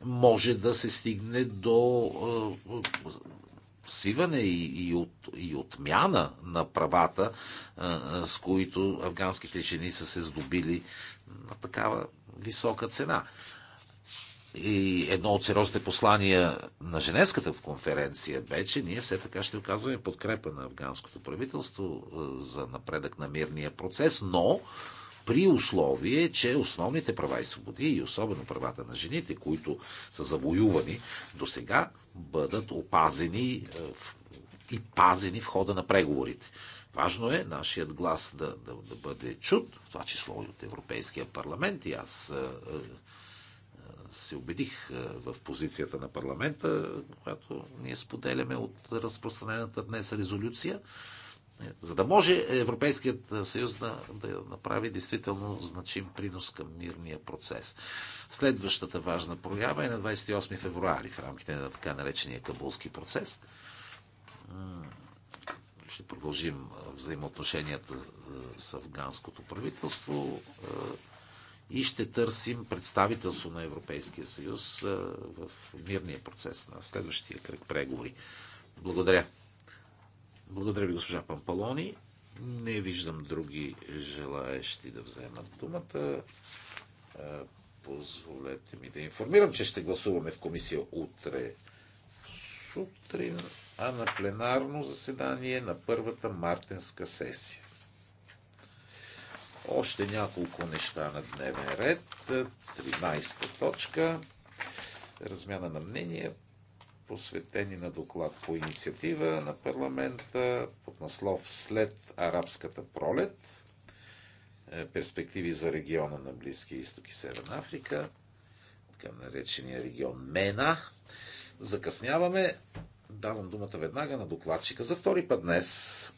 S3: може да се стигне до посиване и, и, от, и отмяна на правата, с които афганските жени са се здобили на такава висока цена. И едно от сериозните послания на Женевската конференция бе, че ние все така ще оказваме подкрепа на афганското правителство за напредък на мирния процес, но при условие, че основните права и свободи и особено правата на жените, които са завоювани до сега, бъдат опазени е, и пазени в хода на преговорите. Важно е нашият глас да, да, да бъде чут, в това число и от Европейския парламент. И аз е, е, се убедих в позицията на парламента, която ние споделяме от разпространената днес резолюция за да може Европейският съюз да, да направи действително значим принос към мирния процес. Следващата важна проява е на 28 февруари в рамките на така наречения Кабулски процес. Ще продължим взаимоотношенията с афганското правителство и ще търсим представителство на Европейския съюз в мирния процес на следващия кръг преговори. Благодаря. Благодаря ви, госпожа Пампалони. Не виждам други желаещи да вземат думата. Е, позволете ми да информирам, че ще гласуваме в комисия утре сутрин, а на пленарно заседание на първата мартенска сесия. Още няколко неща на дневен ред. 13 е, точка. Размяна на мнения посветени на доклад по инициатива на парламента под наслов След арабската пролет е, перспективи за региона на Близкия изток и Северна Африка, така наречения регион МЕНА. Закъсняваме. Давам думата веднага на докладчика за втори път днес.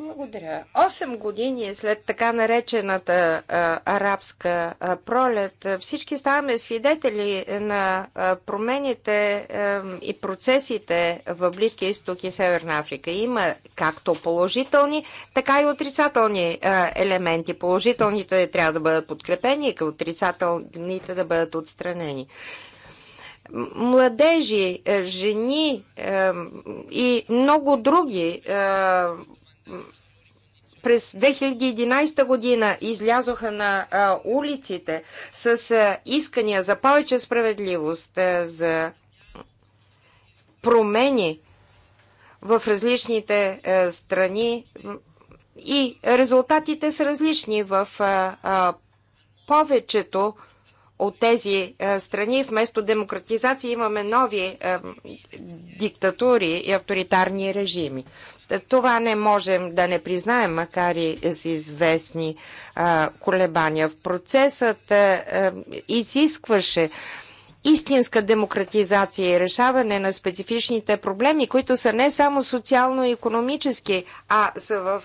S1: Благодаря. Осем години след така наречената а, арабска а, пролет, всички ставаме свидетели на а, промените а, и процесите в Близкия изток и Северна Африка. Има както положителни, така и отрицателни а, елементи. Положителните трябва да бъдат подкрепени, и отрицателните да бъдат отстранени младежи, жени и много други през 2011 година излязоха на а, улиците с а, искания за повече справедливост, а, за промени в различните а, страни и резултатите са различни в а, а, повечето а, от тези е, страни, вместо демократизация, имаме нови е, диктатури и авторитарни режими. Е, това не можем да не признаем, макар и с известни колебания. В процесът изискваше истинска демократизация и решаване на специфичните проблеми, които са не само социално-економически, а са в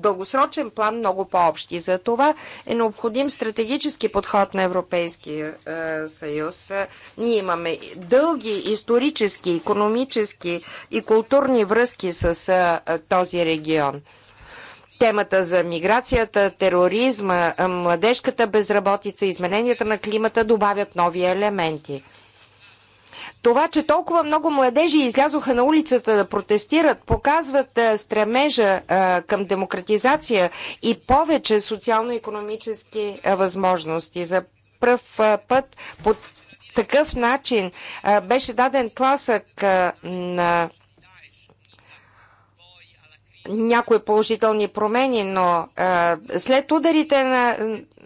S1: дългосрочен план много по-общи. За това е необходим стратегически подход на Европейския е, съюз. Ние имаме дълги исторически, економически и културни връзки с е, този регион. Темата за миграцията, тероризма, е, младежката безработица, измененията на климата добавят нови елементи – това, че толкова много младежи излязоха на улицата да протестират, показват е, стремежа е, към демократизация и повече социално-економически е, възможности. За пръв път по такъв начин беше даден тласък на някои положителни промени, но а, е, след ударите на,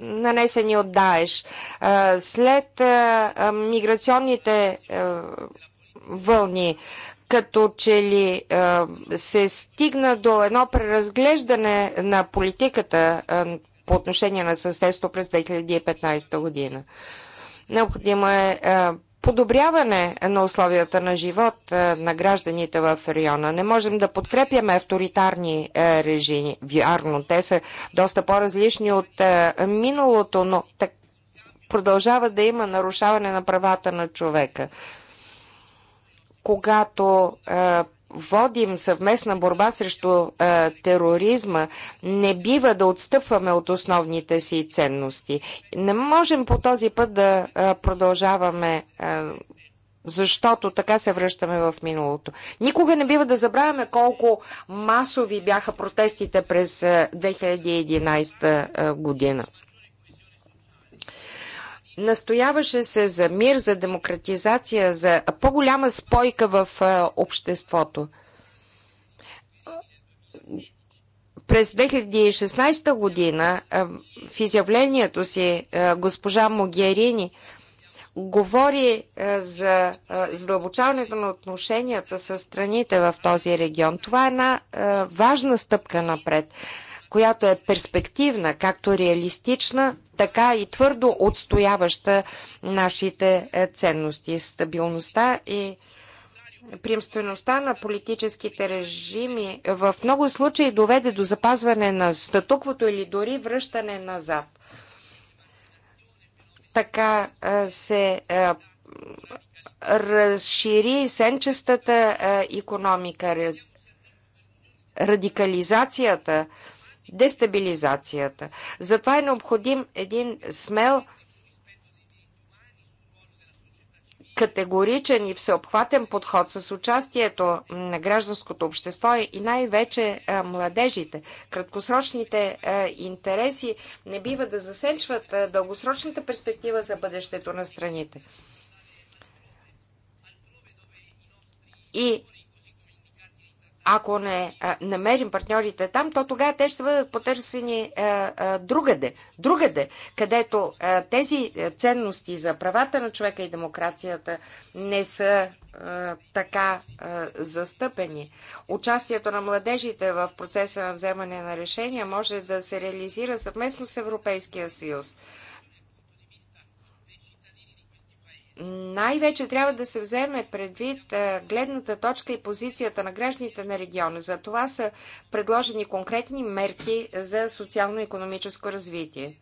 S1: нанесени от Даеш, а, е, след а, е, миграционните а, вълни, като че ли а, се стигна до едно преразглеждане на политиката а, по отношение на съседство през 2015 година. Необходимо е а, подобряване на условията на живот е, на гражданите в района. Не можем да подкрепяме авторитарни е, режими. Вярно, те са доста по-различни от е, миналото, но так, продължава да има нарушаване на правата на човека. Когато водим съвместна борба срещу а, е, тероризма, не бива да отстъпваме от основните си ценности. Не можем по този път да а, е, продължаваме, а, е, защото така се връщаме в миналото. Никога не бива да забравяме колко масови бяха протестите през 2011 година. Настояваше се за мир, за демократизация, за по-голяма спойка в обществото. През 2016 година в изявлението си госпожа Могерини говори за задълбочаването на отношенията с страните в този регион. Това е една важна стъпка напред, която е перспективна, както реалистична, така и твърдо отстояваща нашите е, ценности. Стабилността и приемствеността на политическите режими в много случаи доведе до запазване на статуквото или дори връщане назад. Така е, се е, разшири сенчестата економика, радикализацията дестабилизацията. Затова е необходим един смел, категоричен и всеобхватен подход с участието на гражданското общество и най-вече младежите. Краткосрочните интереси не бива да засенчват дългосрочната перспектива за бъдещето на страните. И ако не намерим партньорите там, то тогава те ще бъдат потърсени другаде, другаде, където тези ценности за правата на човека и демокрацията не са така застъпени. Участието на младежите в процеса на вземане на решения може да се реализира съвместно с Европейския съюз най-вече трябва да се вземе предвид гледната точка и позицията на гражданите на региона. За това са предложени конкретни мерки за социално-економическо развитие.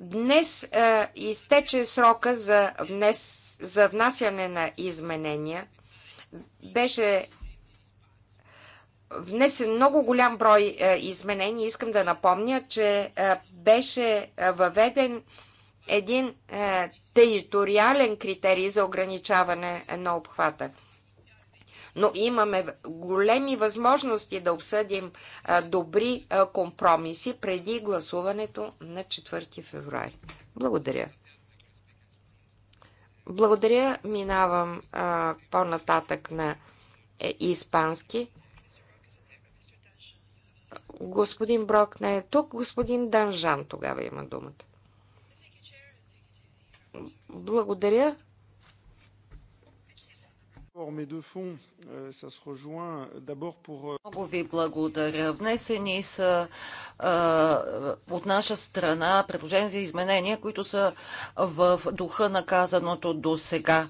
S1: Днес е, изтече срока за, внес, за внасяне на изменения. Беше внесен много голям брой е, изменения. Искам да напомня, че е, беше въведен един е, териториален критерий за ограничаване на обхвата. Но имаме големи възможности да обсъдим добри компромиси преди гласуването на 4 февруари. Благодаря. Благодаря. Минавам по-нататък на е, испански. Господин Брок не е тук. Господин Данжан тогава има думата. Благодаря. Euh, euh,
S2: Много ви благодаря. Внесени са от наша страна предложения за изменения, които са в духа на казаното до сега.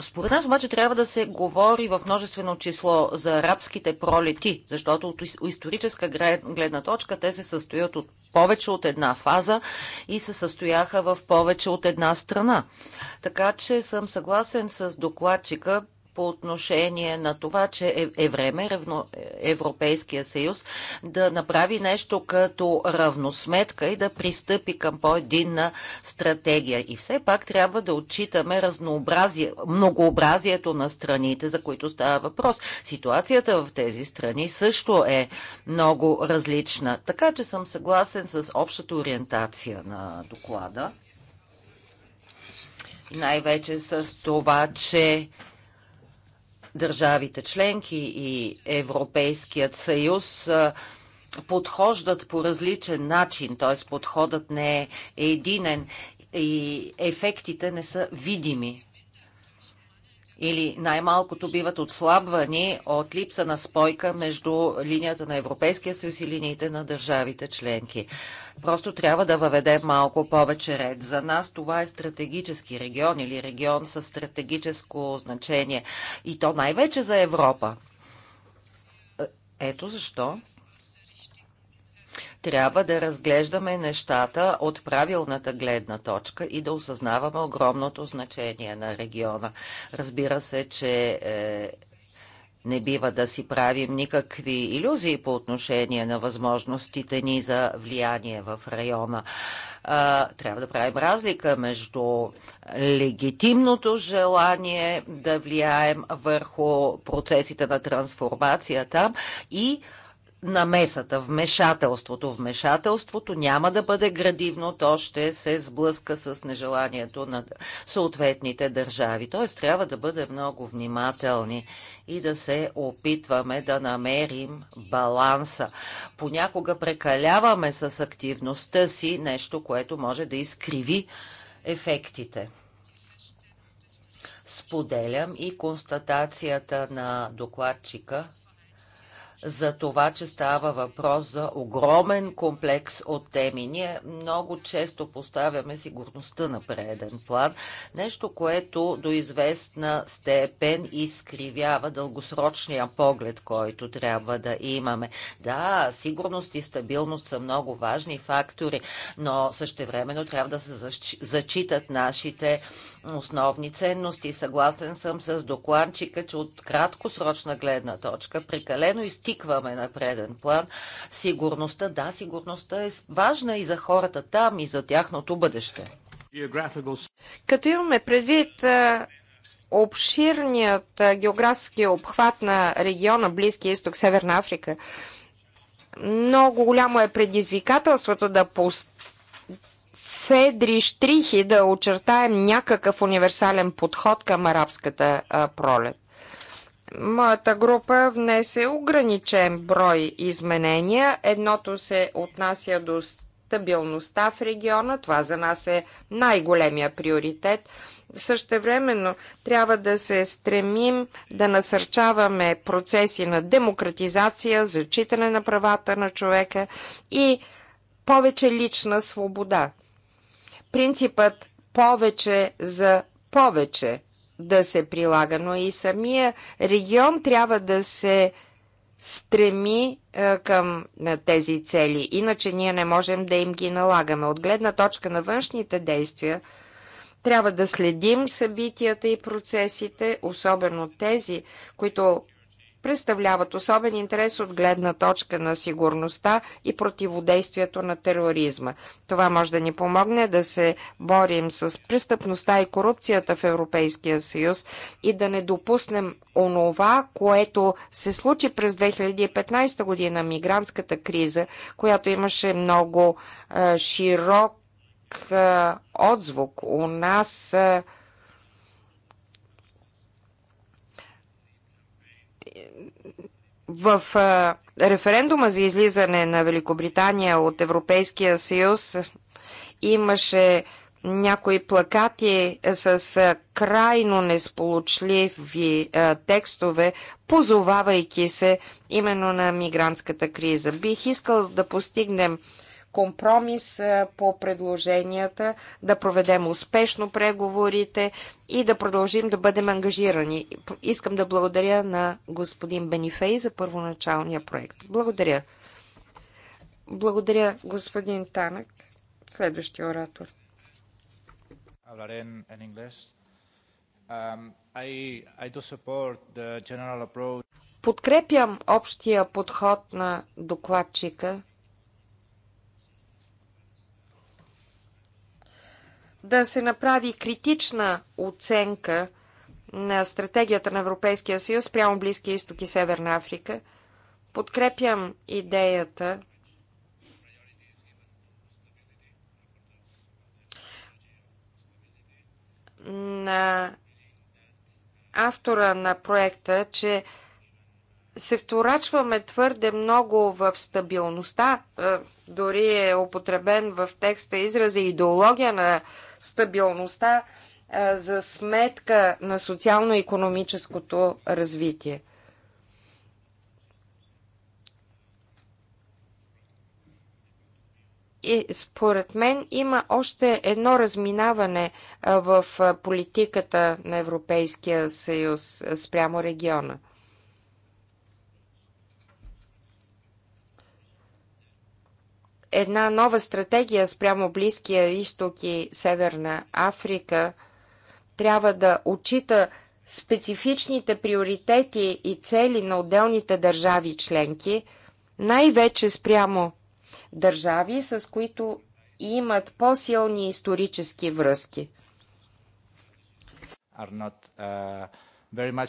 S2: според нас обаче трябва да се говори в множествено число за арабските пролети, защото от историческа гледна точка те се състоят от повече от една фаза и се състояха в повече от една страна. Така че съм съгласен с докладчика по отношение на това, че е, е време Европейския съюз да направи нещо като равносметка и да пристъпи към по-единна стратегия. И все пак трябва да отчитаме разнообразие, многообразието на страните, за които става въпрос. Ситуацията в тези страни също е много различна. Така че съм съгласен с общата ориентация на доклада. Най-вече с това, че държавите членки и Европейският съюз подхождат по различен начин, т.е. подходът не е единен и ефектите не са видими или най-малкото биват отслабвани от липса на спойка между линията на Европейския съюз и линиите на държавите членки. Просто трябва да въведе малко повече ред. За нас това е стратегически регион или регион с стратегическо значение. И то най-вече за Европа. Е, ето защо трябва да разглеждаме нещата от правилната гледна точка и да осъзнаваме огромното значение на региона. Разбира се, че е, не бива да си правим никакви иллюзии по отношение на възможностите ни за влияние в района. А, трябва да правим разлика между легитимното желание да влияем върху процесите на трансформация там и намесата, вмешателството. Вмешателството няма да бъде градивно, то ще се сблъска с нежеланието на съответните държави. Т.е. трябва да бъде много внимателни и да се опитваме да намерим баланса. Понякога прекаляваме с активността си нещо, което може да изкриви ефектите. Споделям и констатацията на докладчика – за това, че става въпрос за огромен комплекс от теми. Ние много често поставяме сигурността на преден план, нещо, което до известна степен изкривява дългосрочния поглед, който трябва да имаме. Да, сигурност и стабилност са много важни фактори, но същевременно трябва да се зачитат нашите основни ценности. Съгласен съм с докладчика, че от краткосрочна гледна точка прекалено изтикваме на преден план сигурността. Да, сигурността е важна
S1: и за хората там, и за тяхното бъдеще. Като имаме предвид обширният географски обхват на региона Близкия изток, Северна Африка, много голямо е предизвикателството да постигнем федри штрихи да очертаем някакъв универсален подход към арабската пролет. Моята група внесе ограничен брой изменения. Едното се отнася до стабилността в региона. Това за нас е най-големия приоритет. Същевременно трябва да се стремим да насърчаваме процеси на демократизация, зачитане на правата на човека и повече лична свобода принципът повече за повече да се прилага, но и самия регион трябва да се стреми е, към е, тези цели. Иначе ние не можем да им ги налагаме. От гледна точка на външните действия, трябва да следим събитията и процесите, особено тези, които представляват особен интерес от гледна точка на сигурността и противодействието на тероризма. Това може да ни помогне да се борим с престъпността и корупцията в Европейския съюз и да не допуснем онова, което се случи през 2015 година, мигрантската криза, която имаше много е, широк е, отзвук у нас. Е, В референдума за излизане на Великобритания от Европейския съюз имаше някои плакати с крайно несполучливи текстове, позовавайки се именно на мигрантската криза. Бих искал да постигнем компромис по предложенията, да проведем успешно преговорите и да продължим да бъдем ангажирани. Искам да благодаря на господин Бенифей за първоначалния проект. Благодаря. Благодаря, господин Танък. Следващия оратор. Um, Подкрепям общия подход на докладчика – да се направи критична оценка на стратегията на Европейския съюз прямо Близкия изток и Северна Африка. Подкрепям идеята на автора на проекта, че се вторачваме твърде много в стабилността, е, дори е употребен в текста израза идеология на стабилността е, за сметка на социално-економическото развитие. И според мен има още едно разминаване е, в политиката на Европейския съюз спрямо региона – една нова стратегия спрямо Близкия изток и Северна Африка трябва да отчита специфичните приоритети и цели на отделните държави членки, най-вече спрямо държави, с които имат по-силни исторически връзки. Not, uh,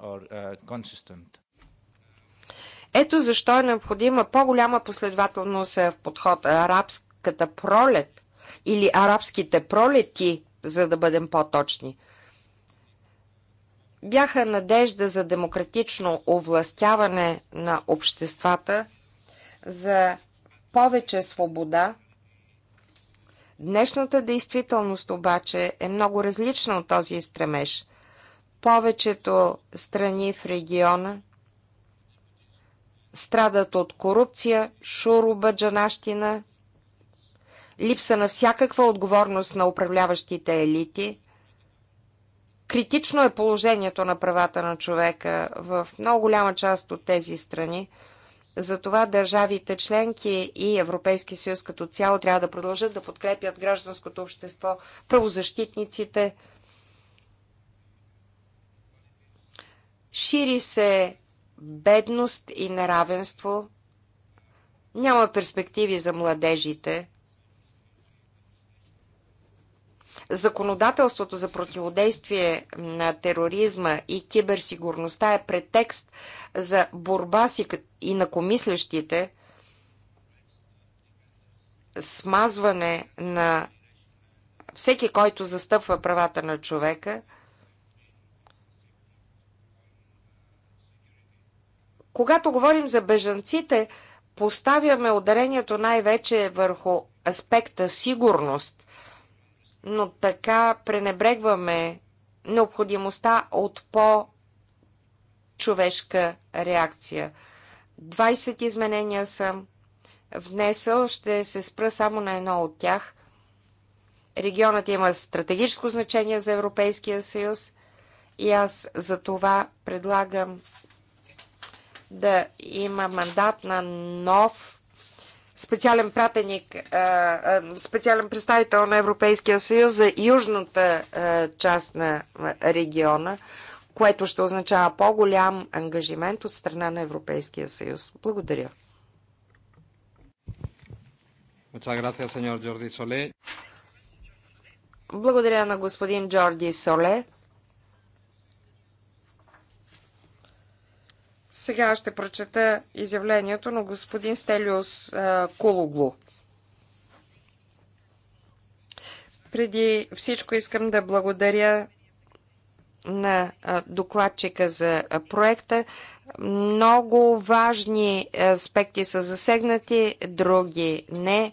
S1: or, uh, ето защо е необходима по-голяма последователност в подход. Арабската пролет или арабските пролети, за да бъдем по-точни, бяха надежда за демократично овластяване на обществата, за повече свобода. Днешната действителност обаче е много различна от този стремеж. Повечето страни в региона – страдат от корупция, Джанащина, липса на всякаква отговорност на управляващите елити. Критично е положението на правата на човека в много голяма част от тези страни. Затова държавите членки и Европейски съюз като цяло трябва да продължат да подкрепят гражданското общество, правозащитниците. Шири се бедност и неравенство. Няма перспективи за младежите. Законодателството за противодействие на тероризма и киберсигурността е претекст за борба си и на комислящите, смазване на всеки, който застъпва правата на човека – Когато говорим за бежанците, поставяме ударението най-вече върху аспекта сигурност, но така пренебрегваме необходимостта от по-човешка реакция. 20 изменения съм внесъл, ще се спра само на едно от тях. Регионът има стратегическо значение за Европейския съюз и аз за това предлагам да има мандат на нов специален пратеник, специален представител на Европейския съюз за южната част на региона, което ще означава по-голям ангажимент от страна на Европейския съюз. Благодаря. Благодаря на господин Джорди Соле. Сега ще прочета изявлението на господин Стелиус Кулуглу. Преди всичко искам да благодаря на докладчика за проекта. Много важни аспекти са засегнати, други не.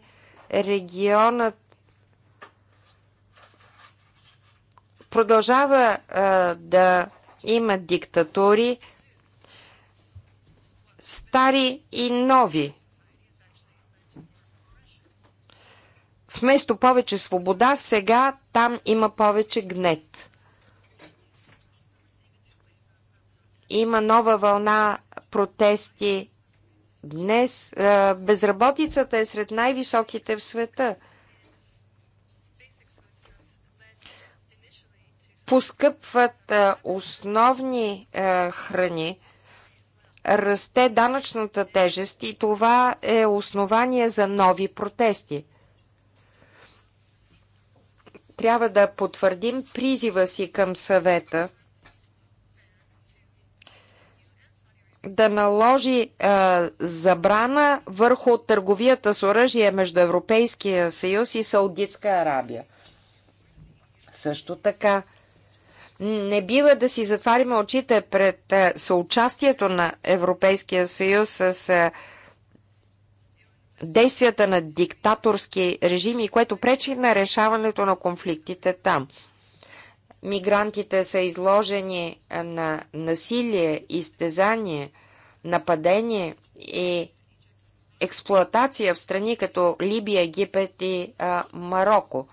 S1: Регионът продължава да има диктатури стари и нови. Вместо повече свобода, сега там има повече гнет. Има нова вълна протести. Днес е, безработицата е сред най-високите в света. Поскъпват е, основни е, храни расте данъчната тежест и това е основание за нови протести. Трябва да потвърдим призива си към съвета да наложи е, забрана върху търговията с оръжие между Европейския съюз и Саудитска Арабия. Също така, не бива да си затваряме очите пред е, съучастието на Европейския съюз с е, действията на диктаторски режими, което пречи на решаването на конфликтите там. Мигрантите са изложени е, на насилие, изтезание, нападение и експлоатация в страни като Либия, Египет и а, Марокко.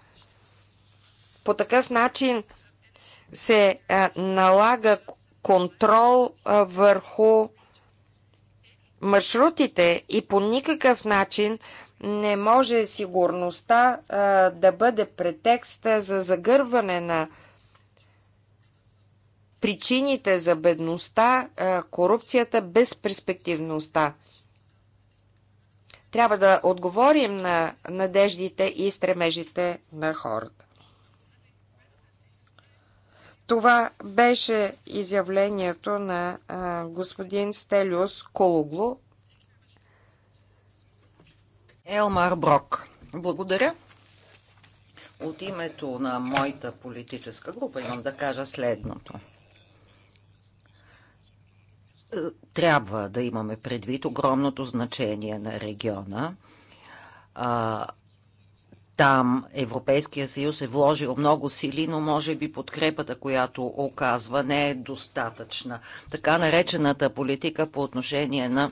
S1: По такъв начин се е, налага контрол е, върху маршрутите и по никакъв начин не може сигурността е, да бъде претекста за загърване на причините за бедността, корупцията, безперспективността. Трябва да отговорим на надеждите и стремежите на хората. Това беше изявлението на а, господин Стелиус Кологло. Елмар
S2: Брок. Благодаря. От името на моята политическа група имам да кажа следното. Трябва да имаме предвид огромното значение на региона. А, там Европейския съюз е вложил много сили, но може би подкрепата, която оказва, не е достатъчна. Така наречената политика по отношение на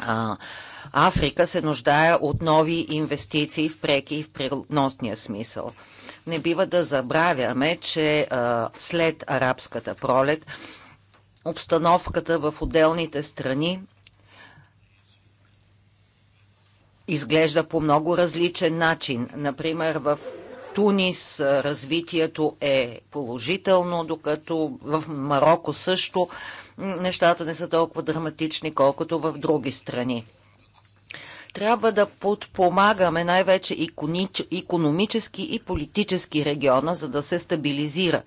S2: а, Африка се нуждае от нови инвестиции в преки и в преносния смисъл. Не бива да забравяме, че а, след арабската пролет обстановката в отделните страни изглежда по много различен начин. Например, в Тунис развитието е положително, докато в Марокко също нещата не са толкова драматични, колкото в други страни. Трябва да подпомагаме най-вече економически и политически региона, за да се стабилизира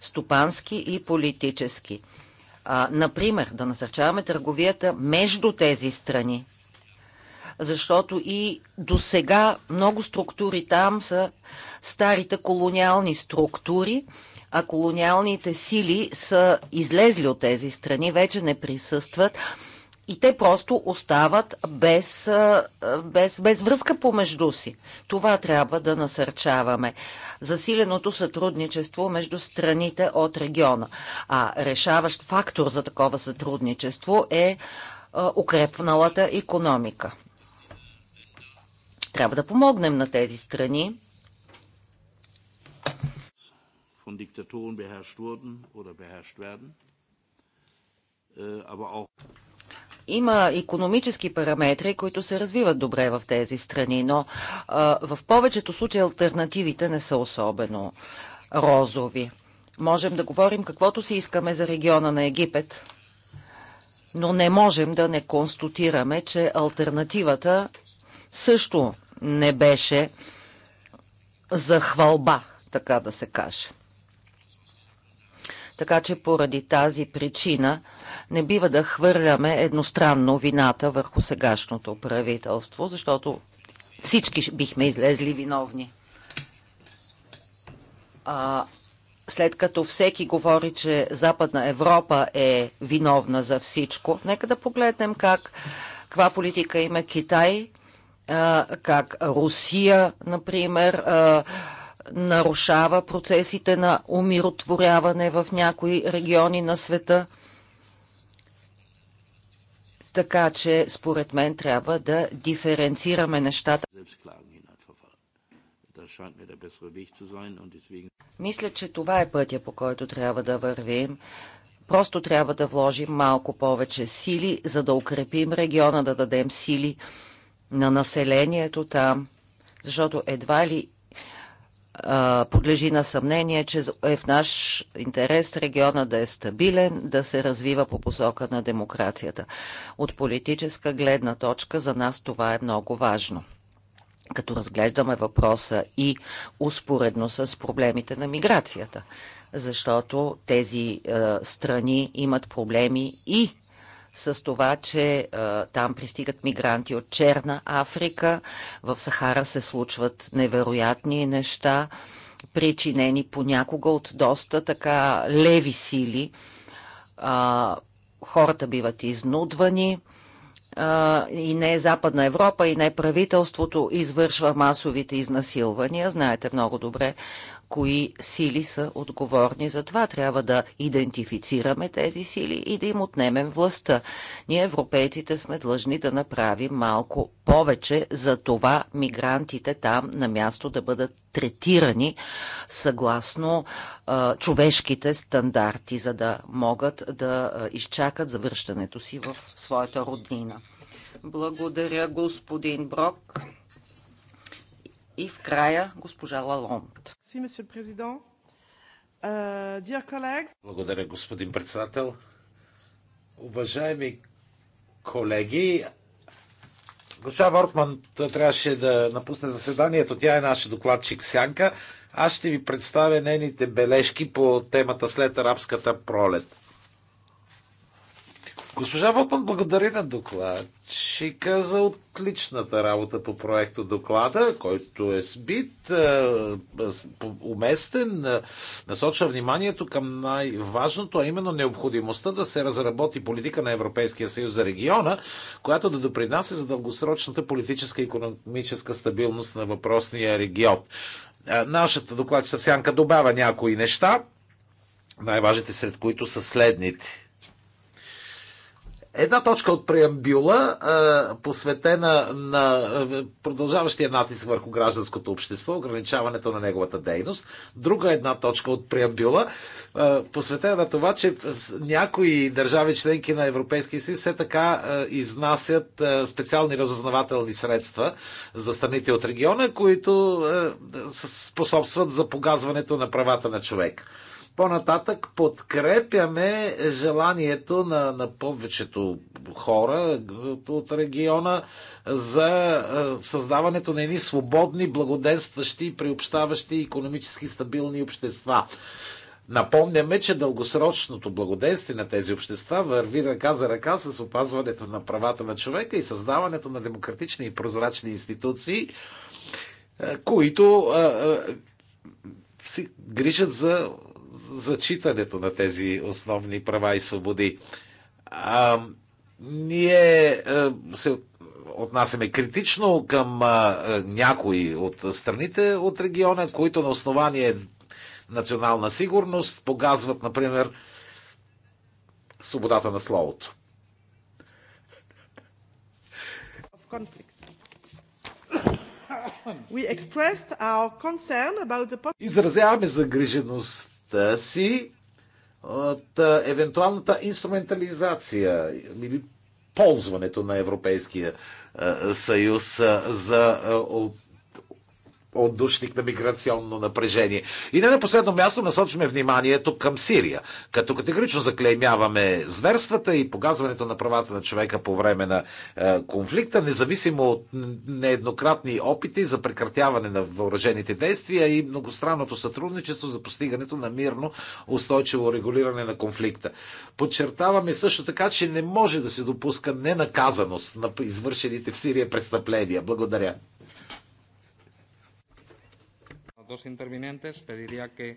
S2: стопански и политически. А, например, да насърчаваме търговията между тези страни, защото и до сега много структури там са старите колониални структури, а колониалните сили са излезли от тези страни, вече не присъстват и те просто остават без, без, без връзка помежду си. Това трябва да насърчаваме. Засиленото сътрудничество между страните от региона. А решаващ фактор за такова сътрудничество е укрепваналата економика. Трябва да помогнем на тези страни.
S3: Äh,
S2: Има економически параметри, които се развиват добре в тези страни, но а, в повечето случаи альтернативите не са особено розови. Можем да говорим каквото си искаме за региона на Египет, но не можем да не констатираме, че альтернативата също не беше за хвалба, така да се каже. Така че поради тази причина не бива да хвърляме едностранно вината върху сегашното правителство, защото всички бихме излезли виновни. А, след като всеки говори, че Западна Европа е виновна за всичко, нека да погледнем как каква политика има Китай как Русия, например, нарушава процесите на умиротворяване в някои региони на света. Така че, според мен, трябва да диференцираме нещата. Мисля, че това е пътя, по който трябва да вървим. Просто трябва да вложим малко повече сили, за да укрепим региона, да дадем сили на населението там, защото едва ли а, подлежи на съмнение, че е в наш интерес региона да е стабилен, да се развива по посока на демокрацията. От политическа гледна точка за нас това е много важно като разглеждаме въпроса и успоредно с проблемите на миграцията, защото тези е, страни имат проблеми и с това, че а, е, там пристигат мигранти от Черна Африка, в Сахара се случват невероятни неща, причинени понякога от доста така леви сили. А, е, хората биват изнудвани а, е, и не Западна Европа, и не правителството извършва масовите изнасилвания. Знаете много добре кои сили са отговорни. За това трябва да идентифицираме тези сили и да им отнемем властта. Ние, европейците, сме длъжни да направим малко повече за това мигрантите там на място да бъдат третирани съгласно а, човешките стандарти, за да могат да изчакат завръщането си в своята роднина. Благодаря, господин Брок. И в края госпожа Лаломт.
S1: Euh,
S3: Благодаря, господин председател. Уважаеми колеги, госпожа Вортман трябваше да напусне заседанието. Тя е наша докладчик Сянка. Аз ще ви представя нейните бележки по темата след арабската пролет. Госпожа Вотман благодари на докладчика за отличната работа по проекто доклада, който е сбит, е, уместен, е, насочва вниманието към най-важното, а именно необходимостта да се разработи политика на Европейския съюз за региона, която да допринася за дългосрочната политическа и економическа стабилност на въпросния регион. Е, нашата докладчица Сянка добавя някои неща, най-важните сред които са следните – Една точка от преамбюла, посветена на продължаващия натиск върху гражданското общество, ограничаването на неговата дейност. Друга една точка от преамбюла, посветена на това, че някои държави членки на Европейския съюз все така изнасят специални разузнавателни средства за страните от региона, които способстват за погазването на правата на човек. По-нататък подкрепяме желанието на, на повечето хора от региона за създаването на едни свободни, благоденстващи, приобщаващи економически стабилни общества. Напомняме, че дългосрочното благоденствие на тези общества върви ръка за ръка с опазването на правата на човека и създаването на демократични и прозрачни институции, които си грижат за зачитането на тези основни права и свободи. А, ние а, се отнасяме критично към а, някои от страните от региона, които на основание национална сигурност погазват, например, свободата на словото.
S1: Изразяваме
S3: загриженост опасността си от евентуалната инструментализация или ползването на Европейския съюз за отдушник на миграционно напрежение. И не на последно място насочваме вниманието към Сирия, като категорично заклеймяваме зверствата и погазването на правата на човека по време на е, конфликта, независимо от нееднократни опити за прекратяване на въоръжените действия и многостранното сътрудничество за постигането на мирно устойчиво регулиране на конфликта. Подчертаваме също така, че не може да се допуска ненаказаност на извършените в Сирия престъпления. Благодаря
S1: dos intervinientes. Pediría que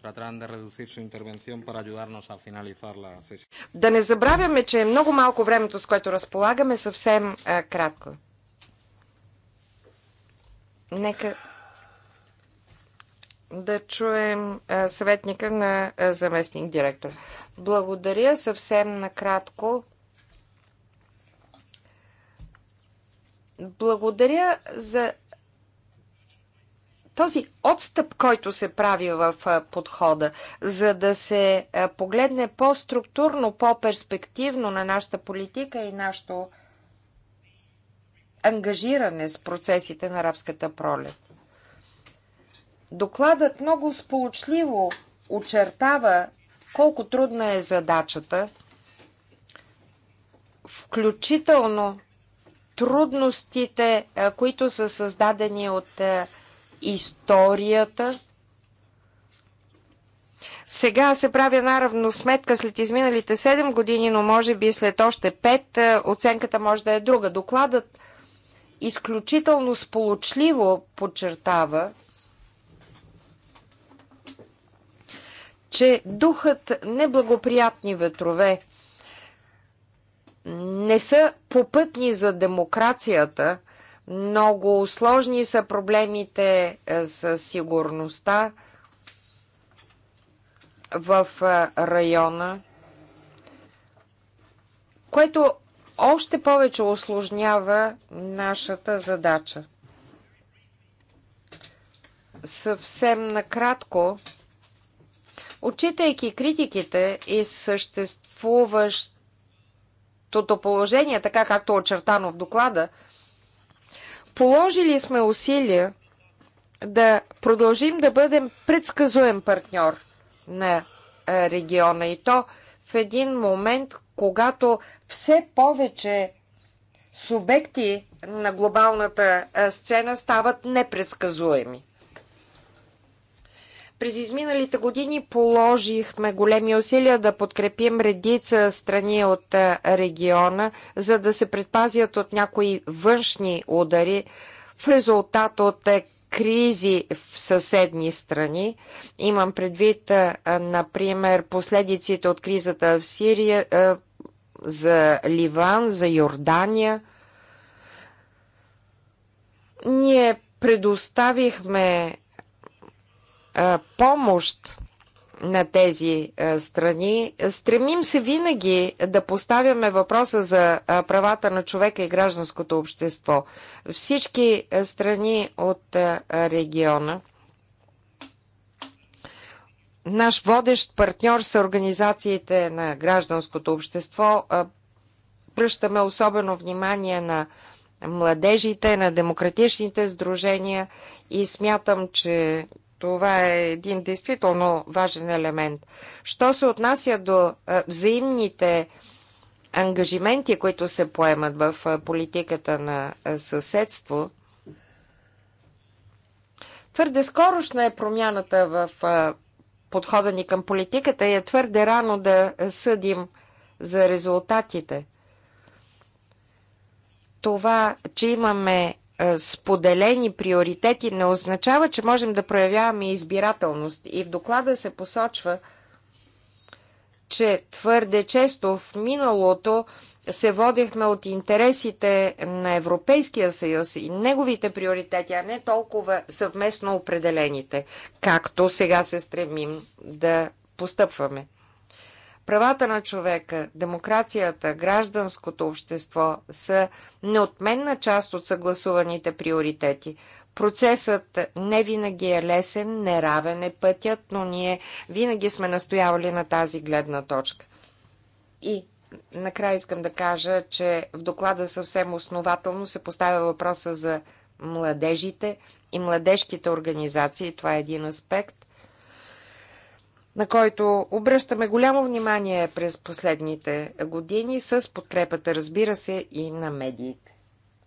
S1: tratarán de reducir su intervención para ayudarnos a finalizar la sesión. Да не забравяме, че е много малко времето, с което разполагаме, съвсем е, кратко. Нека да чуем е, съветника на е, заместник директор. Благодаря съвсем накратко. Благодаря за този отстъп, който се прави в подхода, за да се погледне по-структурно, по-перспективно на нашата политика и нашето ангажиране с процесите на арабската пролет. Докладът много сполучливо очертава колко трудна е задачата, включително трудностите, които са създадени от историята. Сега се прави една равносметка след изминалите 7 години, но може би след още 5 е, оценката може да е друга. Докладът изключително сполучливо подчертава, че духът неблагоприятни ветрове не са попътни за демокрацията – много сложни са проблемите е, с сигурността в е, района, което още повече осложнява нашата задача. Съвсем накратко, отчитайки критиките и съществуващото положение, така както е очертано в доклада, Положили сме усилия да продължим да бъдем предсказуем партньор на е, региона и то в един момент, когато все повече субекти на глобалната е, сцена стават непредсказуеми. През изминалите години положихме големи усилия да подкрепим редица страни от региона, за да се предпазят от някои външни удари в резултат от кризи в съседни страни. Имам предвид, например, последиците от кризата в Сирия, за Ливан, за Йордания. Ние предоставихме помощ на тези страни. Стремим се винаги да поставяме въпроса за правата на човека и гражданското общество. Всички страни от региона. Наш водещ партньор са организациите на гражданското общество. Пръщаме особено внимание на младежите, на демократичните сдружения и смятам, че това е един действително важен елемент. Що се отнася до е, взаимните ангажименти, които се поемат в е, политиката на е, съседство, твърде скорошна е промяната в подхода ни към политиката и е твърде рано да съдим за резултатите. Това, че имаме е, споделени приоритети не означава, че можем да проявяваме избирателност. И в доклада се посочва, че твърде често в миналото се водихме от интересите на Европейския съюз и неговите приоритети, а не толкова съвместно определените, както сега се стремим да постъпваме. Правата на човека, демокрацията, гражданското общество са неотменна част от съгласуваните приоритети. Процесът не винаги е лесен, неравен е пътят, но ние винаги сме настоявали на тази гледна точка. И накрая искам да кажа, че в доклада съвсем основателно се поставя въпроса за младежите и младежките организации. Това е един аспект – на който обръщаме голямо внимание през последните години с подкрепата, разбира се, и на медиите.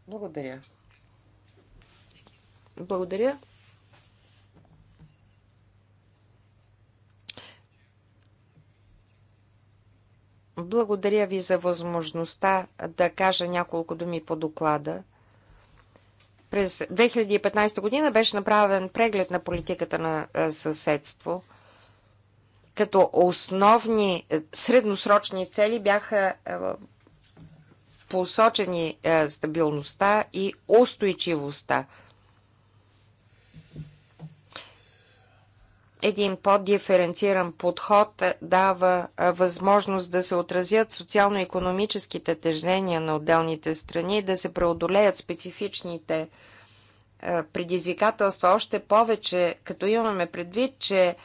S1: Благодаря. Благодаря. Благодаря ви за възможността да кажа няколко думи по доклада. През 2015 година беше направен преглед на политиката на съседство – като основни е, средносрочни цели бяха е, посочени е, стабилността и устойчивостта. един по-диференциран подход дава възможност да се отразят социално-економическите тежнения на отделните страни, да се преодолеят специфичните предизвикателства още повече, като имаме предвид, че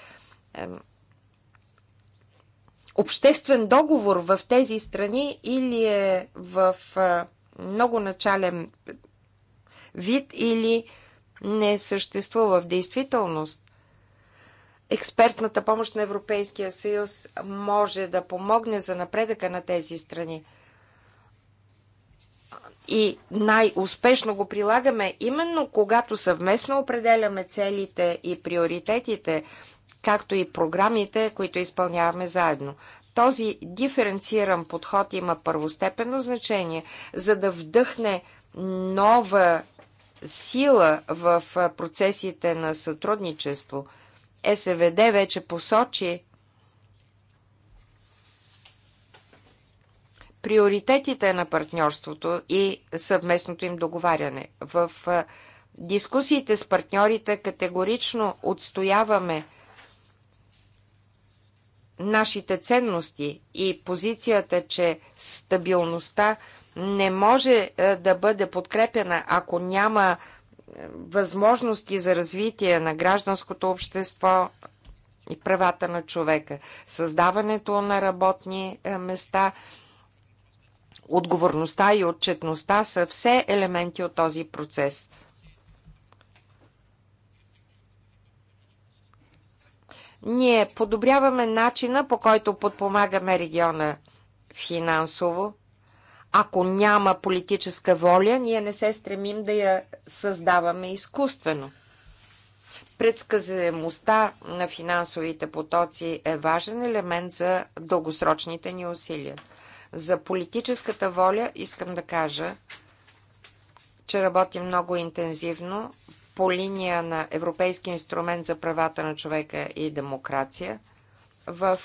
S1: обществен договор в тези страни или е в много начален вид, или не съществува в действителност. Експертната помощ на Европейския съюз може да помогне за напредъка на тези страни. И най-успешно го прилагаме именно когато съвместно определяме целите и приоритетите както и програмите, които изпълняваме заедно. Този диференциран подход има първостепенно значение, за да вдъхне нова сила в процесите на сътрудничество. СВД вече посочи приоритетите на партньорството и съвместното им договаряне. В дискусиите с партньорите категорично отстояваме нашите ценности и позицията, че стабилността не може е, да бъде подкрепена, ако няма е, възможности за развитие на гражданското общество и правата на човека, създаването на работни е, места, отговорността и отчетността са все елементи от този процес. Ние подобряваме начина по който подпомагаме региона финансово. Ако няма политическа воля, ние не се стремим да я създаваме изкуствено. Предсказаемостта на финансовите потоци е важен елемент за дългосрочните ни усилия. За политическата воля искам да кажа, че работим много интензивно по линия на Европейски инструмент за правата на човека и демокрация в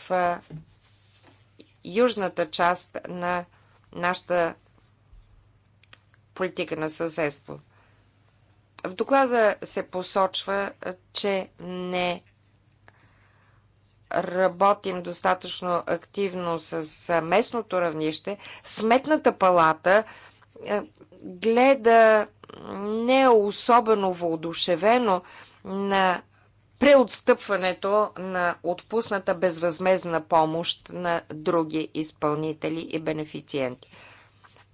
S1: южната част на нашата политика на съседство. В доклада се посочва, че не работим достатъчно активно с местното равнище. Сметната палата е, гледа не особено воодушевено на преотстъпването на отпусната безвъзмезна помощ на други изпълнители и бенефициенти.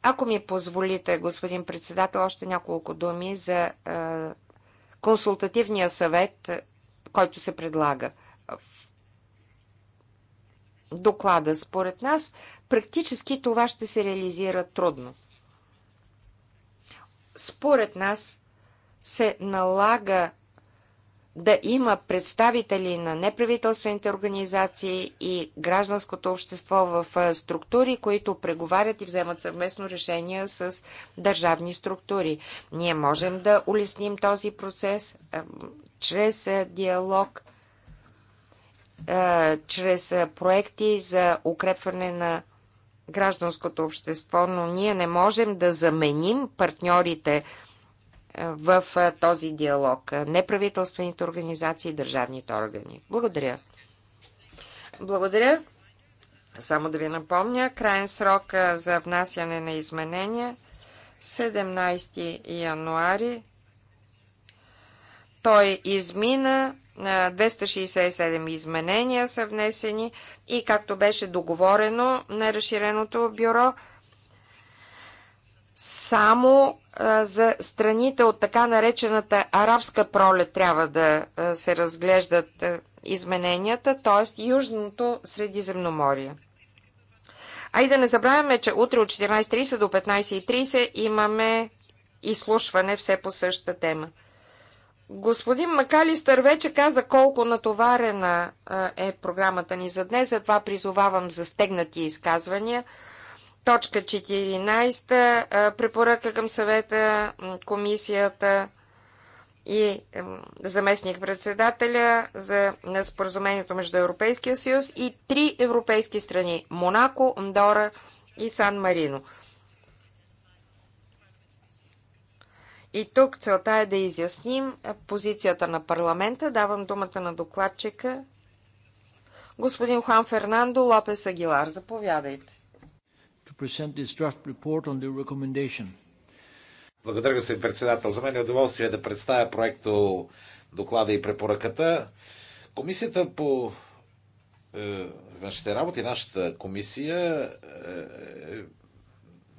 S1: Ако ми позволите, господин председател, още няколко думи за е, консултативния съвет, който се предлага в доклада. Според нас, практически това ще се реализира трудно според нас се налага да има представители на неправителствените организации и гражданското общество в структури, които преговарят и вземат съвместно решения с държавни структури. Ние можем да улесним този процес чрез диалог, чрез проекти за укрепване на гражданското общество, но ние не можем да заменим партньорите е, в е, този диалог. Неправителствените организации и държавните органи. Благодаря. Благодаря. Само да ви напомня, крайен срок е, за внасяне на изменения 17 януари. Той измина 267 изменения са внесени и както беше договорено на разширеното бюро, само за страните от така наречената арабска пролет трябва да се разглеждат измененията, т.е. Южното Средиземноморие. А и да не забравяме, че утре от 14.30 до 15.30 имаме изслушване все по същата тема. Господин Макалистър вече каза колко натоварена е програмата ни за днес, затова призовавам за стегнати изказвания. Точка 14, препоръка към съвета, комисията и заместник-председателя за споразумението между Европейския съюз и три европейски страни – Монако, Андора и Сан Марино. И тук целта е да изясним позицията на парламента. Давам думата на докладчика. Господин Хуан Фернандо Лопес Агилар, заповядайте.
S3: Благодаря, господин председател. За мен е удоволствие да представя проекто доклада и препоръката. Комисията по е, външните работи, нашата комисия е, е,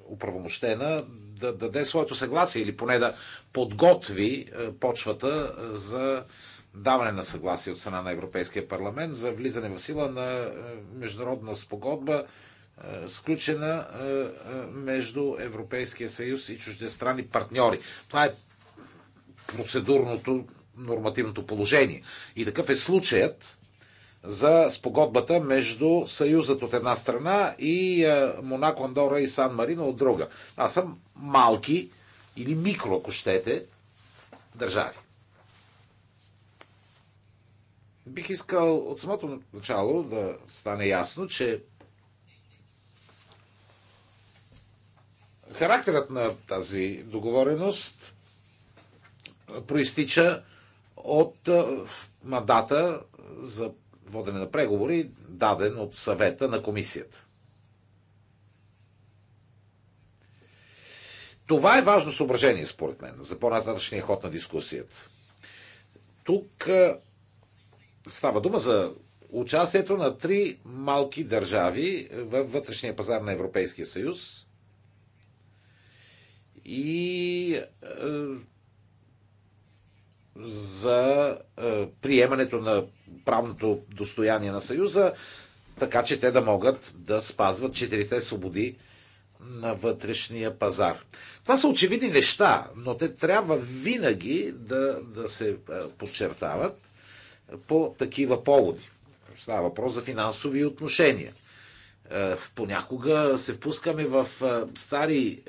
S3: управомощена да даде своето съгласие или поне да подготви е, почвата е, за даване на съгласие от страна на Европейския парламент за влизане в сила на е, международна спогодба, сключена между Европейския съюз и чуждестранни партньори. Това е процедурното нормативното положение. И такъв е случаят за спогодбата между Съюзът от една страна и е, Монако, Андора и Сан Марино от друга. Аз съм малки или микро, ако щете, държави. Бих искал от самото начало да стане ясно, че характерът на тази договореност проистича от е, мандата за водене на преговори, даден от съвета на комисията. Това е важно съображение, според мен, за по-нататъчния ход на дискусията. Тук е, става дума за участието на три малки държави във вътрешния пазар на Европейския съюз и е, за е, приемането на правното достояние на Съюза, така че те да могат да спазват четирите свободи на вътрешния пазар. Това са очевидни неща, но те трябва винаги да, да се е, подчертават по такива поводи. Става въпрос за финансови отношения. Е, понякога се впускаме в стари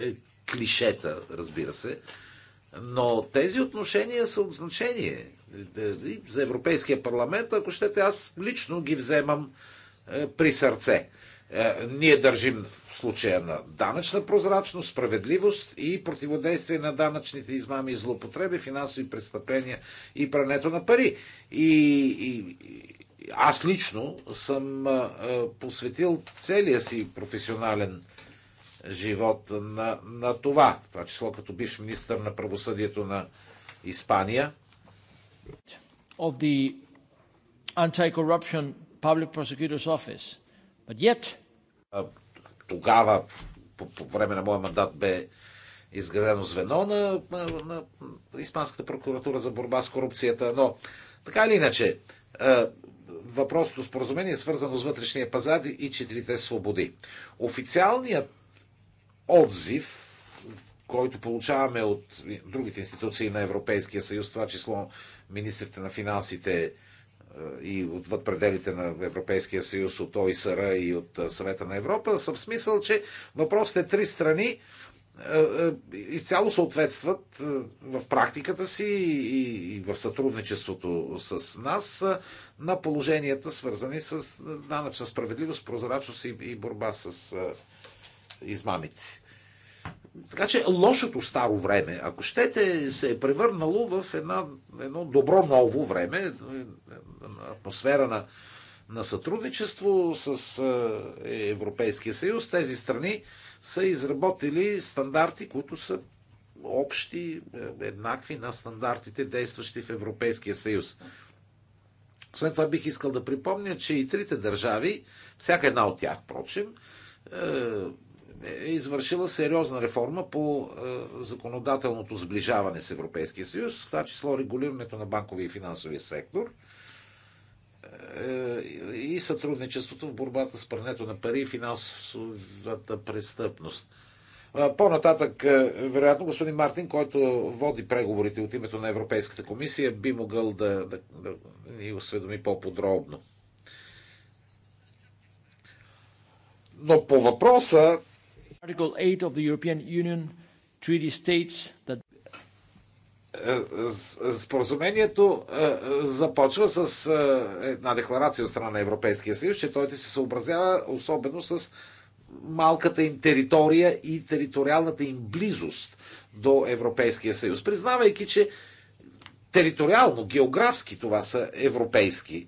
S3: клишета, разбира се, но тези отношения са от значение е, е, и за Европейския парламент, ако щете, аз лично ги вземам е, при сърце. Ние държим в случая на данъчна прозрачност, справедливост и противодействие на данъчните измами и злоупотреби, финансови престъпления и прането на пари. И, и, аз лично съм посветил целия си професионален живот на, на това. това число като бивш министър на правосъдието на Испания. Of the anti-corruption public prosecutor's office. But yet... Тогава, по, по време на моя мандат, бе изградено звено на, на, на Испанската прокуратура за борба с корупцията. Но, така или иначе, въпросното споразумение е свързано с вътрешния пазар и четирите свободи. Официалният отзив, който получаваме от другите институции на Европейския съюз, това число министрите на финансите е, и отвъд пределите на Европейския съюз, от ОИСР и от е, Съвета на Европа, са в смисъл, че въпросите три страни е, изцяло съответстват в практиката си и в сътрудничеството с нас на положенията, свързани с данъчна справедливост, прозрачност и борба с измамите. Така че лошото старо време, ако щете, се е превърнало в една, едно добро ново време, атмосфера на, на сътрудничество с е, Европейския съюз. Тези страни са изработили стандарти, които са общи, е, еднакви на стандартите, действащи в Европейския съюз. Освен това бих искал да припомня, че и трите държави, всяка една от тях, впрочем, е, е извършила сериозна реформа по е, законодателното сближаване с Европейския съюз, в това число регулирането на банковия и финансовия сектор е, и сътрудничеството в борбата с прането на пари и финансовата престъпност. Е, по-нататък, вероятно, господин Мартин, който води преговорите от името на Европейската комисия, би могъл да, да, да ни осведоми по-подробно. Но по въпроса Споразумението е, започва с е, една декларация от страна на Европейския съюз, че той се съобразява особено с малката им територия и териториалната им близост до Европейския съюз, признавайки, че териториално, географски това са европейски, е,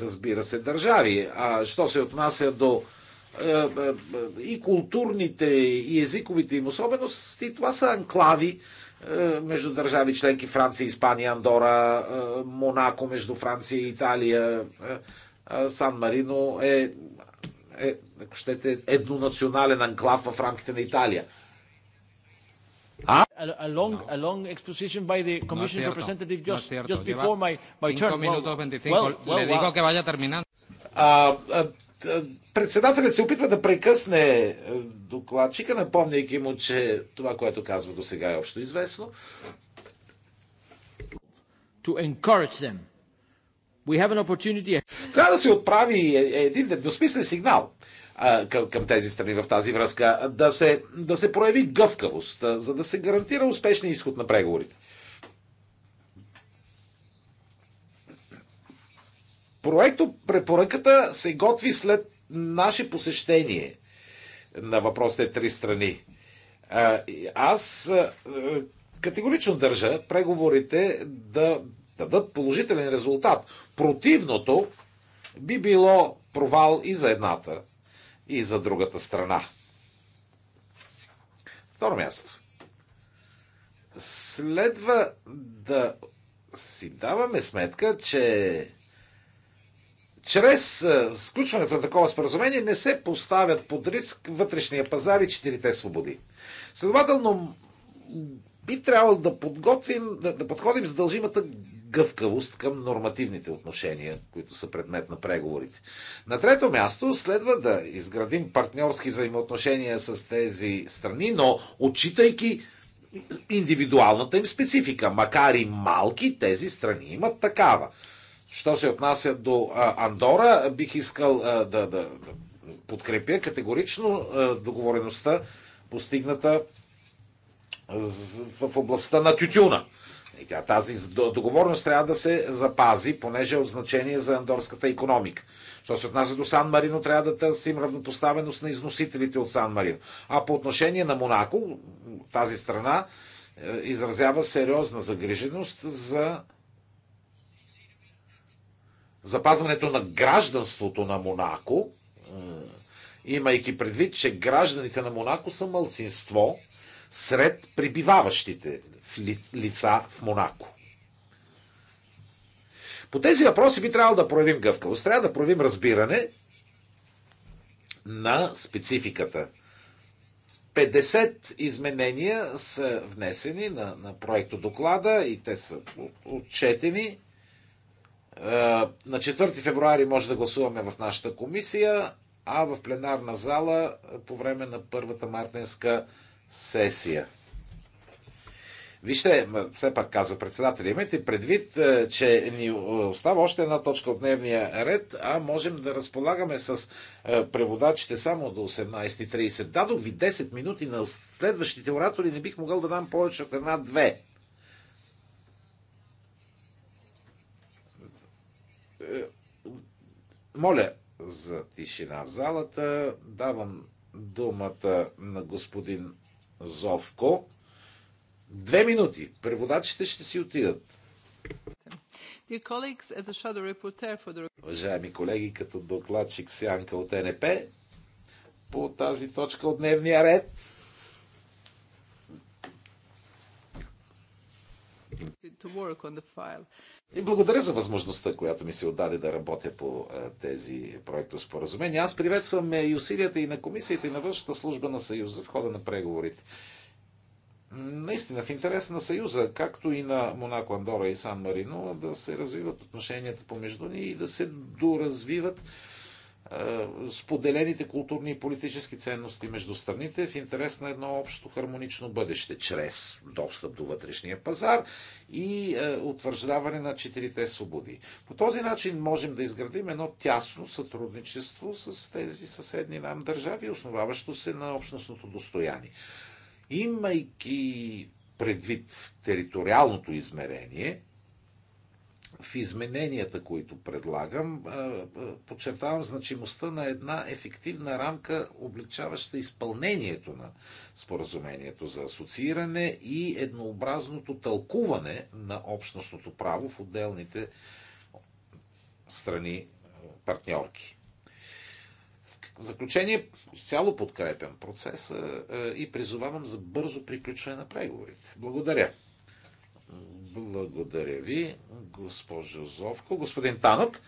S3: разбира се, държави. А що се отнася до е, е, е, и културните, и езиковите им особености, това са анклави между държави членки Франция, Испания, Андора, Монако между Франция и Италия, Сан Марино е, е ако щете, еднонационален анклав в рамките на Италия. А? A, long, no. a long exposition by the Commission no representative just, no just before my, my turn. Well, well, well, le digo que vaya terminando. Uh, uh, uh, Председателят се опитва да прекъсне е, докладчика, напомняйки му, че това, което казва до сега е общо известно. To encourage them. We have an opportunity. Трябва да се отправи е, е, един недосмислен сигнал към, към тези страни в тази връзка, да се, да се прояви гъвкавост, за да се гарантира успешния изход на преговорите. Проекто препоръката се готви след наше посещение на въпросите три страни. Аз категорично държа преговорите да дадат положителен резултат. Противното би било провал и за едната, и за другата страна. Второ място. Следва да си даваме сметка, че чрез е, сключването на такова споразумение не се поставят под риск вътрешния пазар и четирите свободи. Следователно, би трябвало да, подготвим, да, да подходим с дължимата гъвкавост към нормативните отношения, които са предмет на преговорите. На трето място следва да изградим партньорски взаимоотношения с тези страни, но отчитайки индивидуалната им специфика. Макар и малки, тези страни имат такава. Що се отнася до Андора, бих искал да, да, да подкрепя категорично договореността, постигната в областта на тютюна. тази договорност трябва да се запази, понеже е от значение за андорската економика. Що се отнася до Сан Марино, трябва да търсим равнопоставеност на износителите от Сан Марино. А по отношение на Монако, тази страна е, изразява сериозна загриженост за запазването на гражданството на Монако, имайки предвид, че гражданите на Монако са мълцинство сред прибиваващите лица в Монако. По тези въпроси би трябвало да проявим гъвкавост. Трябва да проявим разбиране на спецификата. 50 изменения са внесени на, на проекто доклада и те са отчетени. Е, на 4 февруари може да гласуваме в нашата комисия, а в пленарна зала по време на първата мартенска сесия. Вижте, все пак казва председателя, имайте предвид, е, че ни остава още една точка от дневния ред, а можем да разполагаме с е, преводачите само до 18.30. Дадох ви 10 минути на следващите оратори, не бих могъл да дам повече от една-две. Е, моля за тишина в залата. Давам думата на господин Зовко. Две минути. Преводачите ще си отидат. Уважаеми колеги, като докладчик в сянка от НП, по тази точка от дневния ред.
S2: To work on the file. И
S3: благодаря за възможността, която ми се отдаде да работя по тези споразумения. Аз приветствам е, и усилията и на комисията, и на външната служба на Съюза в хода на преговорите. Наистина, в интерес на Съюза, както и на Монако, Андора и Сан Марино, да се развиват отношенията помежду ни и да се доразвиват е, споделените културни и политически ценности между страните в интерес на едно общо хармонично бъдеще, чрез достъп до вътрешния пазар и е, утвърждаване на четирите свободи. По този начин можем да изградим едно тясно сътрудничество с тези съседни нам държави, основаващо се на общностното достояние. Имайки предвид териториалното измерение, в измененията, които предлагам, подчертавам значимостта на една ефективна рамка, обличаваща изпълнението на споразумението за асоцииране и еднообразното тълкуване на общностното право в отделните страни партньорки. В заключение, изцяло подкрепям процеса и призовавам за бързо приключване на преговорите. Благодаря. Благодаря ви, госпожо Зовко. Господин Танък,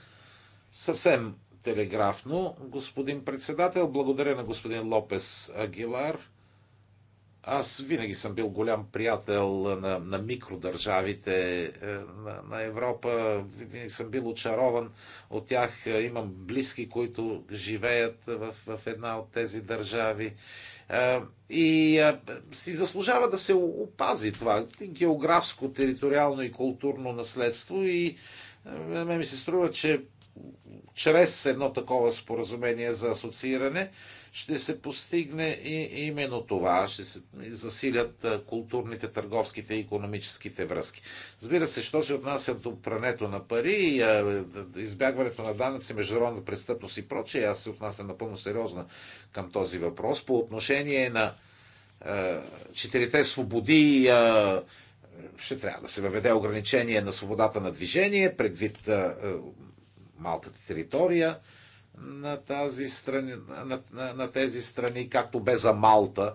S3: съвсем телеграфно, господин председател, благодаря на господин Лопес Агилар аз винаги съм бил голям приятел на, на микродържавите е, на, на Европа. Винаги съм бил очарован от тях. Е, имам близки, които живеят в, в една от тези държави. Е, и си заслужава да се опази това географско, териториално и културно наследство. И на мен ми се струва, че чрез едно такова споразумение за асоцииране, ще се постигне и именно това. Ще се засилят културните, търговските и економическите връзки. Разбира се, що се отнася до прането на пари, избягването на данъци, международна престъпност и прочее, аз се отнасям напълно сериозно към този въпрос. По отношение на четирите свободи, ще трябва да се въведе ограничение на свободата на движение, предвид малката територия, на, тази страни, на, на, на тези страни, както бе за Малта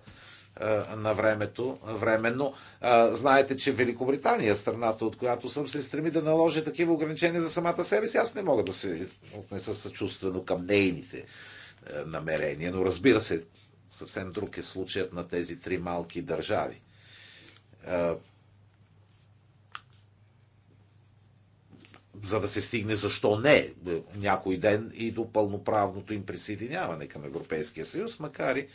S3: е, на времето, временно. Е, знаете, че Великобритания, е страната от която съм, се стреми да наложи такива ограничения за самата себе си. Аз не мога да се отнеса съчувствено към нейните намерения, но разбира се, съвсем друг е случаят на тези три малки държави. за да се стигне, защо не, някой ден и до пълноправното им присъединяване към Европейския съюз, макар и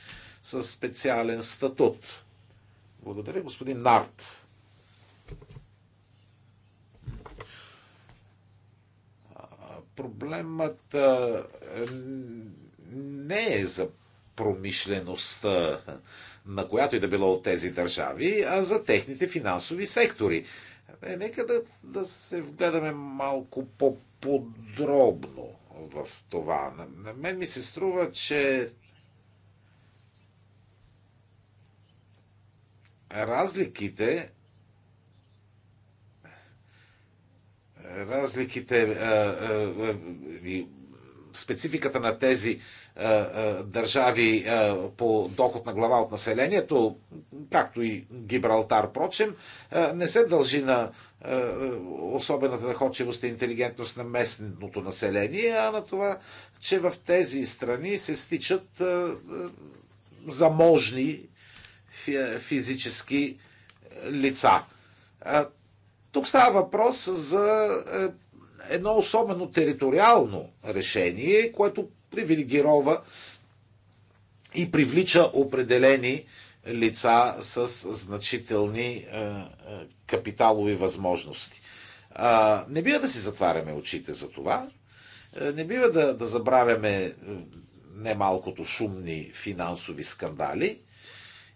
S3: с специален статут. Благодаря, господин Нарт. Проблемът не е за промишлеността, на която и да било от тези държави, а за техните финансови сектори. Е, нека да, да се вгледаме малко по-подробно в това. На, на мен ми се струва, че разликите разликите а, а, и спецификата на тези е, е, държави е, по доход на глава от населението, както и Гибралтар, прочим, не се дължи на особената находчивост и интелигентност на местното население, а на това, че в тези страни се стичат заможни физически лица. Тук става въпрос за едно особено териториално решение, което привилегирова и привлича определени лица с значителни е, е, капиталови възможности. Не бива да си затваряме очите за това. Е, не бива да, да забравяме немалкото шумни финансови скандали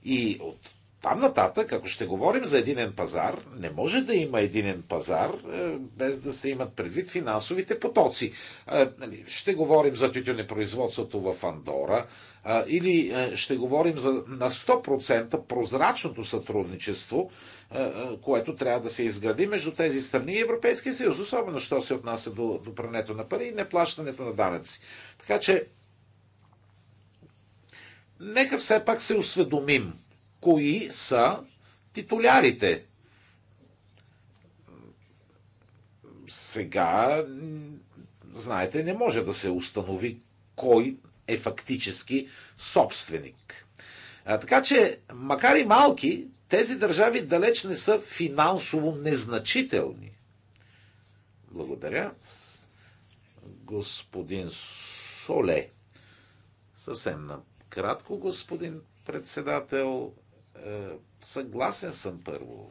S3: и от там нататък, ако ще говорим за единен пазар, не може да има единен пазар е, без да се имат предвид финансовите потоци. Е, нали, ще говорим за тютюнепроизводството в Андора е, или ще говорим за на 100% прозрачното сътрудничество, което трябва да се изгради между тези страни и Европейския съюз, особено що се отнася до, до прането на пари и неплащането на данъци. Така че, нека все пак се осведомим кои са титулярите. Сега, знаете, не може да се установи кой е фактически собственик. А, така че, макар и малки, тези държави далеч не са финансово незначителни. Благодаря. Господин Соле. Съвсем накратко, господин председател. Е, съгласен съм първо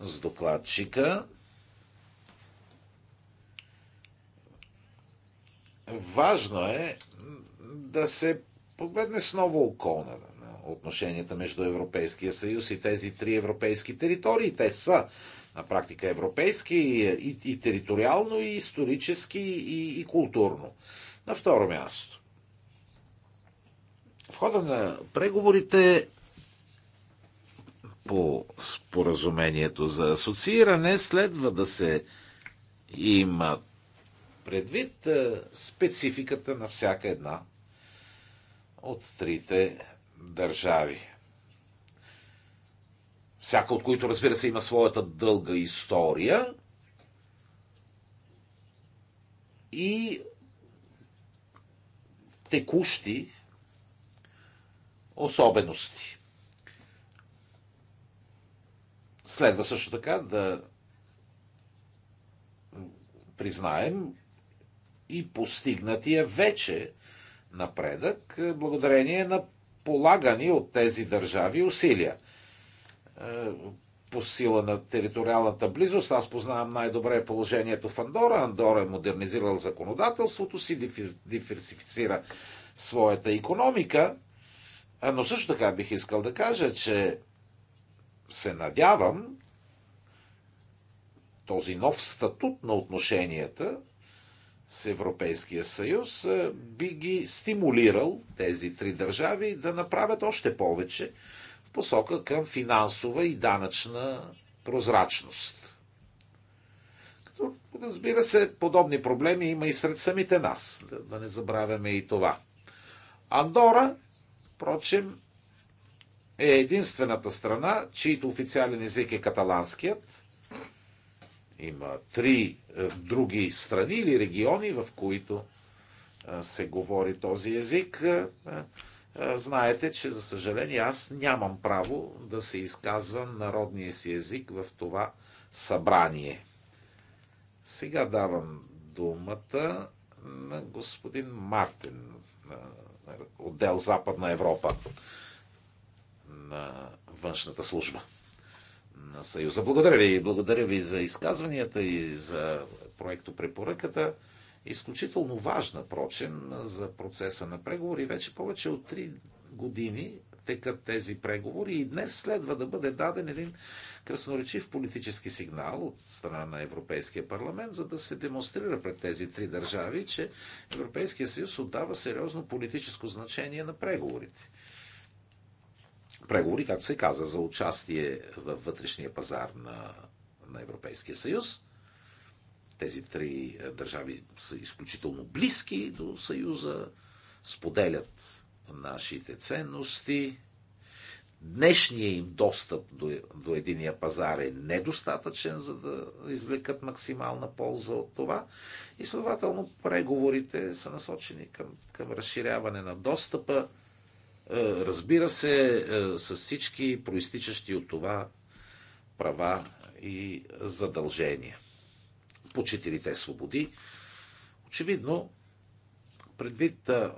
S3: с докладчика. Важно е да се погледне с ново око на отношенията между Европейския съюз и тези три европейски територии. Те са на практика европейски и, и териториално, и исторически, и, и културно. На второ място. В хода на преговорите по споразумението за асоцииране, следва да се има предвид е, спецификата на всяка една от трите държави. Всяка от които, разбира се, има своята дълга история и текущи особености. Следва също така да признаем и постигнатия вече напредък, е, благодарение на полагани от тези държави усилия. Е, по сила на териториалната близост, аз познавам най-добре положението в Андора. Андора е модернизирал законодателството си, диверсифицира своята економика, но също така бих искал да кажа, че се надявам този нов статут на отношенията с Европейския съюз е, би ги стимулирал тези три държави да направят още повече в посока към финансова и данъчна прозрачност. Като, разбира се, подобни проблеми има и сред самите нас, да, да не забравяме и това. Андора, впрочем, е единствената страна, чийто официален език е каталанският. Има три е, други страни или региони, в които е, се говори този език. Е, е знаете, че за съжаление аз нямам право да се изказвам народния си език в това събрание. Сега давам думата на господин Мартин, отдел Западна Европа на външната служба на Съюза. Благодаря ви. Благодаря ви за изказванията и за проекто препоръката. Изключително важна, прочен, за процеса на преговори. Вече повече от 3 години текат тези преговори и днес следва да бъде даден един красноречив политически сигнал от страна на Европейския парламент, за да се демонстрира пред тези три държави, че Европейския съюз отдава сериозно политическо значение на преговорите преговори, както се каза, за участие във вътрешния пазар на, на Европейския съюз. Тези три е, държави са изключително близки до Съюза, споделят нашите ценности. Днешният им достъп до, до единия пазар е недостатъчен, за да извлекат максимална полза от това. И следователно преговорите са насочени към, към разширяване на достъпа е, разбира се, е, с всички проистичащи от това права и задължения. По четирите свободи, очевидно, предвид е,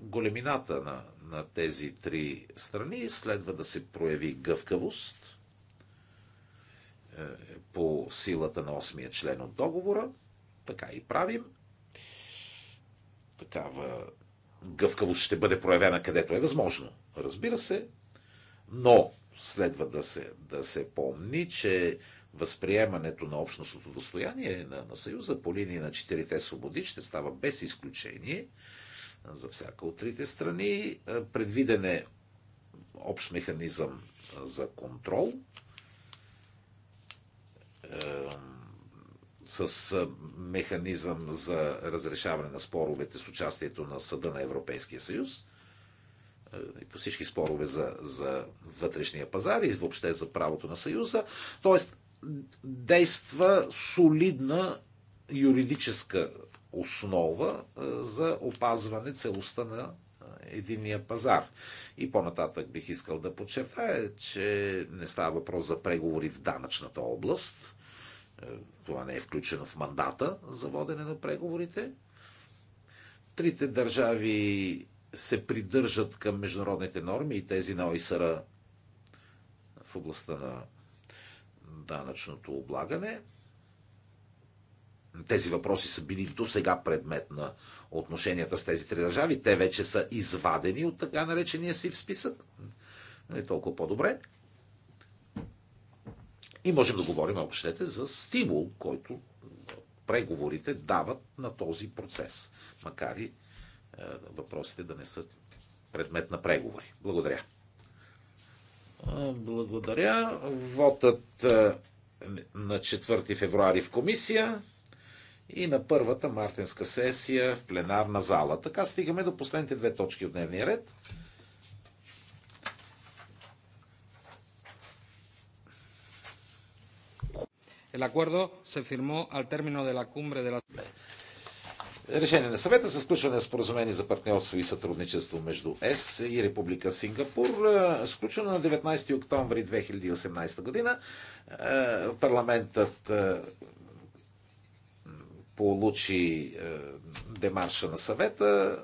S3: големината на, на тези три страни, следва да се прояви гъвкавост по силата на осмия член от договора. Така и правим. Такава Гъвкавост ще бъде проявена където е възможно, разбира се, но следва да се, да се помни, че възприемането на общностното достояние на, на Съюза по линия на четирите свободи ще става без изключение за всяка от трите страни. Е, предвиден е общ механизъм за контрол. Ем с механизъм за разрешаване на споровете с участието на Съда на Европейския съюз и по всички спорове за, за вътрешния пазар и въобще за правото на съюза. Тоест, действа солидна юридическа основа за опазване целостта на единния пазар. И по-нататък бих искал да подчертая, че не става въпрос за преговори в данъчната област, е, това не е включено в мандата за водене на преговорите. Трите държави се придържат към международните норми и тези на ОИСРА в областта на данъчното облагане. Тези въпроси са били до сега предмет на отношенията с тези три държави. Те вече са извадени от така наречения си в списък. Не нали, толкова по-добре. И можем да говорим, ако щете, за стимул, който преговорите дават на този процес, макар и е, въпросите да не са предмет на преговори. Благодаря. Благодаря. Вотът е, на 4 февруари в комисия и на първата мартинска сесия в пленарна зала. Така стигаме до последните две точки от дневния ред.
S1: El acuerdo се firmó al término de la cumbre de la... Решение на съвета за
S3: сключване на споразумение за партньорство и сътрудничество между ЕС и Република Сингапур, е, сключено на 19 октомври 2018 година. Е, парламентът е, получи демарша на съвета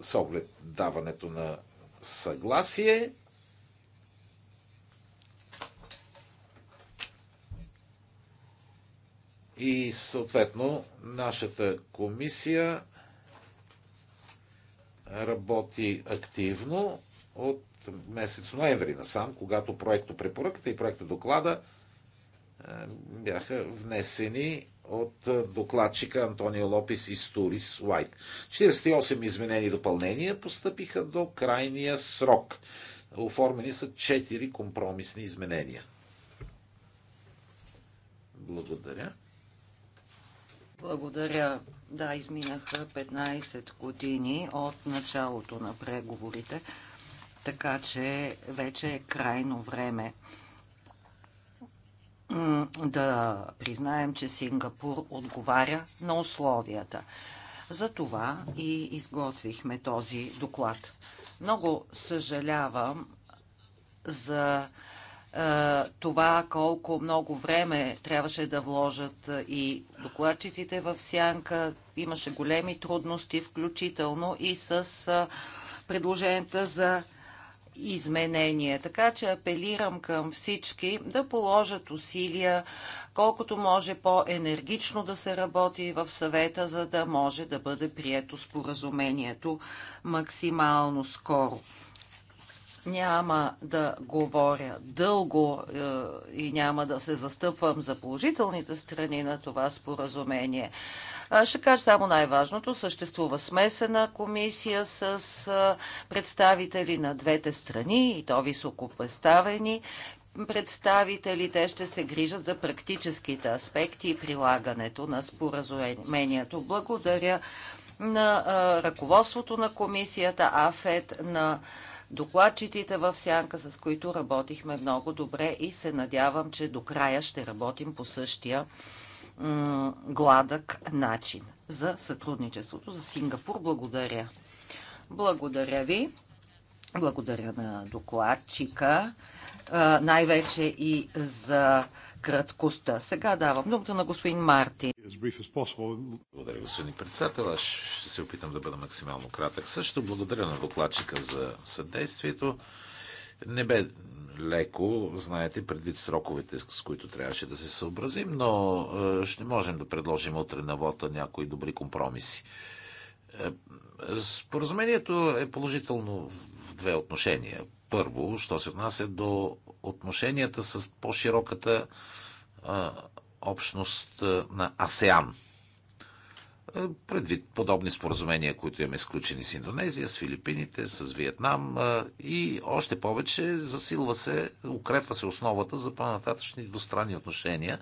S3: с оглед даването на съгласие. И съответно нашата комисия работи активно от месец ноември насам, когато проекто препоръката и проекта доклада е, бяха внесени от докладчика Антонио Лопес и Стурис Уайт. 48 изменени допълнения постъпиха до крайния срок. Оформени са 4 компромисни изменения. Благодаря.
S2: Благодаря. Да, изминаха 15 години от началото на преговорите, така че вече е крайно време да признаем, че Сингапур отговаря на условията. За това и изготвихме този доклад. Много съжалявам за е, това колко много време трябваше да вложат е, и докладчиците в сянка. Имаше големи трудности, включително и с е, предложенията за изменение. Така че апелирам към всички да положат усилия, колкото може по-енергично да се работи в съвета, за да може да бъде прието споразумението максимално скоро. Няма да говоря дълго е, и няма да се застъпвам за положителните страни на това споразумение. Ще кажа само най-важното. Съществува смесена комисия с е, представители на двете страни и то високо представени представители. Те ще се грижат за практическите аспекти и прилагането на споразумението. Благодаря на е, ръководството на комисията АФЕД, на докладчиците в Сянка, с които работихме много добре и се надявам, че до края ще работим по същия гладък начин за сътрудничеството за Сингапур. Благодаря. Благодаря ви. Благодаря на докладчика, най-вече и за краткостта. Сега давам думата на господин Мартин. Благодаря,
S3: господин председател. Аз ще се опитам да бъда максимално кратък. Също благодаря на докладчика за съдействието. Не бе леко, знаете, предвид сроковете, с които трябваше да се съобразим, но е, ще можем да предложим утре на вота някои добри компромиси. Е, споразумението е положително в две отношения. Първо, що се отнася до отношенията с по-широката е, общност на АСЕАН. Предвид подобни споразумения, които имаме изключени с Индонезия, с Филипините, с Виетнам и още повече засилва се, укрепва се основата за по-нататъчни двустранни отношения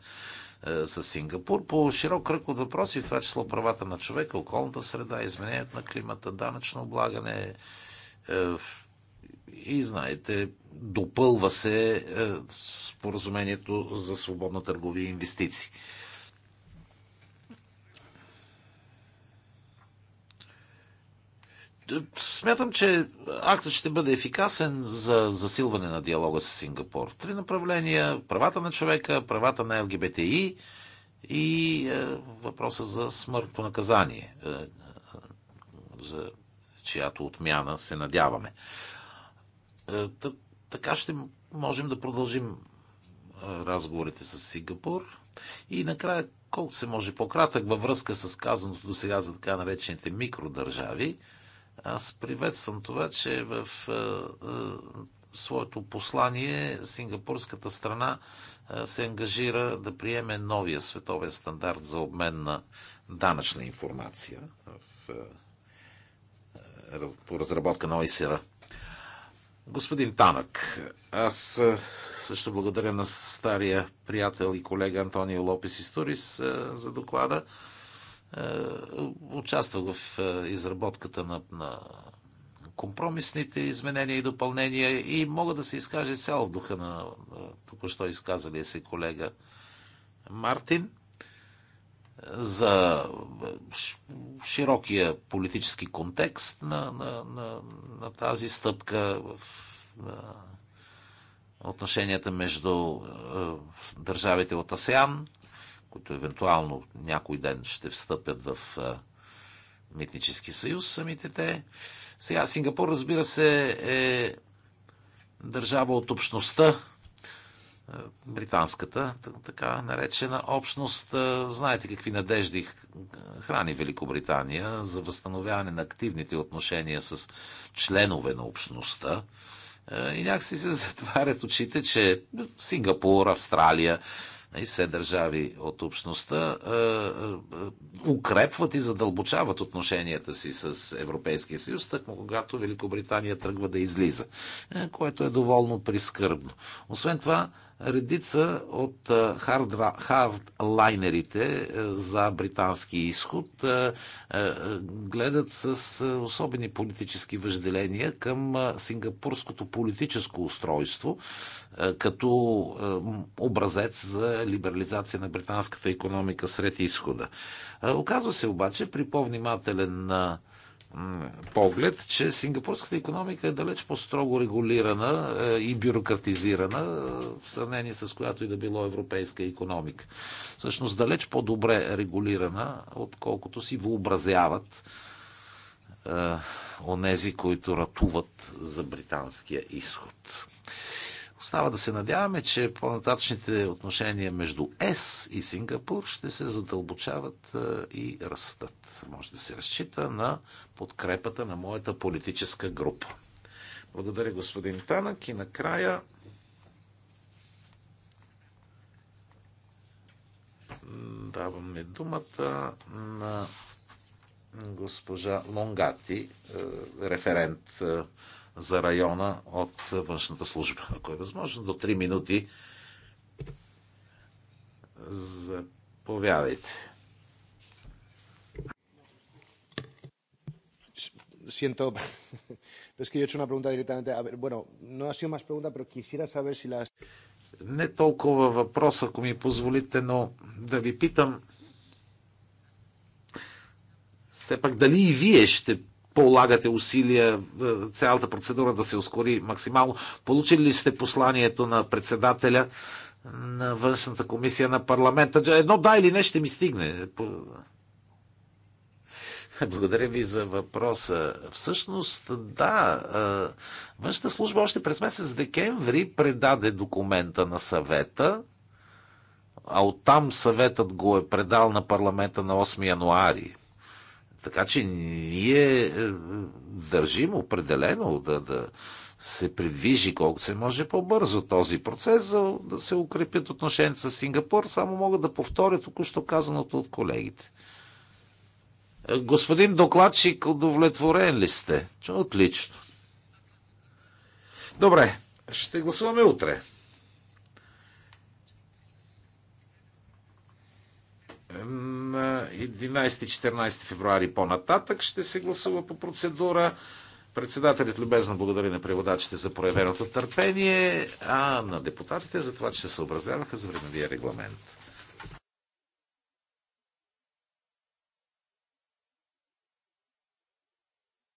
S3: с Сингапур по широк кръг от въпроси, в това число правата на човека, околната среда, изменението на климата, данъчно облагане, и, знаете, допълва се е, споразумението за свободна търговия и инвестиции. Е, смятам, че актът ще бъде ефикасен за засилване на диалога с Сингапур. Три направления правата на човека, правата на ЛГБТИ и е, въпроса за смъртно наказание, за чиято отмяна се надяваме. Е, така ще можем да продължим е, разговорите с Сингапур. И накрая, колкото се може по-кратък, във връзка с казаното до сега за така наречените микродържави, аз приветствам това, че в е, своето послание сингапурската страна се ангажира да приеме новия световен стандарт за обмен на данъчна информация в, по разработка на ОИСЕРА. Господин Танък, аз също благодаря на стария приятел и колега Антонио Лопес Историс за доклада. Участвах в изработката на, на компромисните изменения и допълнения и мога да се изкаже цяло в духа на току-що изказалия се колега Мартин за е, широкия политически контекст на, на, на, на тази стъпка в на отношенията между е, държавите от АСЕАН, които евентуално някой ден ще встъпят в е, митнически съюз самите те. Сега Сингапур, разбира се, е държава от общността, британската така наречена общност. Знаете какви надежди храни Великобритания за възстановяване на активните отношения с членове на общността. И някакси се затварят очите, че Сингапур, Австралия, и все държави от общността укрепват и задълбочават отношенията си с Европейския съюз, тъкмо когато Великобритания тръгва да излиза, е, което е доволно прискърбно. Освен това, редица от хардлайнерите е, за британски изход е, гледат с особени политически въжделения към сингапурското политическо устройство, е, като е, образец за либерализация на британската економика сред изхода. Е, оказва се обаче при по-внимателен поглед, че сингапурската економика е далеч по-строго регулирана и бюрократизирана в сравнение с която и да било европейска економика. Всъщност далеч по-добре регулирана, отколкото си въобразяват онези, които ратуват за британския изход. Остава да се надяваме, че по-нататъчните отношения между ЕС и Сингапур ще се задълбочават и растат. Може да се разчита на подкрепата на моята политическа група. Благодаря, господин Танък. И накрая даваме думата на госпожа Монгати референт за района от външната служба. Ако е възможно, до 3 минути заповядайте. siento, [LAUGHS] es que yo he hecho una pregunta directamente. A ver, bueno, no ha sido más pregunta, pero quisiera saber si las. Не толкова въпрос, ако ми позволите, но да ви питам все пак дали и вие ще полагате усилия е, цялата процедура да се ускори максимално. Получили ли сте посланието на председателя на външната комисия на парламента? Едно да или не ще ми стигне. Благодаря ви за въпроса. Всъщност, да, е, външната служба още през месец декември предаде документа на съвета, а оттам съветът го е предал на парламента на 8 януари така че ние е, е, държим определено да, да се придвижи колкото се може по-бързо този процес, за да се укрепят отношенията с Сингапур. Само мога да повторя току-що казаното от колегите. Е, господин докладчик, удовлетворен ли сте? Отлично. Добре, ще гласуваме утре. на 11-14 февруари по-нататък ще се гласува по процедура. Председателят любезно благодари на преводачите за проявеното търпение, а на депутатите за това, че се съобразяваха с
S2: времевия регламент.